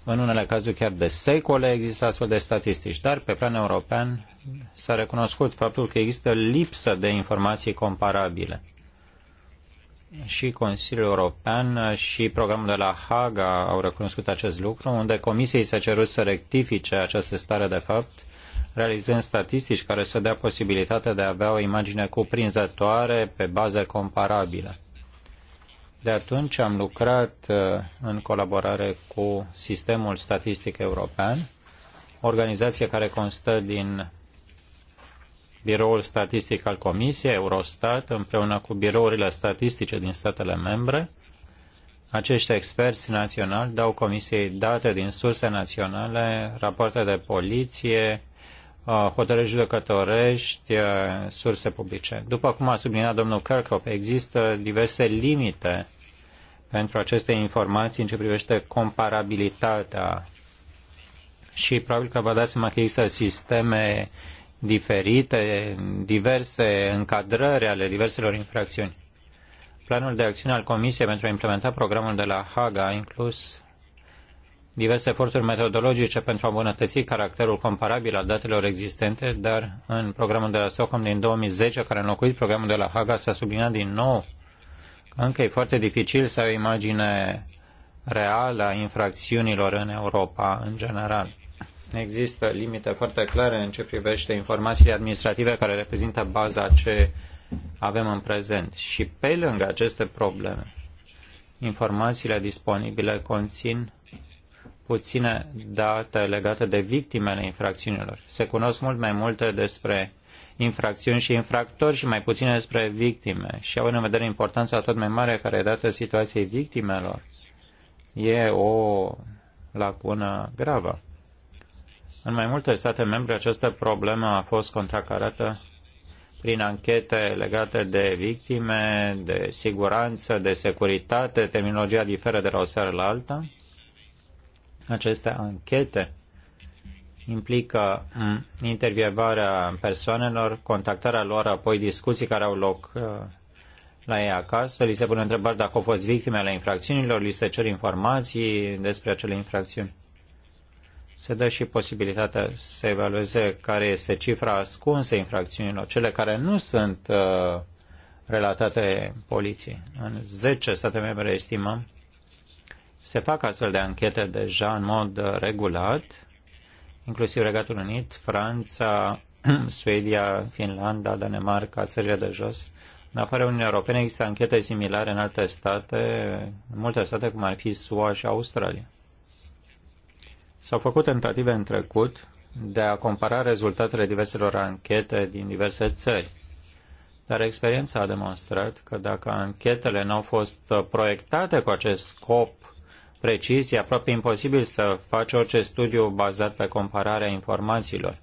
în unele cazuri chiar de secole există astfel de statistici, dar pe plan european s-a recunoscut faptul că există lipsă de informații comparabile. Și Consiliul European și programul de la Haga au recunoscut acest lucru, unde Comisiei s-a cerut să rectifice această stare de fapt, realizând statistici care să dea posibilitatea de a avea o imagine cuprinzătoare pe baze comparabile de atunci am lucrat uh, în colaborare cu Sistemul Statistic European, organizație care constă din Biroul Statistic al Comisiei, Eurostat, împreună cu birourile statistice din statele membre. Acești experți naționali dau Comisiei date din surse naționale, rapoarte de poliție, hotărâri judecătorești, surse publice. După cum a subliniat domnul Kirchhoff, există diverse limite pentru aceste informații în ce privește comparabilitatea și probabil că vă dați seama că există sisteme diferite, diverse încadrări ale diverselor infracțiuni. Planul de acțiune al Comisiei pentru a implementa programul de la Haga a inclus diverse eforturi metodologice pentru a îmbunătăți caracterul comparabil al datelor existente, dar în programul de la Stockholm din 2010, care a înlocuit programul de la Haga, s-a subliniat din nou că încă e foarte dificil să ai o imagine reală a infracțiunilor în Europa în general. Există limite foarte clare în ce privește informațiile administrative care reprezintă baza ce avem în prezent. Și pe lângă aceste probleme, informațiile disponibile conțin puține date legate de victimele infracțiunilor. Se cunosc mult mai multe despre infracțiuni și infractori și mai puține despre victime. Și având în vedere importanța tot mai mare care e dată situației victimelor, e o lacună gravă. În mai multe state membre această problemă a fost contracarată prin anchete legate de victime, de siguranță, de securitate, terminologia diferă de la o seară la alta aceste anchete implică mm, intervievarea persoanelor, contactarea lor, apoi discuții care au loc uh, la ei acasă, li se pune întrebări dacă au fost victime ale infracțiunilor, li se cer informații despre acele infracțiuni. Se dă și posibilitatea să evalueze care este cifra ascunsă infracțiunilor, cele care nu sunt uh, relatate poliției. În 10 state membre estimăm se fac astfel de anchete deja în mod uh, regulat, inclusiv Regatul Unit, Franța, Suedia, Finlanda, Danemarca, țările de jos. În afara Uniunii Europene există anchete similare în alte state, în multe state cum ar fi SUA și Australia. S-au făcut tentative în trecut de a compara rezultatele diverselor anchete din diverse țări. Dar experiența a demonstrat că dacă anchetele n-au fost uh, proiectate cu acest scop precis, e aproape imposibil să faci orice studiu bazat pe compararea informațiilor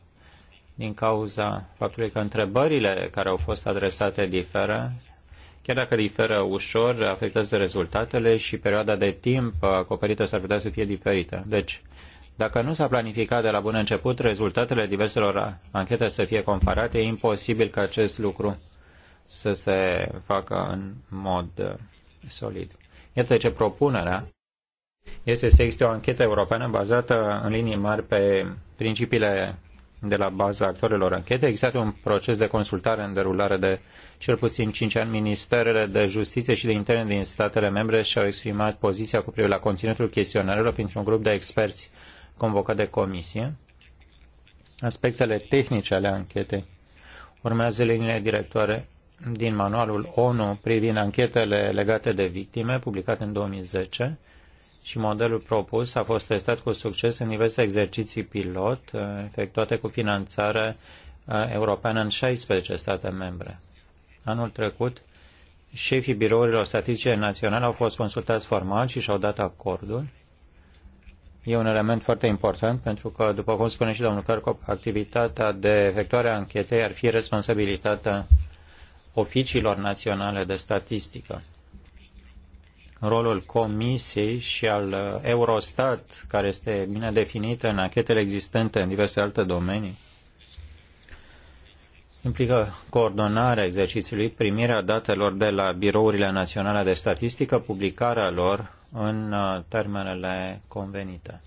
din cauza faptului că întrebările care au fost adresate diferă, chiar dacă diferă ușor, afectează rezultatele și perioada de timp acoperită s-ar putea să fie diferită. Deci, dacă nu s-a planificat de la bun început rezultatele diverselor anchete să fie comparate, e imposibil ca acest lucru să se facă în mod solid. Iată ce propunerea este să existe o anchetă europeană bazată în linii mari pe principiile de la baza actorilor anchete. Există un proces de consultare în derulare de cel puțin 5 ani. Ministerele de Justiție și de Interne din statele membre și-au exprimat poziția cu privire la conținutul chestionarelor printr-un grup de experți convocat de comisie. Aspectele tehnice ale anchetei urmează liniile directoare din manualul ONU privind anchetele legate de victime, publicat în 2010, și modelul propus a fost testat cu succes în diverse exerciții pilot uh, efectuate cu finanțare uh, europeană în 16 state membre. Anul trecut, șefii birourilor statistice naționale au fost consultați formal și și-au dat acordul. E un element foarte important pentru că, după cum spune și domnul Carcop, activitatea de efectuare a anchetei ar fi responsabilitatea oficiilor naționale de statistică rolul Comisiei și al uh, Eurostat, care este bine definită în achetele existente în diverse alte domenii, implică coordonarea exercițiului, primirea datelor de la birourile naționale de statistică, publicarea lor în uh, termenele convenite.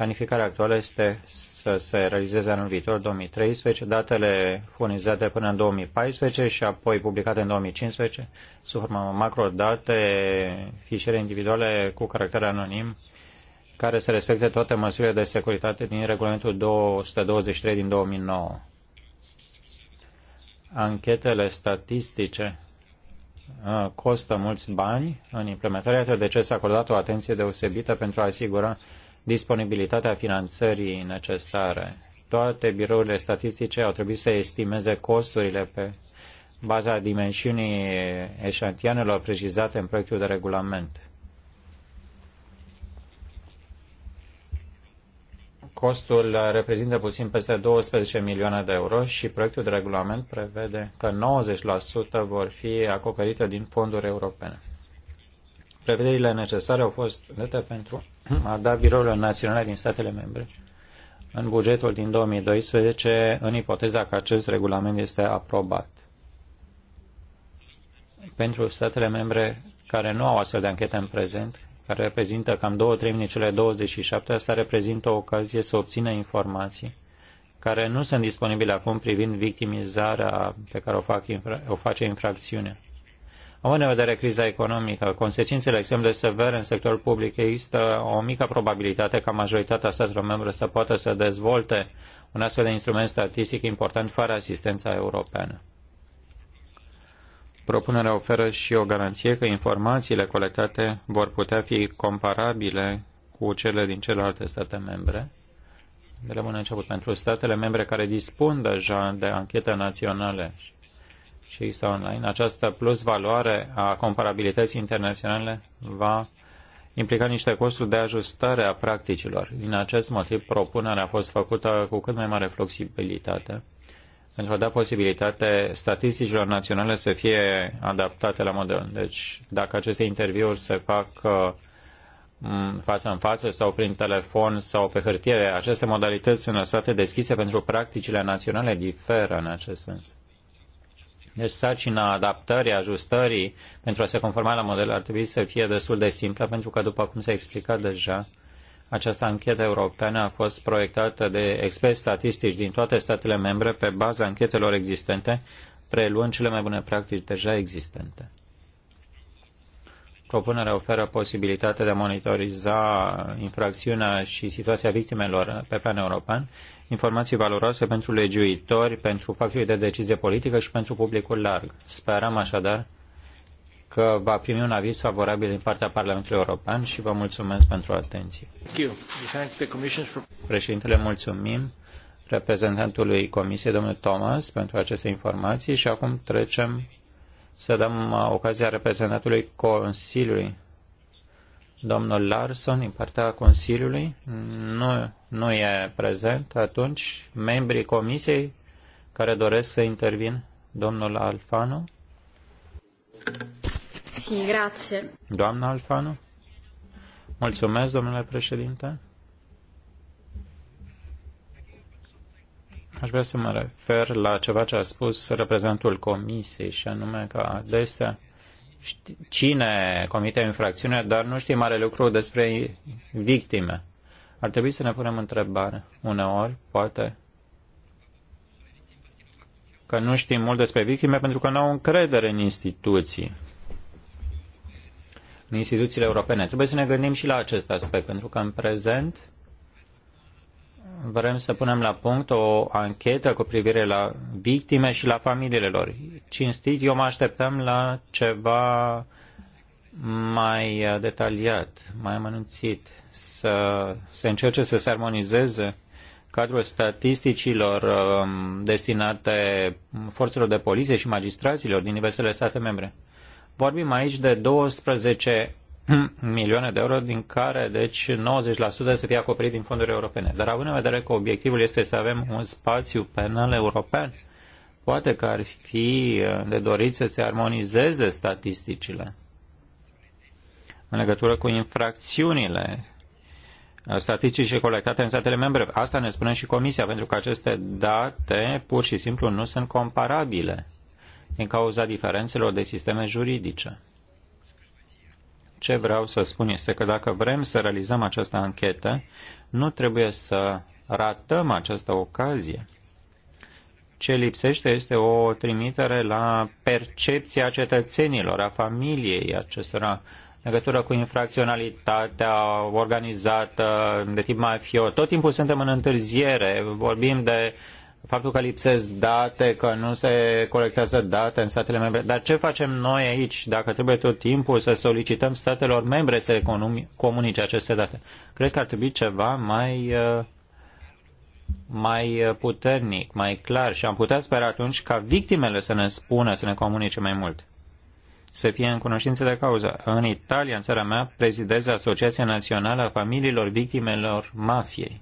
Planificarea actuală este să se realizeze anul viitor, 2013, datele furnizate până în 2014 și apoi publicate în 2015, sub formă macrodate, fișiere individuale cu caracter anonim, care să respecte toate măsurile de securitate din regulamentul 223 din 2009. Anchetele statistice uh, costă mulți bani în implementarea, de ce s-a acordat o atenție deosebită pentru a asigura disponibilitatea finanțării necesare. Toate birourile statistice au trebuit să estimeze costurile pe baza dimensiunii eșantianelor precizate în proiectul de regulament. Costul reprezintă puțin peste 12 milioane de euro și proiectul de regulament prevede că 90% vor fi acoperite din fonduri europene prevederile necesare au fost date pentru a da birourile naționale din statele membre în bugetul din 2012 în ipoteza că acest regulament este aprobat. Pentru statele membre care nu au astfel de anchete în prezent, care reprezintă cam două treimi cele 27, asta reprezintă o ocazie să obțină informații care nu sunt disponibile acum privind victimizarea pe care o, fac, o face infracțiunea Având în vedere criza economică, consecințele extrem de severe în sectorul public, există o mică probabilitate ca majoritatea statelor membre să poată să dezvolte un astfel de instrument statistic important fără asistența europeană. Propunerea oferă și o garanție că informațiile colectate vor putea fi comparabile cu cele din celelalte state membre. De la început, pentru statele membre care dispun deja de anchete naționale și și există online, această plus valoare a comparabilității internaționale va implica niște costuri de ajustare a practicilor. Din acest motiv, propunerea a fost făcută cu cât mai mare flexibilitate pentru a da posibilitate statisticilor naționale să fie adaptate la model. Deci, dacă aceste interviuri se fac uh, față în față sau prin telefon sau pe hârtie, aceste modalități sunt lăsate deschise pentru practicile naționale diferă în acest sens. Deci sarcina adaptării, ajustării pentru a se conforma la model ar trebui să fie destul de simplă, pentru că, după cum s-a explicat deja, această anchetă europeană a fost proiectată de experți statistici din toate statele membre pe baza anchetelor existente, preluând cele mai bune practici deja existente. Propunerea oferă posibilitatea de a monitoriza infracțiunea și situația victimelor pe plan european, informații valoroase pentru legiuitori, pentru factorii de decizie politică și pentru publicul larg. Sperăm așadar că va primi un aviz favorabil din partea Parlamentului European și vă mulțumesc pentru atenție. Președintele, mulțumim reprezentantului Comisiei, domnul Thomas, pentru aceste informații și acum trecem să dăm uh, ocazia reprezentantului Consiliului. Domnul Larson, din partea Consiliului, nu, nu e prezent. Atunci, membrii comisiei care doresc să intervin, domnul Alfano. Si, grazie. Doamna Alfano. Mulțumesc, domnule președinte. Aș vrea să mă refer la ceva ce a spus reprezentantul comisiei și anume că adesea cine comite infracțiune, dar nu știe mare lucru despre victime. Ar trebui să ne punem întrebare. Uneori, poate, că nu știm mult despre victime pentru că nu au încredere în instituții, în instituțiile europene. Trebuie să ne gândim și la acest aspect, pentru că în prezent vrem să punem la punct o anchetă cu privire la victime și la familiile lor. Cinstit, eu mă așteptăm la ceva mai detaliat, mai amănunțit, să se încerce să se armonizeze cadrul statisticilor um, destinate forțelor de poliție și magistraților din diversele state membre. Vorbim aici de 12 milioane de euro, din care, deci, 90% să fie acoperit din fonduri europene. Dar având în vedere că obiectivul este să avem un spațiu penal european, poate că ar fi uh, de dorit să se armonizeze statisticile în legătură cu infracțiunile uh, statistice colectate în statele membre. Asta ne spune și Comisia, pentru că aceste date pur și simplu nu sunt comparabile din cauza diferențelor de sisteme juridice. Ce vreau să spun este că dacă vrem să realizăm această anchetă, nu trebuie să ratăm această ocazie. Ce lipsește este o trimitere la percepția cetățenilor, a familiei acestora, în legătură cu infracționalitatea organizată de tip mafio. Tot timpul suntem în întârziere, vorbim de uh, faptul că lipsesc date, că nu se colectează date în statele membre. Dar ce facem noi aici dacă trebuie tot timpul să solicităm statelor membre să comunice aceste date? Cred că ar trebui ceva mai uh, mai uh, puternic, mai clar și am putea spera atunci ca victimele să ne spună, să ne comunice mai mult. Să fie în cunoștință de cauză. În Italia, în țara mea, prezidez Asociația Națională a Familiilor Victimelor Mafiei.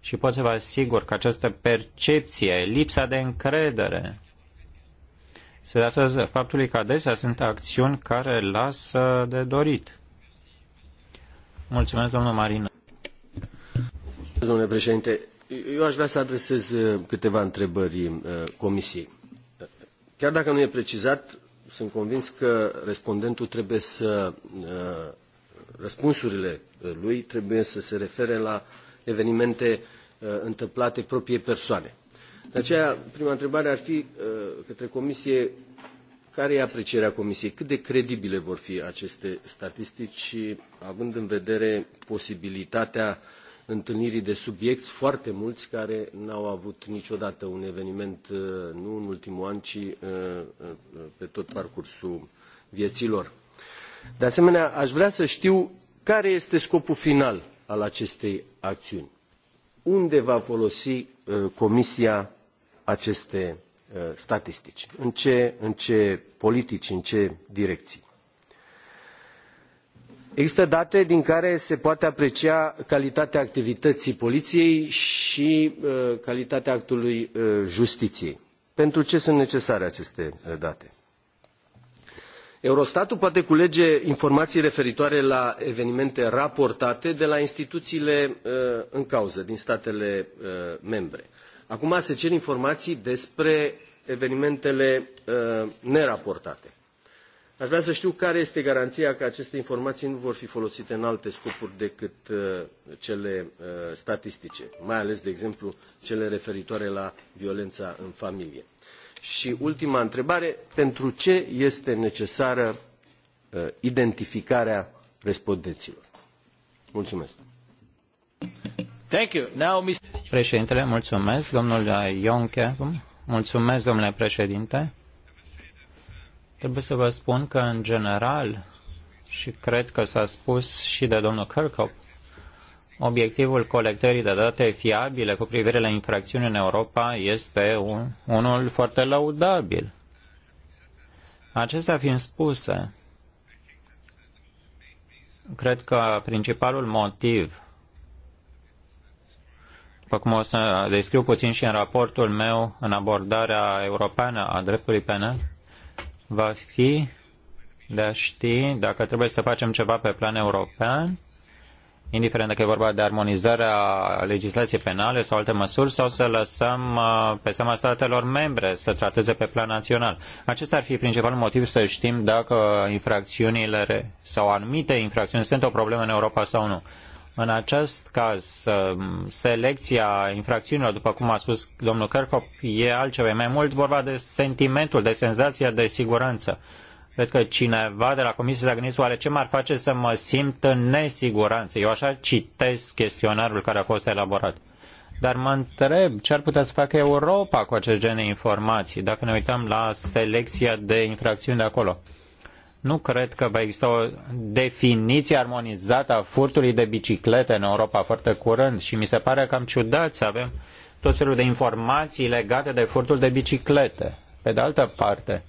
Și pot să vă asigur că această percepție, lipsa de încredere, se datorează faptului că adesea sunt acțiuni care lasă de dorit. Mulțumesc, domnul Marină. Domnule președinte, eu aș vrea să adresez uh, câteva întrebări uh, comisiei. Chiar dacă nu e precizat, sunt convins că respondentul trebuie să uh, răspunsurile lui trebuie să se refere la evenimente uh, întâmplate propriei persoane. De aceea, prima întrebare ar fi uh, către Comisie, care e aprecierea Comisiei? Cât de credibile vor fi aceste statistici, având în vedere posibilitatea întâlnirii de subiecți foarte mulți care n-au avut niciodată un eveniment, uh, nu în ultimul an, ci pe tot parcursul vieților. De asemenea, aș vrea să știu care este scopul final al acestei acțiuni. Unde va folosi uh, Comisia aceste uh, statistici? În ce, în ce politici, în ce direcții? Există date din care se poate aprecia calitatea activității poliției și uh, calitatea actului justiției. Pentru ce sunt necesare aceste date? Eurostatul poate culege informații referitoare la evenimente raportate de la instituțiile uh, în cauză din statele uh, membre. Acum se cer informații despre evenimentele uh, neraportate. a vrea să știu care este garanția că aceste informații nu vor fi folosite în alte scopuri decât cele statistice, mai ales, de exemplu, cele referitoare la violența în familie. Și ultima întrebare, pentru ce este necesară uh, identificarea respondenților? Mulțumesc. Thank you. Now, Mr. Președintele, mulțumesc. Domnul Ionche, mulțumesc, domnule președinte. Trebuie să vă spun că, în general, și cred că s-a spus și de domnul Kirkhope, Obiectivul colectării de date fiabile cu privire la infracțiuni în Europa este un, unul foarte laudabil. Acestea fiind spuse, cred că principalul motiv, după cum o să descriu puțin și în raportul meu în abordarea europeană a dreptului penal, va fi de a ști dacă trebuie să facem ceva pe plan european indiferent dacă e vorba de armonizarea legislației penale sau alte măsuri, sau să lăsăm uh, pe seama statelor membre să trateze pe plan național. Acesta ar fi principalul motiv să știm dacă infracțiunile sau anumite infracțiuni sunt o problemă în Europa sau nu. În acest caz, um, selecția infracțiunilor, după cum a spus domnul Kirchhoff, e altceva. E mai mult vorba de sentimentul, de senzația de siguranță Cred că cineva de la comisie s-a gândit oare ce m-ar face să mă simt în nesiguranță. Eu așa citesc chestionarul care a fost elaborat. Dar mă întreb ce ar putea să facă Europa cu acest gen de informații, dacă ne uităm la selecția de infracțiuni de acolo. Nu cred că va exista o definiție armonizată a furtului de biciclete în Europa foarte curând și mi se pare cam ciudat să avem tot felul de informații legate de furtul de biciclete. Pe de altă parte,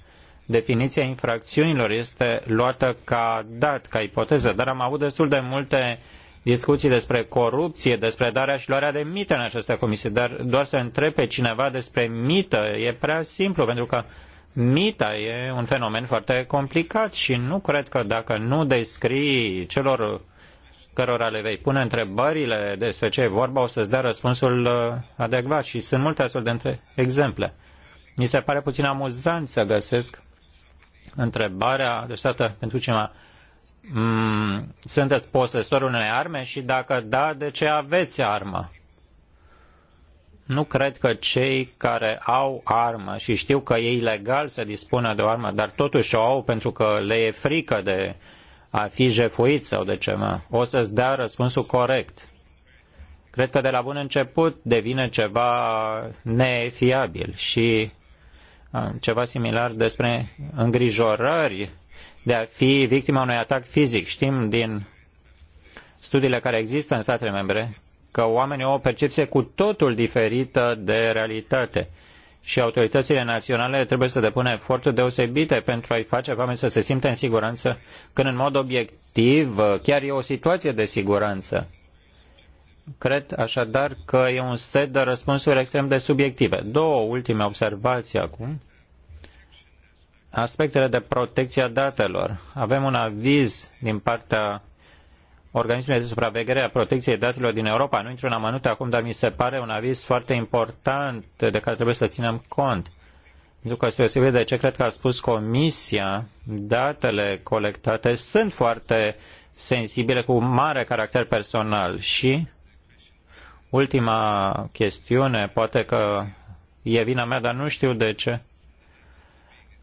definiția infracțiunilor este luată ca dat, ca ipoteză, dar am avut destul de multe discuții despre corupție, despre darea și luarea de mită în această comisie, dar doar să întrebe cineva despre mită e prea simplu, pentru că mita e un fenomen foarte complicat și nu cred că dacă nu descrii celor cărora le vei pune întrebările despre ce e vorba, o să-ți dea răspunsul uh, adecvat și sunt multe astfel de exemple. Mi se pare puțin amuzant să găsesc întrebarea adresată pentru cineva. Mm, sunteți posesorul unei arme și dacă da, de ce aveți armă? Nu cred că cei care au armă și știu că e ilegal să dispună de o armă, dar totuși o au pentru că le e frică de a fi jefuit sau de ceva, o să-ți dea răspunsul corect. Cred că de la bun început devine ceva nefiabil și ceva similar despre îngrijorări de a fi victima unui atac fizic. Știm din studiile care există în statele membre că oamenii au o percepție cu totul diferită de realitate și autoritățile naționale trebuie să depună eforturi deosebite pentru a-i face pe oameni să se simtă în siguranță, când în mod obiectiv chiar e o situație de siguranță. Cred așadar că e un set de răspunsuri extrem de subiective. Două ultime observații acum. Aspectele de protecție a datelor. Avem un aviz din partea Organismului de supraveghere a protecției datelor din Europa. Nu intru în amănunte acum, dar mi se pare un aviz foarte important de care trebuie să ținem cont. Pentru că, spre deosebire de ce cred că a spus Comisia, datele colectate sunt foarte sensibile, cu mare caracter personal și Ultima chestiune, poate că e vina mea, dar nu știu de ce.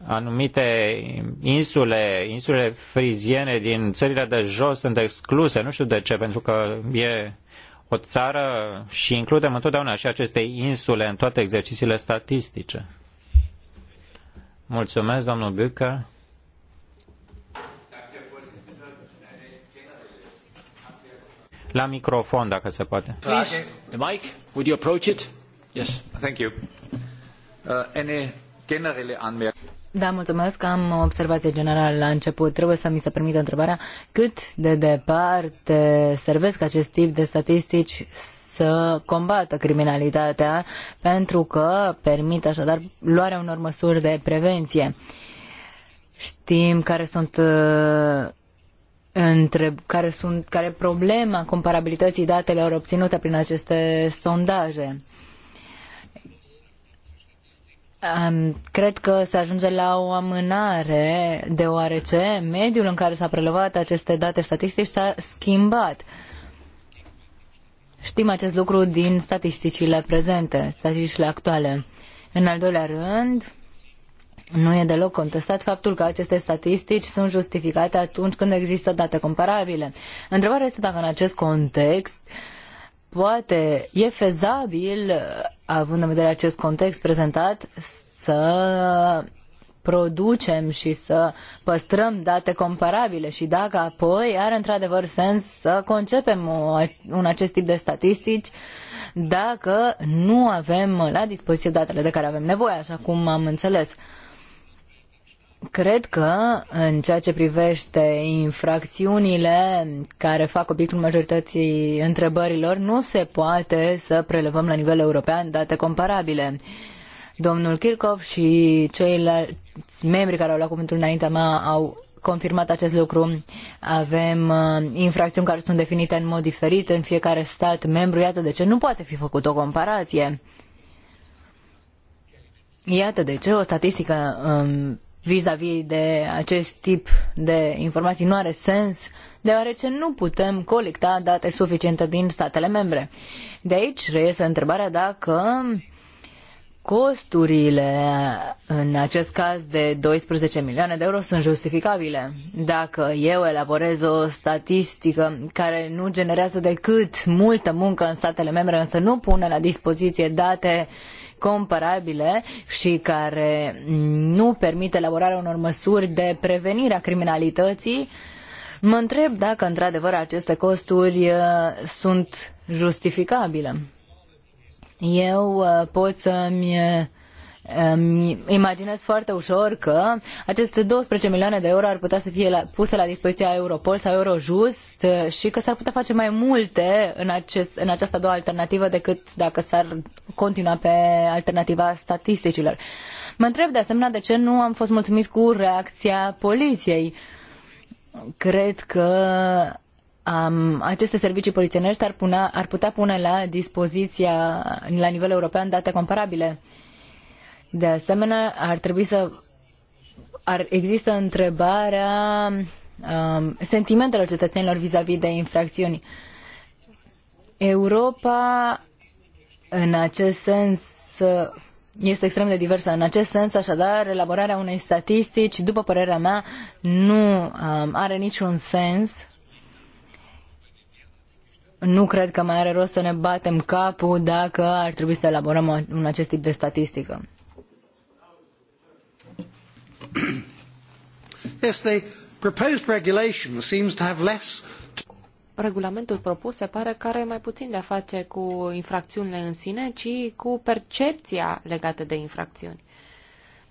Anumite insule, insule friziene din țările de jos sunt excluse, nu știu de ce, pentru că e o țară și includem întotdeauna și aceste insule în toate exercițiile statistice. Mulțumesc, domnul Bucă. la microfon, dacă se poate. Please, the mic, would you approach it? Yes. Thank you. Uh, any generale anmer. Da, mulțumesc. Am o observație generală la început. Trebuie să mi se permită întrebarea cât de departe servesc acest tip de statistici să combată criminalitatea pentru că permit așadar luarea unor măsuri de prevenție. Știm care sunt uh, între care, sunt, care problema comparabilității datelor obținute prin aceste sondaje. Cred că se ajunge la o amânare, deoarece mediul în care s-a prelevat aceste date statistici s-a schimbat. Știm acest lucru din statisticile prezente, statisticile actuale. În al doilea rând, nu e deloc contestat faptul că aceste statistici sunt justificate atunci când există date comparabile. Întrebarea este dacă în acest context poate e fezabil, având în vedere acest context prezentat, să producem și să păstrăm date comparabile și dacă apoi are într-adevăr sens să concepem un acest tip de statistici dacă nu avem la dispoziție datele de care avem nevoie, așa cum am înțeles. Cred că în ceea ce privește infracțiunile care fac obiectul majorității întrebărilor, nu se poate să prelevăm la nivel european date comparabile. Domnul Kirchhoff și ceilalți membri care au luat cuvântul înaintea mea au confirmat acest lucru. Avem uh, infracțiuni care sunt definite în mod diferit în fiecare stat membru. Iată de ce nu poate fi făcută o comparație. Iată de ce o statistică um, vis-a-vis de acest tip de informații nu are sens, deoarece nu putem colecta date suficiente din statele membre. De aici reiese întrebarea dacă costurile, în acest caz de 12 milioane de euro, sunt justificabile. Dacă eu elaborez o statistică care nu generează decât multă muncă în statele membre, însă nu pune la dispoziție date comparabile și care nu permite elaborarea unor măsuri de prevenire a criminalității, mă întreb dacă într-adevăr aceste costuri uh, sunt justificabile. Eu uh, pot să-mi uh, imaginez foarte ușor că aceste 12 milioane de euro ar putea să fie puse la dispoziția Europol sau Eurojust uh, și că s-ar putea face mai multe în, acest, în această a doua alternativă decât dacă s-ar continua pe alternativa statisticilor. Mă întreb de asemenea de ce nu am fost mulțumit cu reacția poliției. Cred că um, aceste servicii polițienești ar, ar putea pune la dispoziția, la nivel european, date comparabile. De asemenea, ar trebui să ar există întrebarea um, sentimentelor cetățenilor vis a -vis de infracțiuni. Europa, în acest sens, este extrem de diversă. În acest sens, așadar, elaborarea unei statistici, după părerea mea, nu um, are niciun sens nu cred că mai are rost să ne batem capul dacă ar trebui să elaborăm un acest tip de statistică. Yes, the proposed regulation seems to have less regulamentul propus se pare că are mai puțin de a face cu infracțiunile în sine, ci cu percepția legată de infracțiuni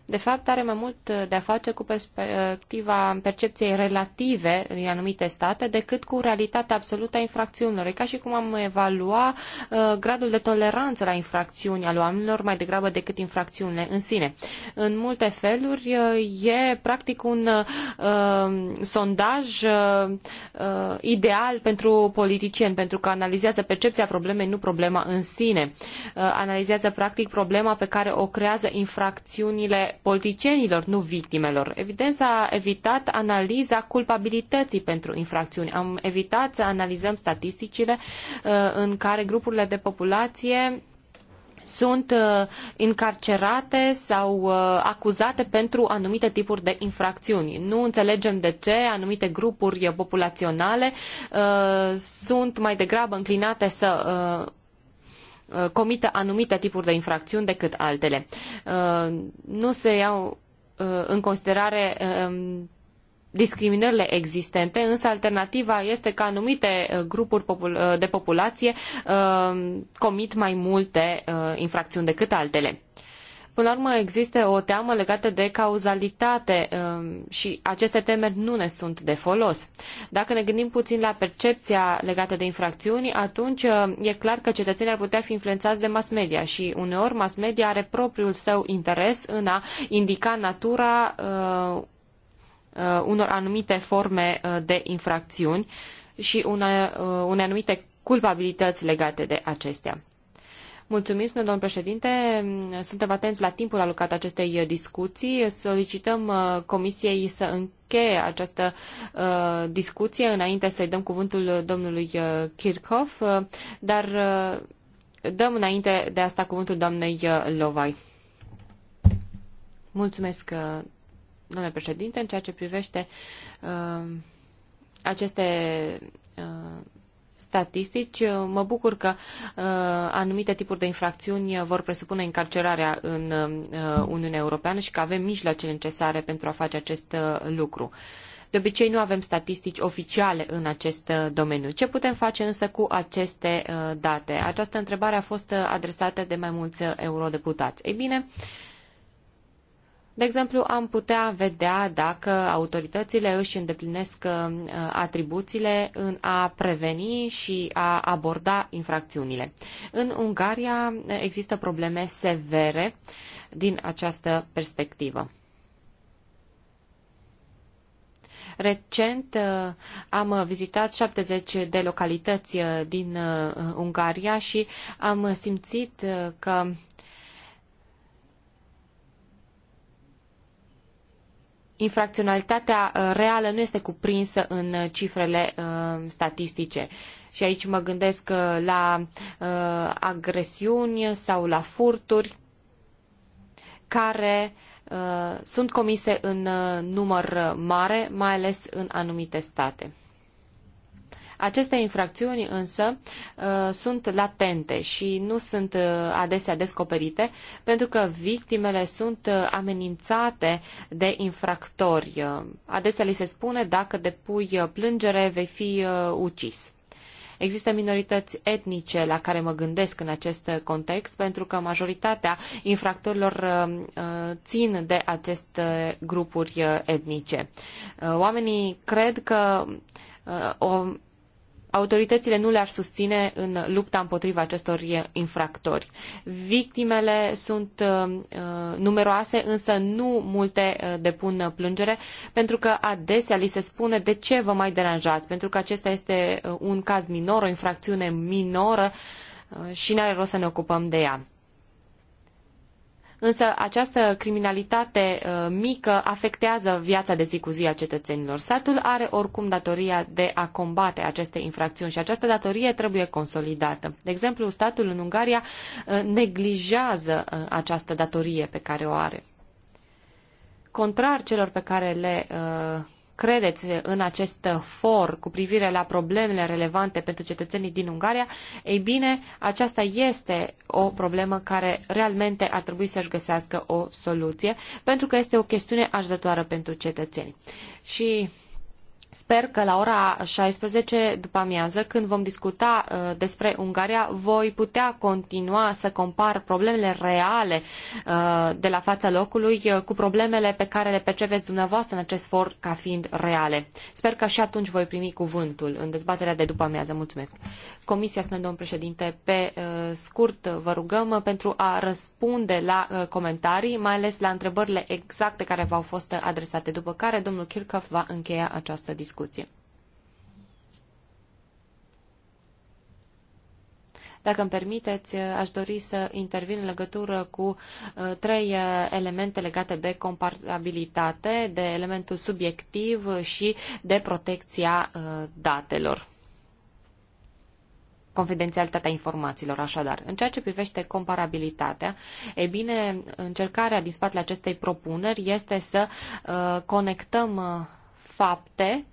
de fapt are mai mult uh, de a face cu perspectiva percepției relative din anumite state decât cu realitatea absolută a infracțiunilor. E ca și cum am evalua uh, gradul de toleranță la infracțiuni al oamenilor mai degrabă decât infracțiunile în sine. În multe feluri uh, e practic un uh, sondaj uh, uh, ideal pentru politicieni, pentru că analizează percepția problemei, nu problema în sine. analizează practic problema pe care o creează infracțiunile politicienilor, nu victimelor. Evident, s-a evitat analiza culpabilității pentru infracțiuni. Am evitat să analizăm statisticile uh, în care grupurile de populație sunt uh, încarcerate sau uh, acuzate pentru anumite tipuri de infracțiuni. Nu înțelegem de ce anumite grupuri populaționale sunt mai degrabă înclinate să Uh, comită anumite tipuri de infracțiuni decât altele. Uh, nu se iau uh, în considerare um, discriminările existente, însă alternativa este că anumite grupuri de populație comit mai multe infracțiuni decât altele. Până la urmă există o teamă legată de cauzalitate um, și aceste temeri nu ne sunt de folos. Dacă ne gândim puțin la percepția legată de infracțiuni, atunci um, e clar că cetățenii ar putea fi influențați de mass media și uneori mass media are propriul său interes în a indica natura uh, uh, unor anumite forme uh, de infracțiuni și une, une anumite culpabilități legate de acestea. Mulțumim, domnul președinte. Suntem atenți la timpul alocat acestei discuții. Solicităm uh, comisiei să încheie această uh, discuție înainte să-i dăm cuvântul domnului uh, Kirchhoff, dar dăm înainte de asta cuvântul doamnei Lovai. Mulțumesc, domnule președinte, în ceea ce privește aceste statistici, mă bucur că uh, anumite tipuri de infracțiuni vor presupune încarcerarea în uh, Uniunea Europeană și că avem mijloace necesare pentru a face acest uh, lucru. De obicei nu avem statistici oficiale în acest uh, domeniu. Ce putem face însă cu aceste uh, date? Această întrebare a fost uh, adresată de mai mulți eurodeputați. Ei bine, uh, de exemplu, am putea vedea dacă autoritățile își îndeplinesc uh, atribuțiile în a preveni și a aborda infracțiunile. În Ungaria uh, există probleme severe din această perspectivă. Recent uh, am vizitat 70 de localități din Ungaria și am simțit că infracționalitatea uh, reală nu este cuprinsă în uh, cifrele uh, statistice. Și aici mă gândesc la agresiuni sau la furturi care sunt comise în număr mare, mai ales în anumite state. Aceste infracțiuni însă uh, sunt latente și nu sunt uh, adesea descoperite pentru că victimele sunt uh, amenințate de infractori. Adesea li se spune dacă depui plângere vei fi ucis. Există minorități etnice la care mă gândesc în acest context, pentru că majoritatea infractorilor țin de aceste grupuri etnice. Oamenii cred că o autoritățile nu le-ar susține în lupta împotriva acestor infractori. Victimele sunt uh, uh, numeroase, însă nu multe uh, depun plângere, pentru că adesea li se spune de ce vă mai deranjați, pentru că acesta este un caz minor, o infracțiune minoră și nu are rost să ne ocupăm de ea însă această criminalitate uh, mică afectează viața de zi cu zi a cetățenilor. Statul are oricum datoria de a combate aceste infracțiuni și această datorie trebuie consolidată. De exemplu, statul în Ungaria uh, neglijează uh, această datorie pe care o are. Contrar celor pe care le credeți în acest for cu privire la problemele relevante pentru cetățenii din Ungaria, ei bine, aceasta este o problemă care realmente ar trebui să-și găsească o soluție, pentru că este o chestiune arzătoare pentru cetățeni. Și Sper că la ora 16 după amiază, când vom discuta uh, despre Ungaria, voi putea continua să compar problemele reale uh, de la fața locului uh, cu problemele pe care le percepeți dumneavoastră în acest for ca fiind reale. Sper că și atunci voi primi cuvântul în dezbaterea de după amiază. Mulțumesc. Comisia, spune domnul președinte, pe uh, scurt vă rugăm pentru a răspunde la uh, comentarii, mai ales la întrebările exacte care v-au fost adresate, după care domnul Kirchhoff va încheia această discuție discuție. Dacă îmi permiteți, aș dori să intervin în legătură cu uh, trei uh, elemente legate de comparabilitate, de elementul subiectiv și de protecția uh, datelor. Confidențialitatea informațiilor, așadar. În ceea ce privește comparabilitatea, e bine, încercarea din spatele acestei propuneri este să conectăm fapte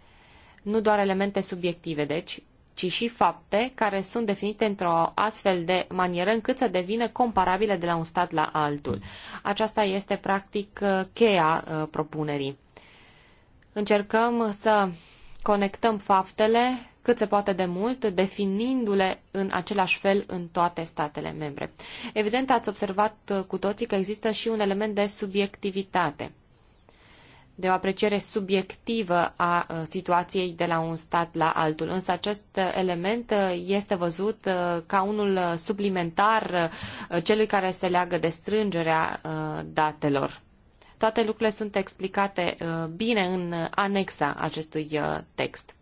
nu doar elemente subiective, deci, ci și fapte care sunt definite într-o astfel de manieră încât să devină comparabile de la un stat la altul. Aceasta este, practic, uh, cheia uh, propunerii. Încercăm să conectăm faptele cât se poate de mult, definindu-le în același fel în toate statele membre. Evident, ați observat uh, cu toții că există și un element de subiectivitate de o apreciere subiectivă a uh, situației de la un stat la altul. Însă acest uh, element uh, este văzut ca unul suplimentar celui care se leagă de strângerea datelor. Toate lucrurile sunt explicate bine în anexa acestui text.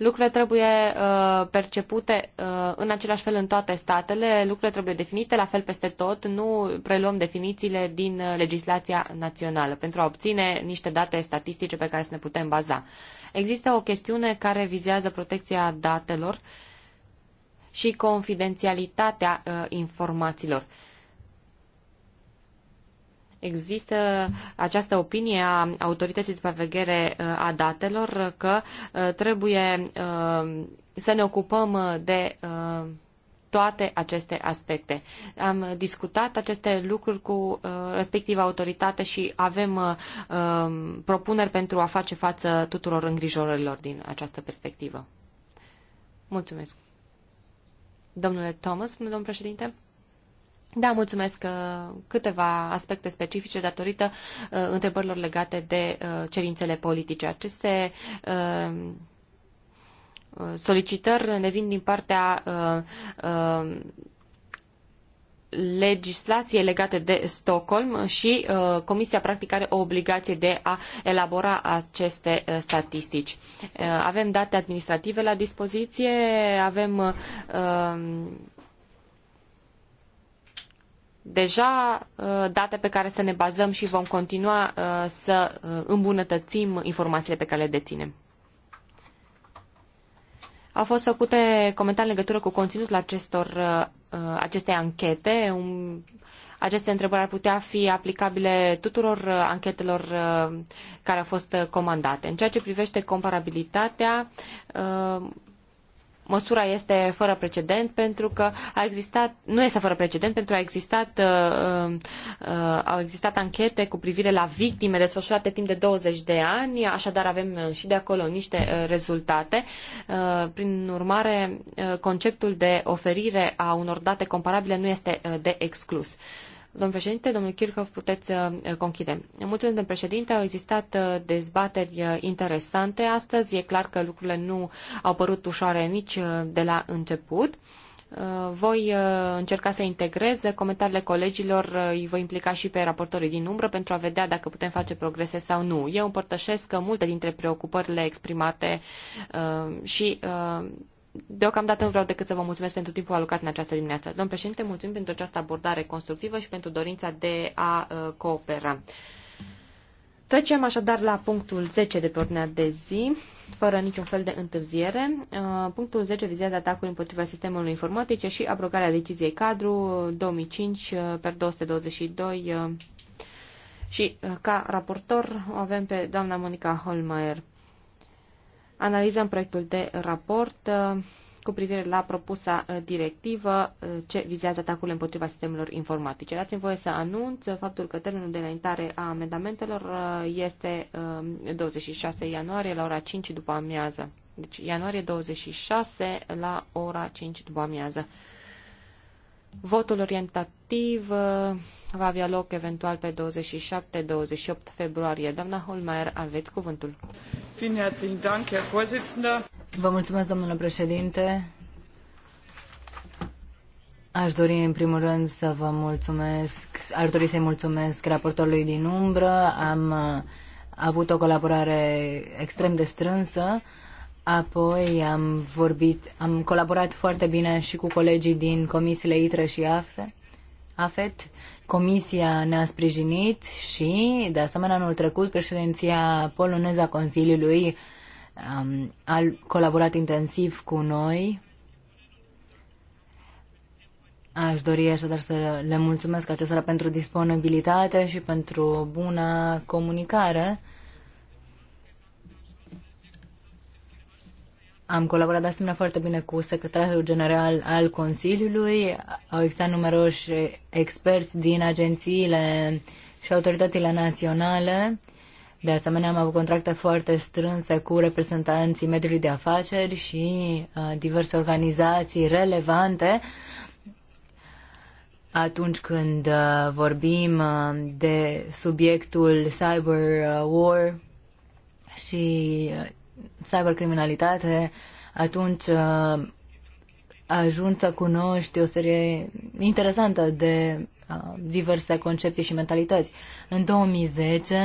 Lucrurile trebuie uh, percepute uh, în același fel în toate statele, lucrurile trebuie definite la fel peste tot, nu preluăm definițiile din uh, legislația națională pentru a obține niște date statistice pe care să ne putem baza. Există o chestiune care vizează protecția datelor și confidențialitatea informațiilor. Există această opinie a autorității de supraveghere uh, a datelor că uh, trebuie uh, să ne ocupăm de toate aceste aspecte. Am discutat aceste lucruri cu respectiva autoritate și avem propuneri pentru a face față tuturor îngrijorărilor din această perspectivă. Mulțumesc. Domnule Thomas, domnul președinte? Da, mulțumesc. Uh, câteva aspecte specifice datorită uh, întrebărilor legate de uh, cerințele politice. Aceste uh, solicitări ne vin din partea uh, uh, legislație legate de Stockholm și uh, Comisia practic are o obligație de a elabora aceste uh, statistici. Uh, avem date administrative la dispoziție, avem deja uh, date pe care să ne bazăm și vom continua uh, să uh, îmbunătățim informațiile pe care le deținem. Au fost făcute comentarii în legătură cu conținutul acestor, acestei anchete. Aceste întrebări ar putea fi aplicabile tuturor anchetelor care au fost comandate. În ceea ce privește comparabilitatea, Măsura este fără precedent pentru că a existat, nu este fără precedent pentru că a existat, uh, uh, au existat anchete cu privire la victime desfășurate timp de 20 de ani, așadar avem uh, și de acolo niște rezultate. prin urmare, conceptul de oferire a unor date comparabile nu este de exclus. Domnul președinte, domnul Kirchhoff, puteți uh, conchide. Mulțumesc, domnul președinte. Au existat uh, dezbateri uh, interesante astăzi. E clar că lucrurile nu au părut ușoare nici de la început. Voi încerca să integrez comentariile colegilor, îi voi implica și pe raportorii din umbră pentru a vedea dacă putem face progrese sau nu. Eu împărtășesc multe dintre preocupările exprimate și Deocamdată nu vreau decât să vă mulțumesc pentru timpul alocat în această dimineață. Domn președinte, mulțumim pentru această abordare constructivă și pentru dorința de a uh, coopera. Trecem așadar la punctul 10 de pe ordinea de zi, fără niciun fel de întârziere. Uh, punctul 10 vizează atacul împotriva sistemului informatice și abrogarea deciziei cadru 2005 uh, per 222 și ca raportor o avem pe doamna Monica Holmeier analizăm proiectul de raport uh, cu privire la propusa uh, directivă uh, ce vizează atacurile împotriva sistemelor informatice. Dați-mi voie să anunț faptul că termenul de înaintare a amendamentelor este 26 ianuarie la ora 5 după amiază. Deci ianuarie 26 la ora 5 după amiază. Votul orientativ uh, va avea loc eventual pe 27-28 februarie. Doamna Holmeier, aveți cuvântul. Vă mulțumesc, domnule președinte. Aș dori în primul rând să vă mulțumesc, aș dori să-i mulțumesc raportorului din umbră. Am uh, avut o colaborare extrem de strânsă. Apoi am vorbit, am colaborat foarte bine și cu colegii din comisiile ITRE și AFTE. AFET. Comisia ne-a sprijinit și, de asemenea, anul trecut, președinția poloneză a Consiliului um, a colaborat intensiv cu noi. Aș dori așadar să le mulțumesc acestora pentru disponibilitate și pentru bună comunicare. Am colaborat de asemenea foarte bine cu secretarul general al Consiliului. Au existat numeroși experți din agențiile și autoritățile naționale. De asemenea, am avut contracte foarte strânse cu reprezentanții mediului de afaceri și uh, diverse organizații relevante. Atunci când uh, vorbim uh, de subiectul cyber uh, war și uh, cybercriminalitate, atunci uh, ajungi să cunoști o serie interesantă de uh, diverse concepte și mentalități. În 2010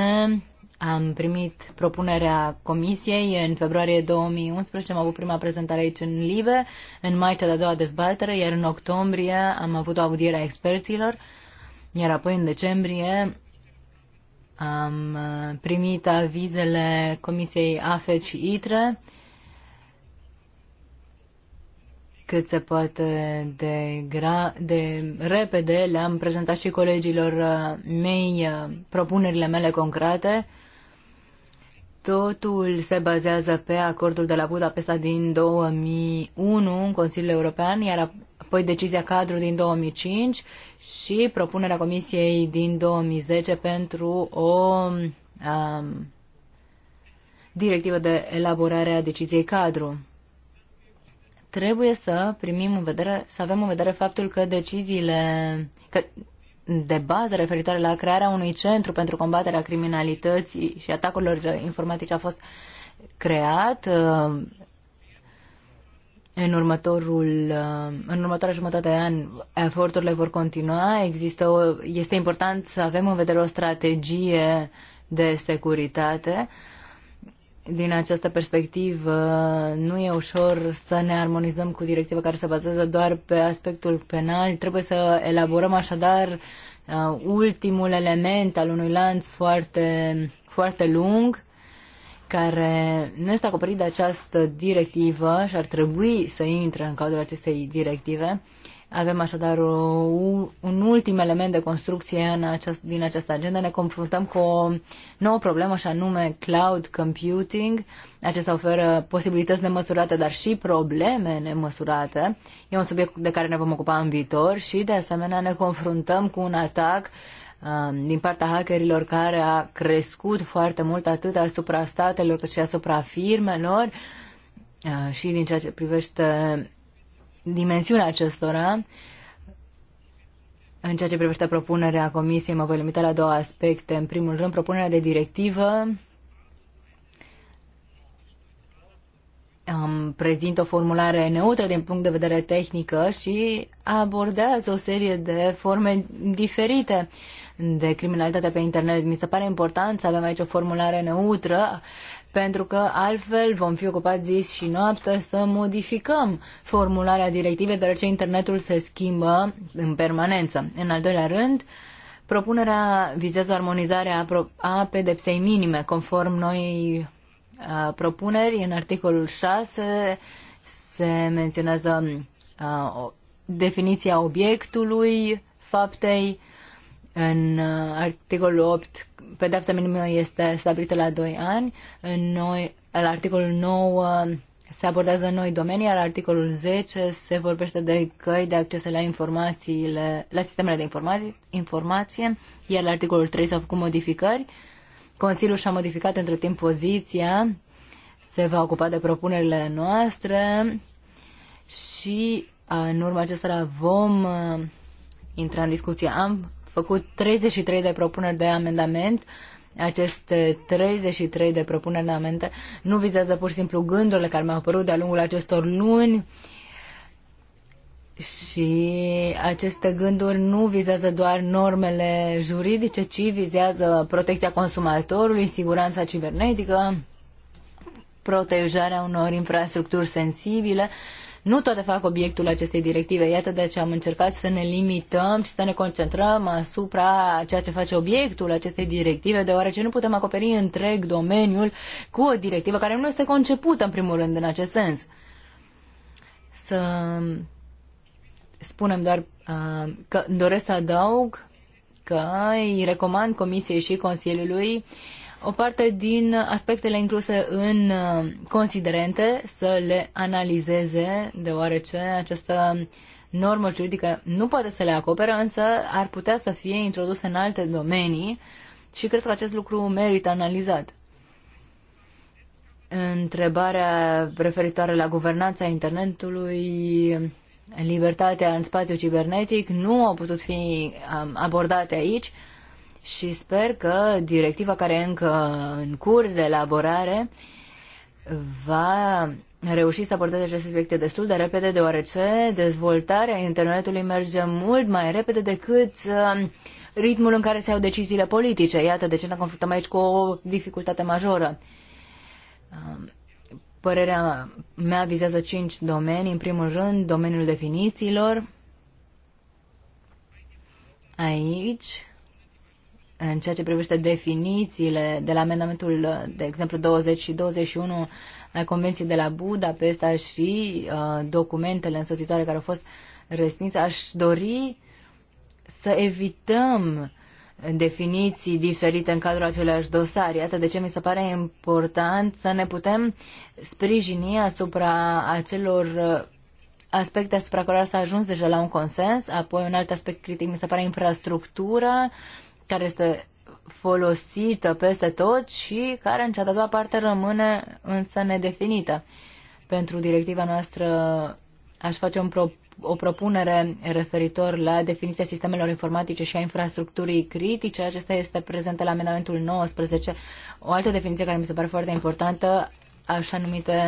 am primit propunerea comisiei, în februarie 2011 am avut prima prezentare aici în Live, în mai cea de-a doua dezbatere, iar în octombrie am avut o audiere a experților, iar apoi în decembrie am uh, primit avizele Comisiei AFET și ITRE cât se poate de, gra- de repede. Le-am prezentat și colegilor uh, mei uh, propunerile mele concrete. Totul se bazează pe acordul de la Budapesta din 2001 în Consiliul European, iar apoi decizia cadru din 2005 și propunerea Comisiei din 2010 pentru o um, directivă de elaborare a deciziei cadru. Trebuie să primim în vedere, să avem în vedere faptul că deciziile că de bază referitoare la crearea unui centru pentru combaterea criminalității și atacurilor informatice a fost creat. Uh, în, următorul, uh, în următoarea jumătate de an eforturile vor continua. Există o, este important să avem în vedere o strategie de securitate. Din această perspectivă, nu e ușor să ne armonizăm cu directiva care se bazează doar pe aspectul penal. Trebuie să elaborăm așadar uh, ultimul element al unui lanț foarte, foarte lung care nu este acoperit de această directivă și ar trebui să intre în cadrul acestei directive. Avem așadar o, un ultim element de construcție în aceast, din această agenda. Ne confruntăm cu o nouă problemă și anume cloud computing. Acesta oferă posibilități nemăsurate, dar și probleme nemăsurate. E un subiect de care ne vom ocupa în viitor și de asemenea ne confruntăm cu un atac uh, Um, din partea hackerilor care a crescut foarte mult atât asupra statelor cât și asupra firmelor uh, și din ceea ce privește dimensiunea acestora. În ceea ce privește propunerea Comisiei, mă voi limita la două aspecte. În primul rând, propunerea de directivă um, prezintă o formulare neutră din punct de vedere tehnică și abordează o serie de forme diferite. Uh, de criminalitate pe internet. Mi se pare important să avem aici o formulare neutră, pentru că altfel vom fi ocupați zi și noapte să modificăm formularea directivei, deoarece internetul se schimbă în permanență. În al doilea rând, propunerea vizează armonizarea a pedepsei minime, conform noi propuneri. În articolul 6 se menționează definiția obiectului faptei, în uh, articolul 8, pedeapsa minimă este stabilită la 2 ani. În noi, la articolul 9 uh, se abordează noi domenii, iar articolul 10 se vorbește de căi de acces la informațiile, la sistemele de informații, informație, iar la articolul 3 s-au făcut modificări. Consiliul și-a modificat între timp poziția, se va ocupa de propunerile noastre și uh, în urma acestora vom intra în discuție. Am făcut 33 de propuneri de amendament. Aceste 33 de propuneri de amendament nu vizează pur și simplu gândurile care mi-au apărut de-a lungul acestor luni. Și aceste gânduri nu vizează doar normele juridice, ci vizează protecția consumatorului, siguranța cibernetică, protejarea unor infrastructuri sensibile, uh, nu toate fac obiectul acestei directive. Iată de ce am încercat să ne limităm și să ne concentrăm asupra ceea ce face obiectul acestei directive, deoarece nu putem acoperi întreg domeniul cu o directivă care nu este concepută, în primul rând, în acest sens. Să spunem doar uh, că doresc să adaug că îi recomand Comisiei și Consiliului uh, o parte din aspectele incluse în uh, considerente să le analizeze, deoarece această normă juridică nu poate să le acopere, însă ar putea să fie introduse în alte domenii și cred că acest lucru merită analizat. Întrebarea referitoare la guvernanța internetului, libertatea în spațiu cibernetic, nu au putut fi um, abordate aici și sper că directiva care e încă în curs de elaborare va reuși să abordeze aceste subiecte destul de repede, deoarece dezvoltarea internetului merge mult mai repede decât um, ritmul în care se iau deciziile politice. Iată de ce ne confruntăm aici cu o dificultate majoră. Um, părerea mea vizează cinci domenii. În primul rând, domeniul definițiilor. Aici în ceea ce privește definițiile de la amendamentul, de exemplu, 20 și 21 ai Convenției de la Budapesta și uh, documentele însoțitoare care au fost respinse, aș dori să evităm definiții diferite în cadrul aceleași dosare. Iată de ce mi se pare important să ne putem sprijini asupra acelor uh, aspecte asupra care s-a ajuns deja la un consens, apoi un alt aspect critic mi se pare infrastructura, uh, care este folosită peste tot și care în cea de-a doua parte rămâne însă nedefinită. Pentru directiva noastră aș face un pro- o propunere referitor la definiția sistemelor informatice și a infrastructurii critice. Acesta este prezentă la amendamentul 19. O altă definiție care mi se pare foarte importantă, așa numite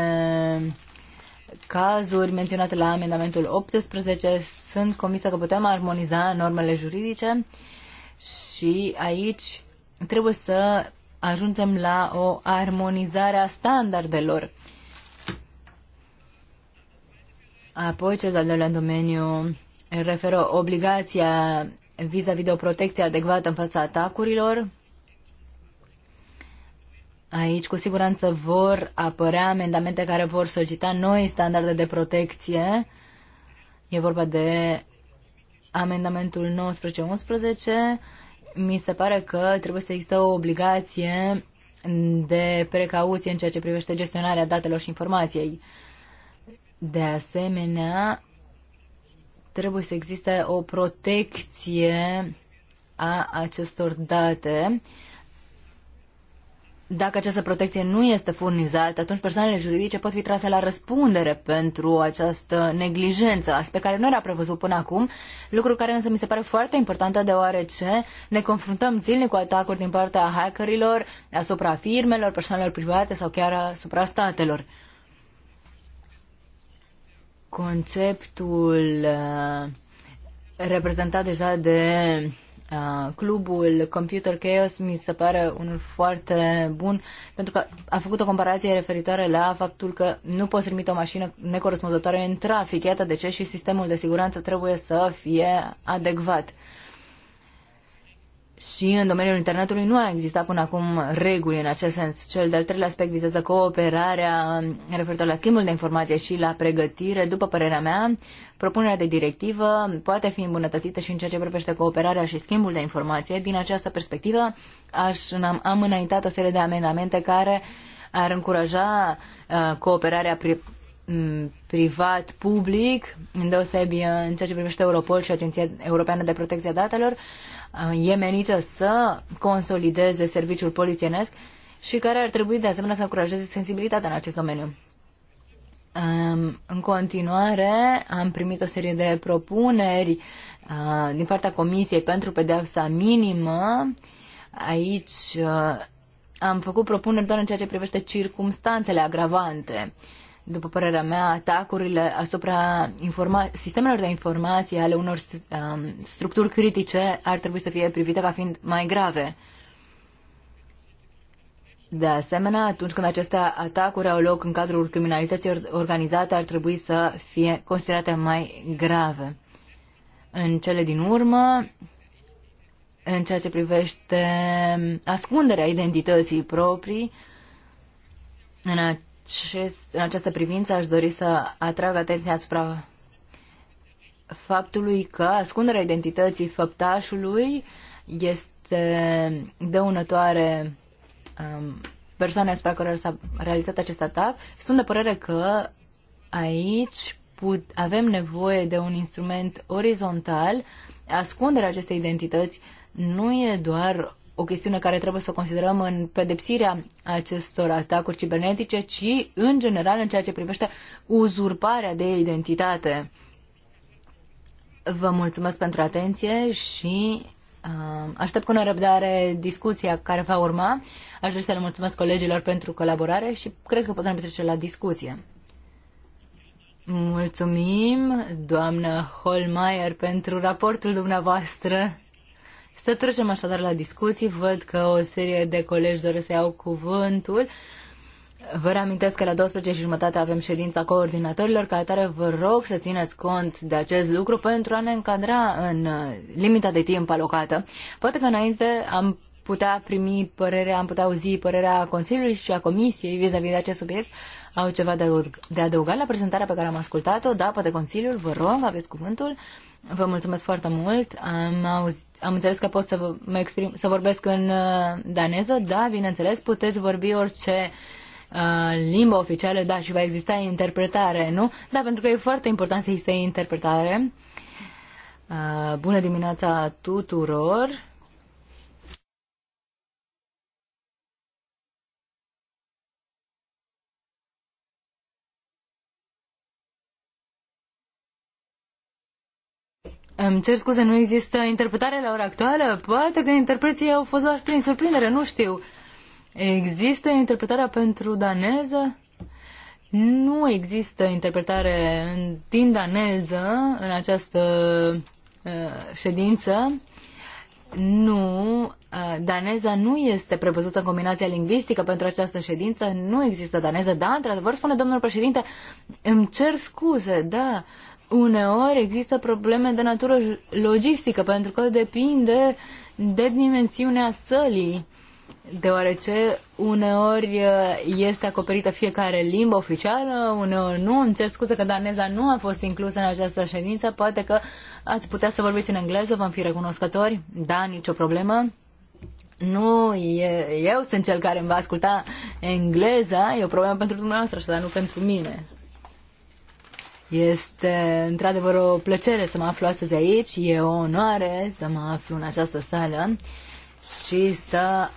cazuri menționate la amendamentul 18, sunt convinsă că putem armoniza normele juridice uh, și aici trebuie să ajungem la o armonizare a standardelor. Apoi, cel de-al doilea domeniu referă obligația vis-a-vis -vis de o protecție adecvată în fața atacurilor. Aici, cu siguranță, vor apărea amendamente care vor solicita noi standarde de protecție. E vorba de amendamentul 1911, mi se pare că trebuie să există o obligație de precauție în ceea ce privește gestionarea datelor și informației. De asemenea, trebuie să existe o protecție a acestor date uh, dacă această protecție nu este furnizată, atunci persoanele juridice pot fi trase la răspundere pentru această neglijență, aspect care nu era prevăzut până acum, lucru care însă mi se pare foarte important deoarece ne confruntăm zilnic cu atacuri din partea hackerilor asupra firmelor, persoanelor private sau chiar asupra statelor. Conceptul uh, reprezentat deja de clubul Computer Chaos mi se pare unul foarte bun pentru că a făcut o comparație referitoare la faptul că nu poți trimite o mașină necorespunzătoare în trafic. Iată de ce și sistemul de siguranță trebuie să fie adecvat și în domeniul internetului nu a existat până acum reguli în acest sens. Cel de-al treilea aspect vizează cooperarea referitor la schimbul de informație și la pregătire. După părerea mea, propunerea de directivă poate fi îmbunătățită și în ceea ce privește cooperarea și schimbul de informație. Din această perspectivă, aș, am, am înaintat o serie de amendamente care ar încuraja uh, cooperarea pri, privat-public, îndeosebi în ceea ce privește Europol și Agenția Europeană de Protecție a Datelor, uh, Uh, e menită să consolideze serviciul polițienesc și care ar trebui de asemenea să încurajeze sensibilitatea în acest domeniu. Um, în continuare, am primit o serie de propuneri uh, din partea Comisiei pentru pedeapsa minimă. Aici uh, am făcut propuneri doar în ceea ce privește circumstanțele agravante. După părerea mea, atacurile asupra informa- sistemelor de informații ale unor um, structuri critice ar trebui să fie privite ca fiind mai grave. De asemenea, atunci când aceste atacuri au loc în cadrul criminalității organizate, ar trebui să fie considerate mai grave. În cele din urmă, în ceea ce privește ascunderea identității proprii, în acest, în această privință aș dori să atrag atenția asupra faptului că ascunderea identității făptașului este dăunătoare um, persoanei asupra care s-a realizat acest atac. Sunt de părere că aici put, avem nevoie de un instrument orizontal. Ascunderea acestei identități nu e doar o chestiune care trebuie să o considerăm în pedepsirea acestor atacuri cibernetice, ci în general în ceea ce privește uzurparea de identitate. Vă mulțumesc pentru atenție și uh, aștept cu nerăbdare discuția care va urma. Aș vrea să le mulțumesc colegilor pentru colaborare și cred că putem trece la discuție. Mulțumim, doamnă Holmeier, pentru raportul dumneavoastră. Să trecem așadar la discuții. Văd că o serie de colegi doresc să iau cuvântul. Vă reamintesc că la 12 și jumătate avem ședința coordinatorilor, ca atare vă rog să țineți cont de acest lucru pentru a ne încadra în uh, limita de timp alocată. Poate că înainte am putea primi părerea, am putea auzi părerea Consiliului și a Comisiei vis-a-vis -vis de acest subiect. Au ceva de adăugat la prezentarea pe care am ascultat-o? Da, poate Consiliul, vă rog, aveți cuvântul. Vă mulțumesc foarte mult. Am, auz, am înțeles că pot să, vă, mă exprim, să vorbesc în uh, daneză. Da, bineînțeles, puteți vorbi orice uh, limbă limba oficială, da, și va exista interpretare, nu? Da, pentru că e foarte important să existe interpretare. Uh, bună dimineața tuturor! Îmi cer scuze, nu există interpretare la ora actuală? Poate că interpreții au fost luați prin surprindere, nu știu. Există interpretarea pentru daneză? Nu există interpretare în, din daneză în această uh, ședință. Nu, uh, daneza nu este prevăzută în combinația lingvistică pentru această ședință, nu există daneză, da, într-adevăr, spune domnul președinte, îmi cer scuze, da, uh, uneori există probleme de natură logistică, pentru că depinde de dimensiunea sălii, deoarece uneori uh, este acoperită fiecare limbă oficială, uneori nu. Îmi cer scuze că daneza nu a fost inclusă în această ședință, poate că ați putea să vorbiți în engleză, vom fi recunoscători. Da, nicio problemă. Nu, e, eu sunt cel care îmi va asculta engleza, e o problemă pentru dumneavoastră, dar nu pentru mine. Este într-adevăr o plăcere să mă aflu astăzi aici, e o onoare să mă aflu în această sală și să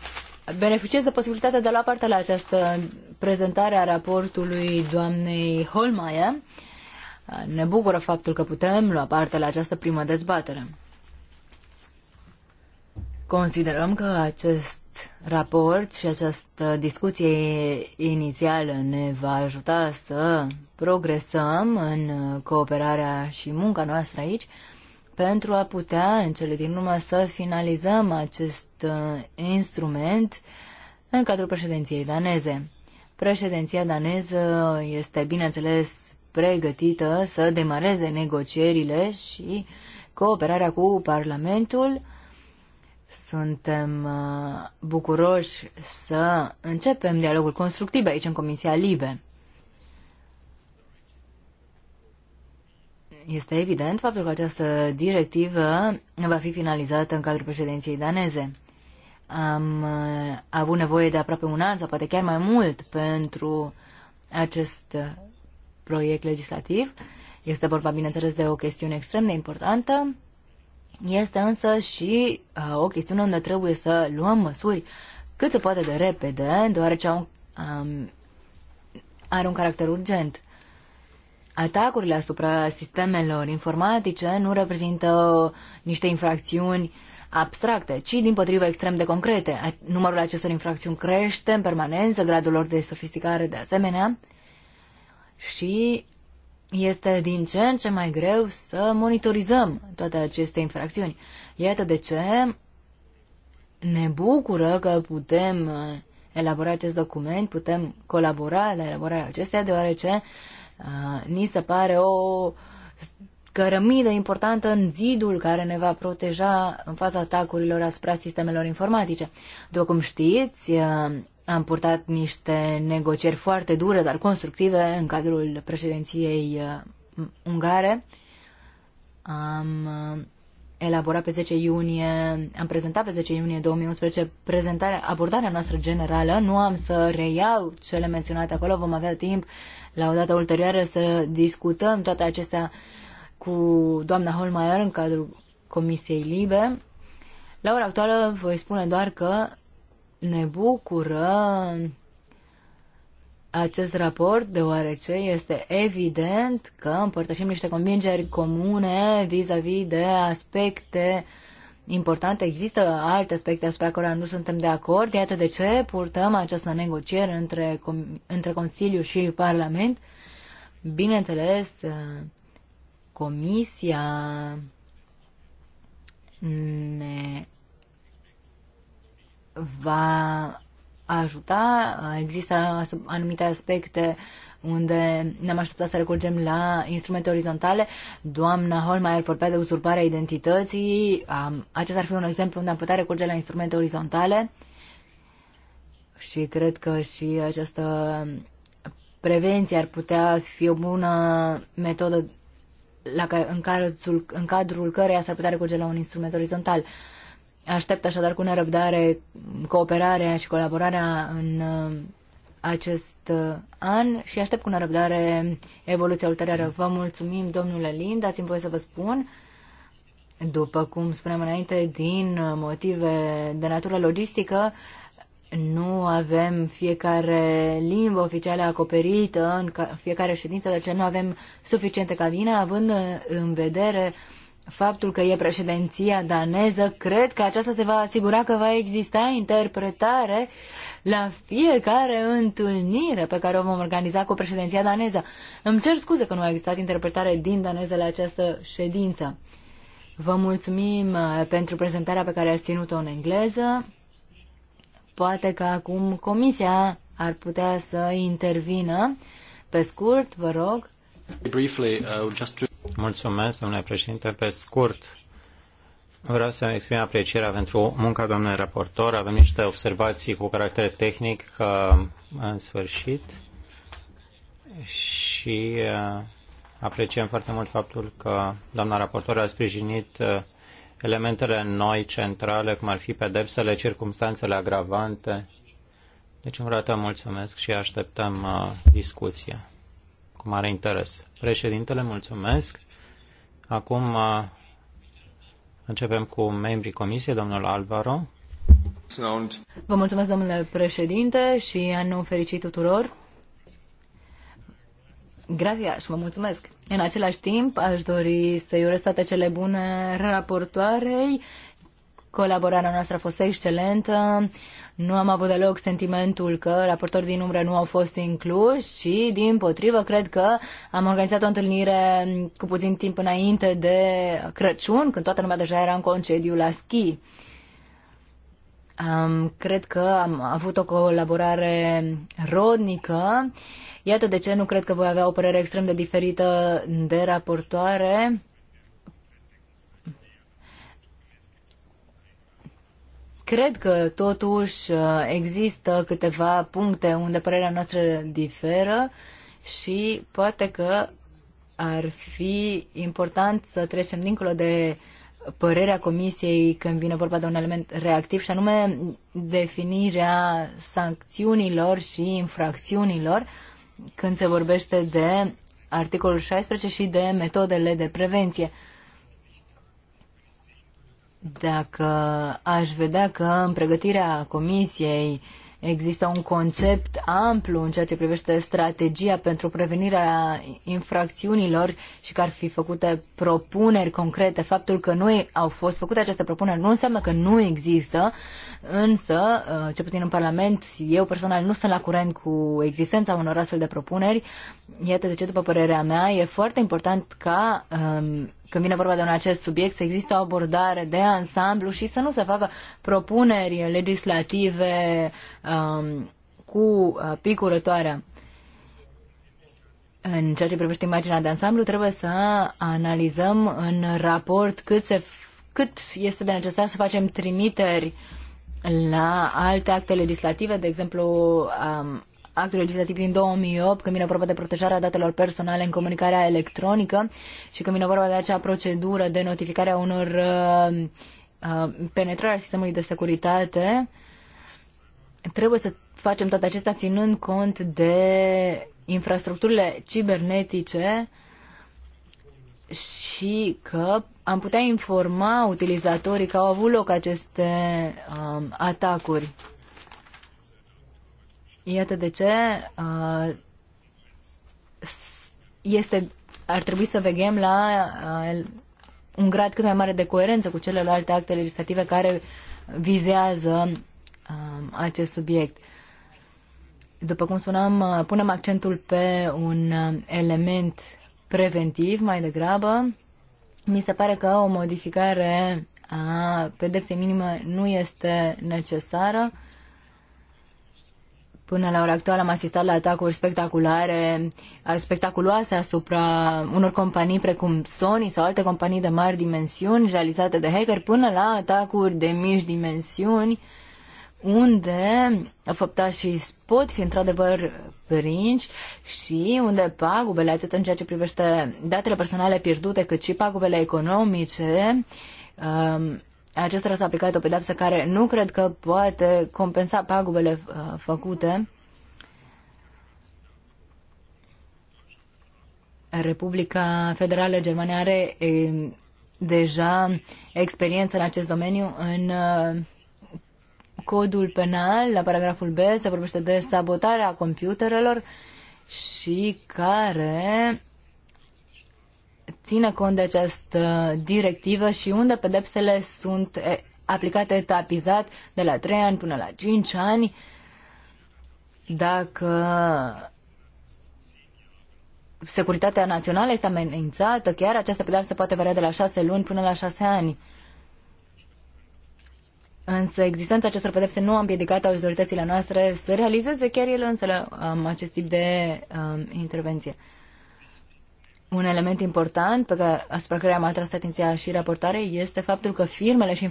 beneficiez de posibilitatea de a lua parte la această prezentare a raportului doamnei Holmaie. Ne bucură faptul că putem lua parte la această primă dezbatere. Considerăm că acest raport și această discuție inițială ne va ajuta să progresăm în cooperarea și munca noastră aici pentru a putea în cele din urmă să finalizăm acest uh, instrument în cadrul președinției daneze. Președinția daneză este, bineînțeles, pregătită să demareze negocierile și cooperarea cu Parlamentul. Suntem uh, bucuroși să începem dialogul constructiv aici în Comisia Libe. Este evident faptul că această directivă va fi finalizată în cadrul președinției daneze. Am uh, avut nevoie de aproape un an sau poate chiar mai mult pentru acest proiect legislativ. Este vorba, bineînțeles, de o chestiune extrem de importantă. Este însă și uh, o chestiune unde trebuie să luăm măsuri cât se poate de repede, deoarece au, um, are un caracter urgent. Atacurile asupra sistemelor informatice nu reprezintă niște infracțiuni abstracte, ci din potrivă extrem de concrete. Numărul acestor infracțiuni crește în permanență, gradul lor de sofisticare de asemenea și este din ce în ce mai greu să monitorizăm toate aceste infracțiuni. Iată de ce ne bucură că putem elabora acest document, putem colabora la elaborarea acestuia, deoarece Ah, ni se pare o cărămidă importantă în zidul care ne va proteja în fața atacurilor asupra sistemelor informatice. După cum știți, ah, am purtat niște negocieri foarte dure, dar constructive, în cadrul președinției ah, ungare. Am elaborat pe 10 iunie, am prezentat pe 10 iunie 2011 prezentarea, abordarea noastră generală. Nu am să reiau cele menționate acolo, vom avea timp uh, la o dată ulterioară să discutăm toate acestea cu doamna Holmeier în cadrul Comisiei Libe. La ora actuală voi spune doar că ne bucură acest raport, deoarece este evident că împărtășim niște convingeri comune vis-a-vis -vis de aspecte uh, importante. Există alte aspecte asupra care nu suntem de acord. Iată de ce purtăm această negociere între, între Consiliu și Parlament. Bineînțeles, uh, Comisia ne va ajuta. Există anumite aspecte uh, unde ne-am așteptat să recurgem la instrumente orizontale. Doamna Holmeier vorbea de uzurparea identității. Acesta ar fi un exemplu unde am putea recurge la instrumente orizontale. Și cred că și această prevenție ar putea fi o bună metodă la care, în, cazul, în cadrul căreia s-ar putea recurge la un instrument orizontal. Aștept așadar cu nerăbdare cooperarea și colaborarea în acest uh, an și aștept cu nerăbdare evoluția ulterioară. Vă mulțumim, domnule Lin, dați-mi voie să vă spun, după cum spuneam înainte, din motive de natură logistică, nu avem fiecare limbă oficială acoperită în fiecare ședință, deci nu avem suficiente cabine, având în vedere uh, faptul că e președinția daneză, cred că aceasta se va asigura că va exista interpretare la fiecare întâlnire pe care o vom organiza cu președinția daneză. Îmi cer scuze că nu a existat interpretare din daneză la această ședință. Vă mulțumim uh, pentru prezentarea pe care ați ținut-o în engleză. Poate că acum comisia ar putea să intervină. Pe scurt, vă rog. Briefly, uh, just to... Mulțumesc, domnule președinte. Pe scurt, vreau să exprim aprecierea pentru munca doamnei raportor. Avem niște observații cu caracter tehnic uh, în sfârșit și uh, apreciem foarte mult faptul că doamna raportor a sprijinit uh, elementele noi centrale, cum ar fi pedepsele, circumstanțele agravante. Deci, încă o dată mulțumesc și așteptăm discuția cu mare interes. Președintele, mulțumesc. Acum uh, începem cu membrii comisiei, domnul Alvaro. Vă mulțumesc, domnule președinte, și an nou fericit tuturor. Gracias, vă mulțumesc. În același timp, aș dori să-i urez toate cele bune raportoarei. Colaborarea noastră a fost excelentă. Nu am avut deloc sentimentul că raportori din umbră nu au fost incluși, și, din potrivă cred că am organizat o întâlnire cu puțin timp înainte de Crăciun, când toată lumea deja era în concediu la schi. Um, cred că am avut o colaborare rodnică. Iată de ce nu cred că voi avea o părere extrem de diferită de raportoare. Cred că totuși există câteva puncte unde părerea noastră diferă și poate că ar fi important să trecem dincolo de părerea comisiei când vine vorba de un element reactiv și anume definirea sancțiunilor și infracțiunilor când se vorbește de articolul 16 și de metodele de prevenție. Dacă aș vedea că în pregătirea comisiei există un concept amplu în ceea ce privește strategia pentru prevenirea infracțiunilor și că ar fi făcute propuneri concrete. Faptul că nu au fost făcute aceste propuneri nu înseamnă că nu există, însă, uh, ce puțin în Parlament, eu personal nu sunt la curent cu existența unor astfel de propuneri. Iată de ce, după părerea mea, e foarte important ca um, când vine vorba de un acest subiect, să există o abordare de ansamblu și să nu se facă propuneri legislative um, cu uh, picurătoarea. În ceea ce privește imaginea de ansamblu, trebuie să analizăm în raport cât, se, cât este de necesar să facem trimiteri la alte acte legislative, de exemplu um, actul legislativ din 2008, când vine vorba de protejarea datelor personale în comunicarea electronică și când vine vorba de acea procedură de notificare a unor uh, uh, penetrare a sistemului de securitate, trebuie să facem toate acestea ținând cont de infrastructurile cibernetice și că am putea informa utilizatorii că au avut loc aceste um, atacuri. Iată de ce uh, este, ar trebui să veghem la uh, un grad cât mai mare de coerență cu celelalte acte legislative care vizează um, acest subiect. După cum spuneam, uh, punem accentul pe un element preventiv mai degrabă. Mi se pare că o modificare a pedepsei minime nu este necesară. Până la ora actuală am asistat la atacuri spectaculare, spectaculoase asupra unor companii precum Sony sau alte companii de mari dimensiuni realizate de hacker, până la atacuri de mici dimensiuni unde și pot fi într-adevăr prinși și unde pagubele, atât în ceea ce privește datele personale pierdute, cât și pagubele economice, um, acestora s-a aplicat o pedeapsă care nu cred că poate compensa pagubele uh, făcute. Republica Federală Germania are e, um, deja experiență în acest domeniu. În uh, codul penal, la paragraful B, se vorbește de sabotarea computerelor și care ține cont de această directivă și unde pedepsele sunt aplicate etapizat de la 3 ani până la 5 ani. Dacă securitatea națională este amenințată, chiar această pedeapsă poate varia de la 6 luni până la 6 ani. Însă existența acestor pedepse nu a împiedicat autoritățile noastre să realizeze chiar ele însele um, acest tip de um, intervenție. Un element important pe care, asupra care am atras atenția și raportare este faptul că firmele și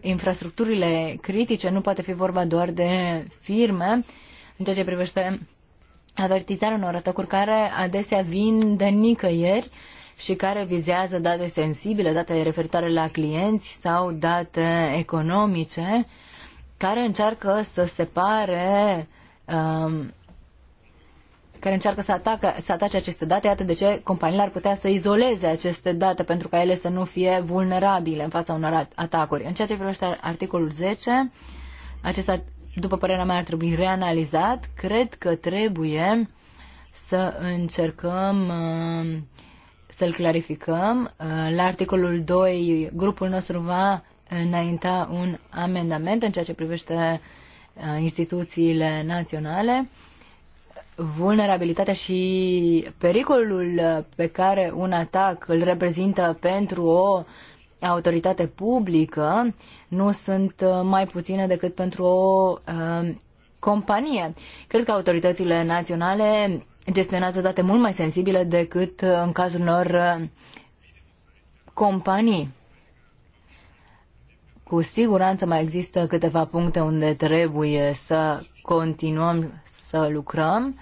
infrastructurile critice nu poate fi vorba doar de firme în ceea ce privește avertizarea unor atacuri care adesea vin de nicăieri și care vizează date sensibile, date referitoare la clienți sau date economice, care încearcă să separe um, care încearcă să, atacă, să atace aceste date, iată de ce companiile ar putea să izoleze aceste date pentru ca ele să nu fie vulnerabile în fața unor atacuri. În ceea ce privește articolul 10, acesta, după părerea mea, ar trebui reanalizat. Cred că trebuie să încercăm uh, să-l clarificăm. Uh, la articolul 2, grupul nostru va înainta un amendament în ceea ce privește uh, instituțiile naționale vulnerabilitatea și pericolul pe care un atac îl reprezintă pentru o autoritate publică nu sunt mai puține decât pentru o uh, companie. Cred că autoritățile naționale gestionează date mult mai sensibile decât în cazul unor uh, companii. Cu siguranță mai există câteva puncte unde trebuie să continuăm să lucrăm.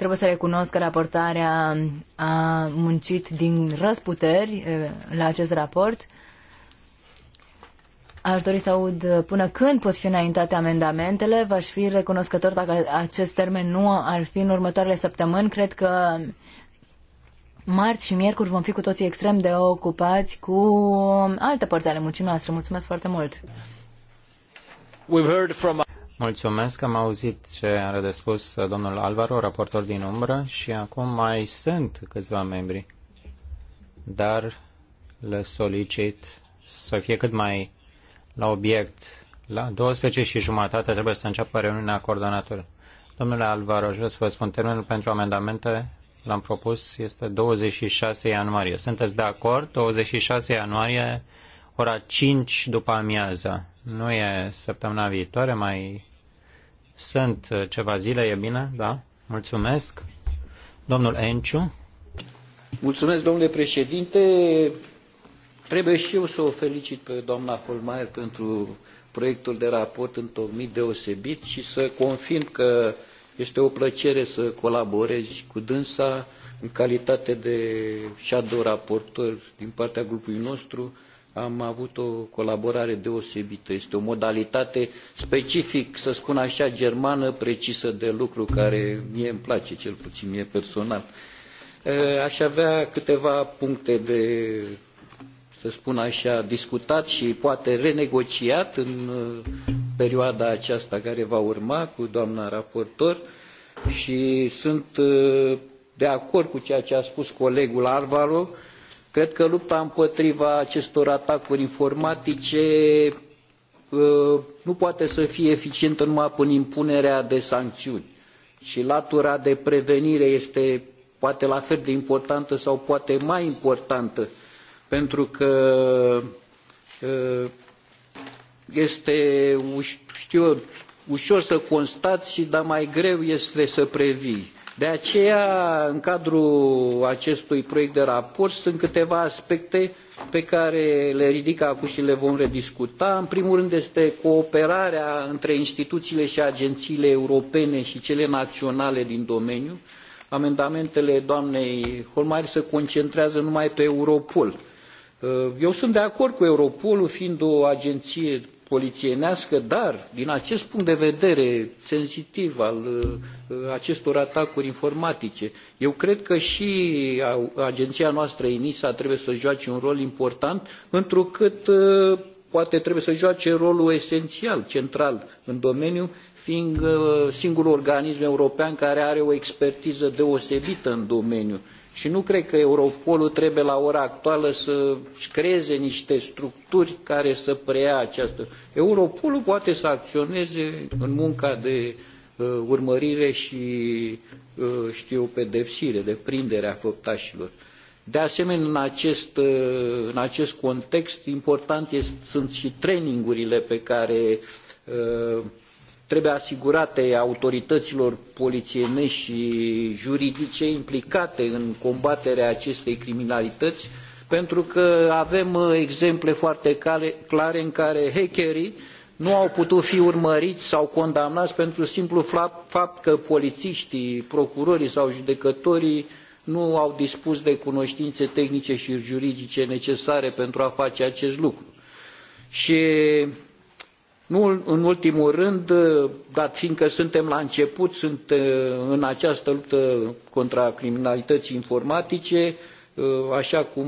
Trebuie să recunosc că raportarea a muncit din răsputeri eh, la acest raport. Aș dori să aud până când pot fi înaintate amendamentele. V-aș fi recunoscător dacă acest termen nu ar fi în următoarele săptămâni. Cred că marți și miercuri vom fi cu toții extrem de ocupați cu alte părți ale muncii noastre. Mulțumesc foarte mult! We've heard from... Mulțumesc că am auzit ce are de spus domnul Alvaro, raportor din umbră, și acum mai sunt câțiva membri, dar le solicit să fie cât mai la obiect. La 12 și jumătate trebuie să înceapă reuniunea coordonatorilor. Domnule Alvaro, aș vrea să vă spun, termenul pentru amendamente l-am propus, este 26 ianuarie. Sunteți de acord? 26 ianuarie, ora 5 după amiaza. Nu e săptămâna viitoare, mai sunt uh, ceva zile, e bine, da? Mulțumesc. Domnul Enciu. Mulțumesc, domnule președinte. Trebuie și eu să o felicit pe doamna Holmaier pentru proiectul de raport întocmit deosebit și să confirm că este o plăcere să colaborez cu dânsa în calitate de shadow raportor din partea grupului nostru am avut o colaborare deosebită. Este o modalitate specific, să spun așa, germană, precisă de lucru, care mie îmi place, cel puțin mie personal. Aș avea câteva puncte de, să spun așa, discutat și poate renegociat în perioada aceasta care va urma cu doamna raportor și sunt de acord cu ceea ce a spus colegul Alvaro, Cred că lupta împotriva acestor atacuri informatice uh, nu poate să fie eficientă numai prin impunerea de sancțiuni. Și latura de prevenire este poate la fel de importantă sau poate mai importantă, pentru că uh, este, știu, ușor să constați, dar mai greu este să previi de aceea, în cadrul acestui proiect de raport, sunt câteva aspecte pe care le ridic acum și le vom rediscuta. În primul rând este cooperarea între instituțiile și agențiile europene și cele naționale din domeniu. Amendamentele doamnei Holmari se concentrează numai pe Europol. Eu sunt de acord cu Europolul fiind o agenție polițienească, dar din acest punct de vedere sensitiv al uh, acestor atacuri informatice, eu cred că și agenția noastră ENISA trebuie să joace un rol important, întrucât uh, poate trebuie să joace rolul esențial, central în domeniu, fiind uh, singurul organism european care are o expertiză deosebită în domeniu. Și nu cred că Europolul trebuie la ora actuală să creeze niște structuri care să preia această... Europolul poate să acționeze în munca de uh, urmărire și, uh, știu, pedepsire, de prindere a făptașilor. De asemenea, în acest, uh, în acest context, important este, sunt și trainingurile pe care uh, trebuie asigurate autorităților polițienești și juridice implicate în combaterea acestei criminalități, pentru că avem uh, exemple foarte clare în care hackerii nu au putut fi urmăriți sau condamnați pentru simplu fapt că polițiștii, procurorii sau judecătorii nu au dispus de cunoștințe tehnice și juridice necesare pentru a face acest lucru. Și nu în ultimul rând, uh, dat fiindcă suntem la început, sunt uh, în această luptă contra criminalității informatice, uh, așa cum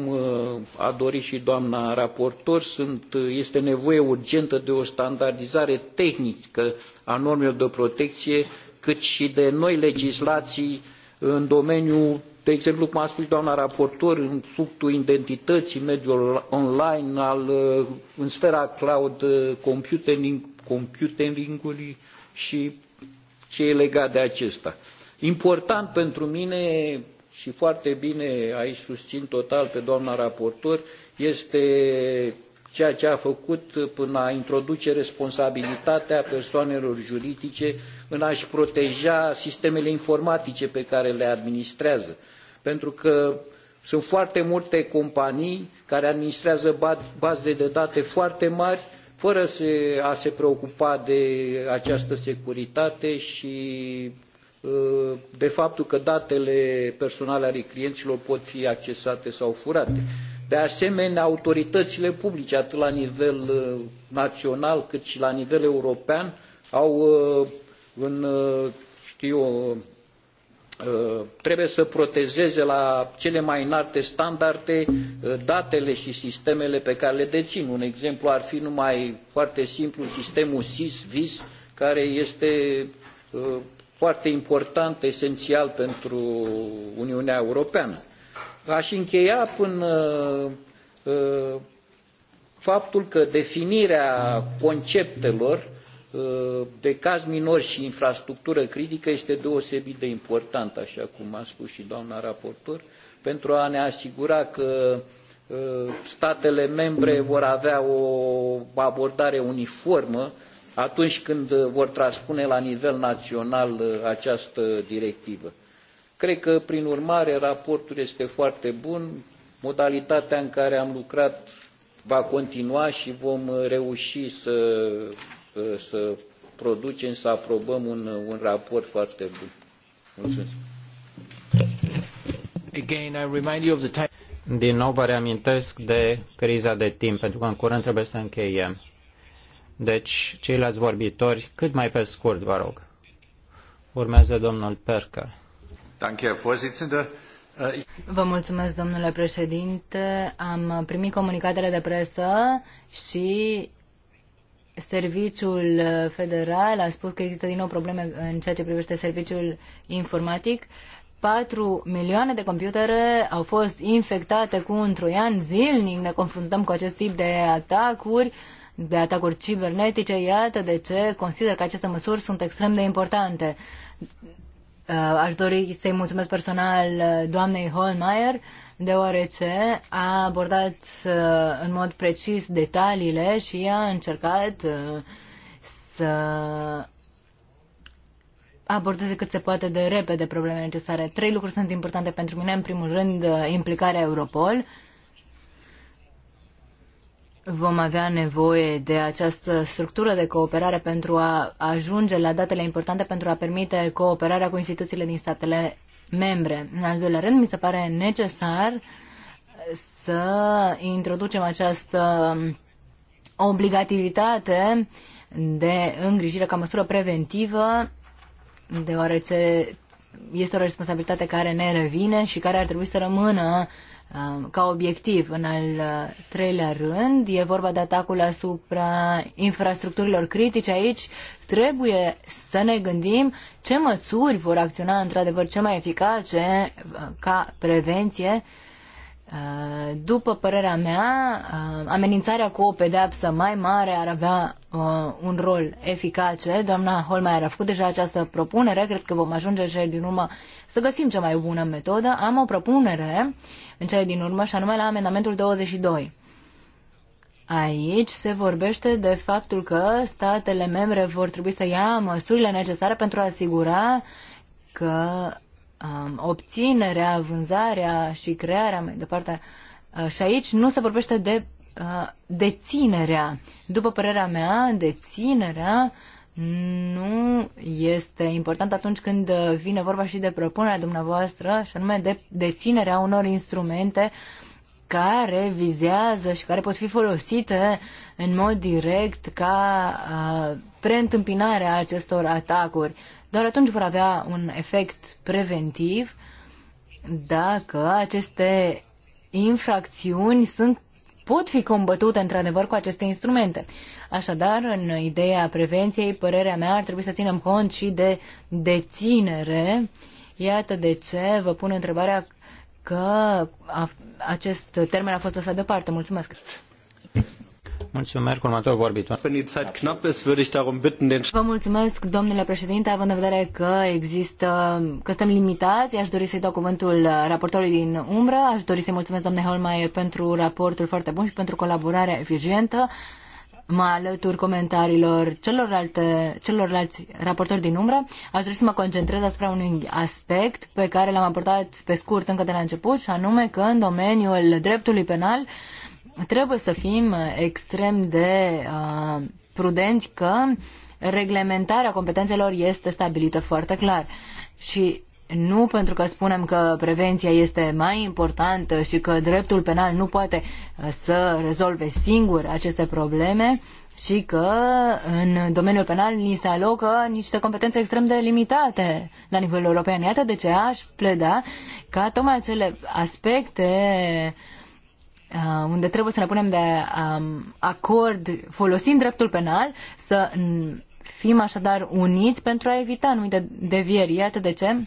a dorit și doamna raportor, sunt, este nevoie urgentă de o standardizare tehnică a normelor de protecție, cât și de noi legislații în domeniul de exemplu, cum a spus doamna raportor, în fluctul identității, mediul online, al, uh, în sfera cloud uh, computing, computing-ului și ce e legat de acesta. Important pentru mine și foarte bine aici susțin total pe doamna raportor, este ceea ce a făcut până a introduce responsabilitatea persoanelor juridice în a-și proteja sistemele informatice pe care le administrează pentru că sunt foarte multe companii care administrează baze de date foarte mari, fără a se preocupa de această securitate și uh, de faptul că datele personale ale clienților pot fi accesate sau furate. De asemenea, autoritățile publice, atât la nivel uh, național cât și la nivel european, au uh, în, știu, Uh, trebuie să protejeze la cele mai înalte standarde uh, datele și sistemele pe care le dețin. Un exemplu ar fi numai foarte simplu sistemul SIS-VIS, care este uh, foarte important, esențial pentru Uniunea Europeană. Aș încheia până faptul că definirea conceptelor de caz minor și infrastructură critică este deosebit de important, așa cum a spus și doamna raportor, pentru a ne asigura că uh, statele membre vor avea o abordare uniformă atunci când vor transpune la nivel național uh, această directivă. Cred că, prin urmare, raportul este foarte bun, modalitatea în care am lucrat va continua și vom uh, reuși să Uh, să producem, să aprobăm un, un raport foarte bun. Mulțumesc. Again, I remind you of the time. Din nou vă reamintesc de criza de timp, pentru că în curând trebuie să încheiem. Deci, ceilalți vorbitori, cât mai pe scurt, vă rog. Urmează domnul Perker. Eh, vă mulțumesc, domnule președinte. Am primit comunicatele de presă și Serviciul uh, Federal a spus că există din nou probleme în ceea ce privește serviciul informatic. 4 milioane de computere au fost infectate cu un troian zilnic. Ne confruntăm cu acest tip de atacuri, de atacuri cibernetice. Iată de ce consider că aceste măsuri sunt extrem de importante. Uh, aș dori să-i mulțumesc personal uh, doamnei Holmeier deoarece a abordat uh, în mod precis detaliile și a încercat uh, să abordeze cât se poate de repede probleme necesare. Trei lucruri sunt importante pentru mine. În primul rând, uh, implicarea Europol. Vom avea nevoie de această structură de cooperare pentru a ajunge la datele importante pentru a permite cooperarea cu instituțiile din statele membre. În al doilea rând, mi se pare necesar să introducem această obligativitate de îngrijire ca măsură preventivă, deoarece este o responsabilitate care ne revine și care ar trebui să rămână Um, ca obiectiv. În al uh, treilea rând, e vorba de atacul asupra infrastructurilor critice. Aici trebuie să ne gândim ce măsuri vor acționa într-adevăr cel mai eficace uh, ca prevenție Uh, după părerea mea, uh, amenințarea cu o pedeapsă mai mare ar avea uh, un rol eficace. Doamna Holmeier a făcut deja această propunere, cred că vom ajunge și din urmă să găsim cea mai bună metodă. Am o propunere în cele din urmă și anume la amendamentul 22. Aici se vorbește de faptul că statele membre vor trebui să ia măsurile necesare pentru a asigura că um, obținerea, vânzarea și crearea mai departe. Uh, și aici nu se vorbește de uh, deținerea. După părerea mea, deținerea nu este important atunci când vine vorba și de propunerea dumneavoastră, și anume de deținerea unor instrumente care vizează și care pot fi folosite în mod direct ca uh, preîntâmpinarea acestor atacuri. Doar atunci vor avea un efect preventiv dacă aceste infracțiuni sunt pot fi combătute într-adevăr cu aceste instrumente. Așadar, în ideea prevenției, părerea mea ar trebui să ținem cont și de deținere. Iată de ce vă pun întrebarea că a, acest termen a fost lăsat deoparte. Mulțumesc! Mulțumesc, următorul vorbitor. Vă mulțumesc, domnule președinte, având în vedere că există, că suntem limitați, aș dori să-i dau cuvântul raportorului din umbră, aș dori să-i mulțumesc, domnule Holmaier, pentru raportul foarte bun și pentru colaborarea eficientă mă alătur comentariilor celorlalte, celorlalți raportori din umbră. Aș dori să mă concentrez asupra unui aspect pe care l-am abordat pe scurt încă de la început, și anume că în domeniul dreptului penal trebuie să fim uh, extrem de uh, prudenți că reglementarea competențelor este stabilită foarte clar. Și nu pentru că spunem că prevenția este mai importantă și că dreptul penal nu poate uh, să rezolve singur aceste probleme și că în domeniul penal ni se alocă niște competențe extrem de limitate la nivel european. Iată de ce aș pleda ca tocmai acele aspecte uh, Uh, unde trebuie să ne punem de um, acord folosind dreptul penal, să fim așadar uniți pentru a evita anumite devieri. Iată de ce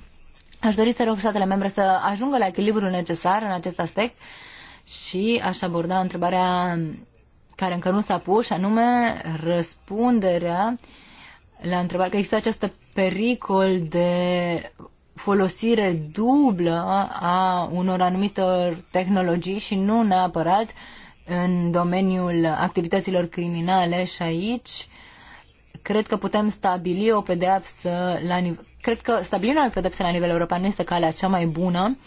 aș dori să rog statele membre să ajungă la echilibrul necesar în acest aspect și aș aborda întrebarea care încă nu s-a pus, anume răspunderea la întrebare că există acest pericol de folosire dublă a unor anumitor tehnologii și nu neapărat în domeniul activităților criminale și aici cred că putem stabili o pedeapsă la nivel cred că stabilirea unei pedepse la nivel european este calea cea mai bună.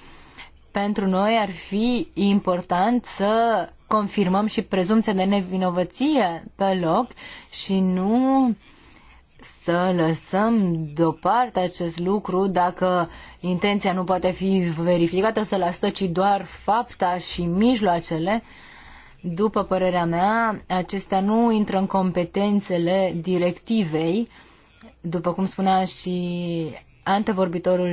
Pentru noi ar fi important să confirmăm și prezumția de nevinovăție pe loc și nu să lăsăm deoparte acest lucru dacă intenția nu poate fi verificată, să la astă, ci doar fapta și mijloacele, după părerea mea, acestea nu intră în competențele directivei, după cum spunea și antevorbitorul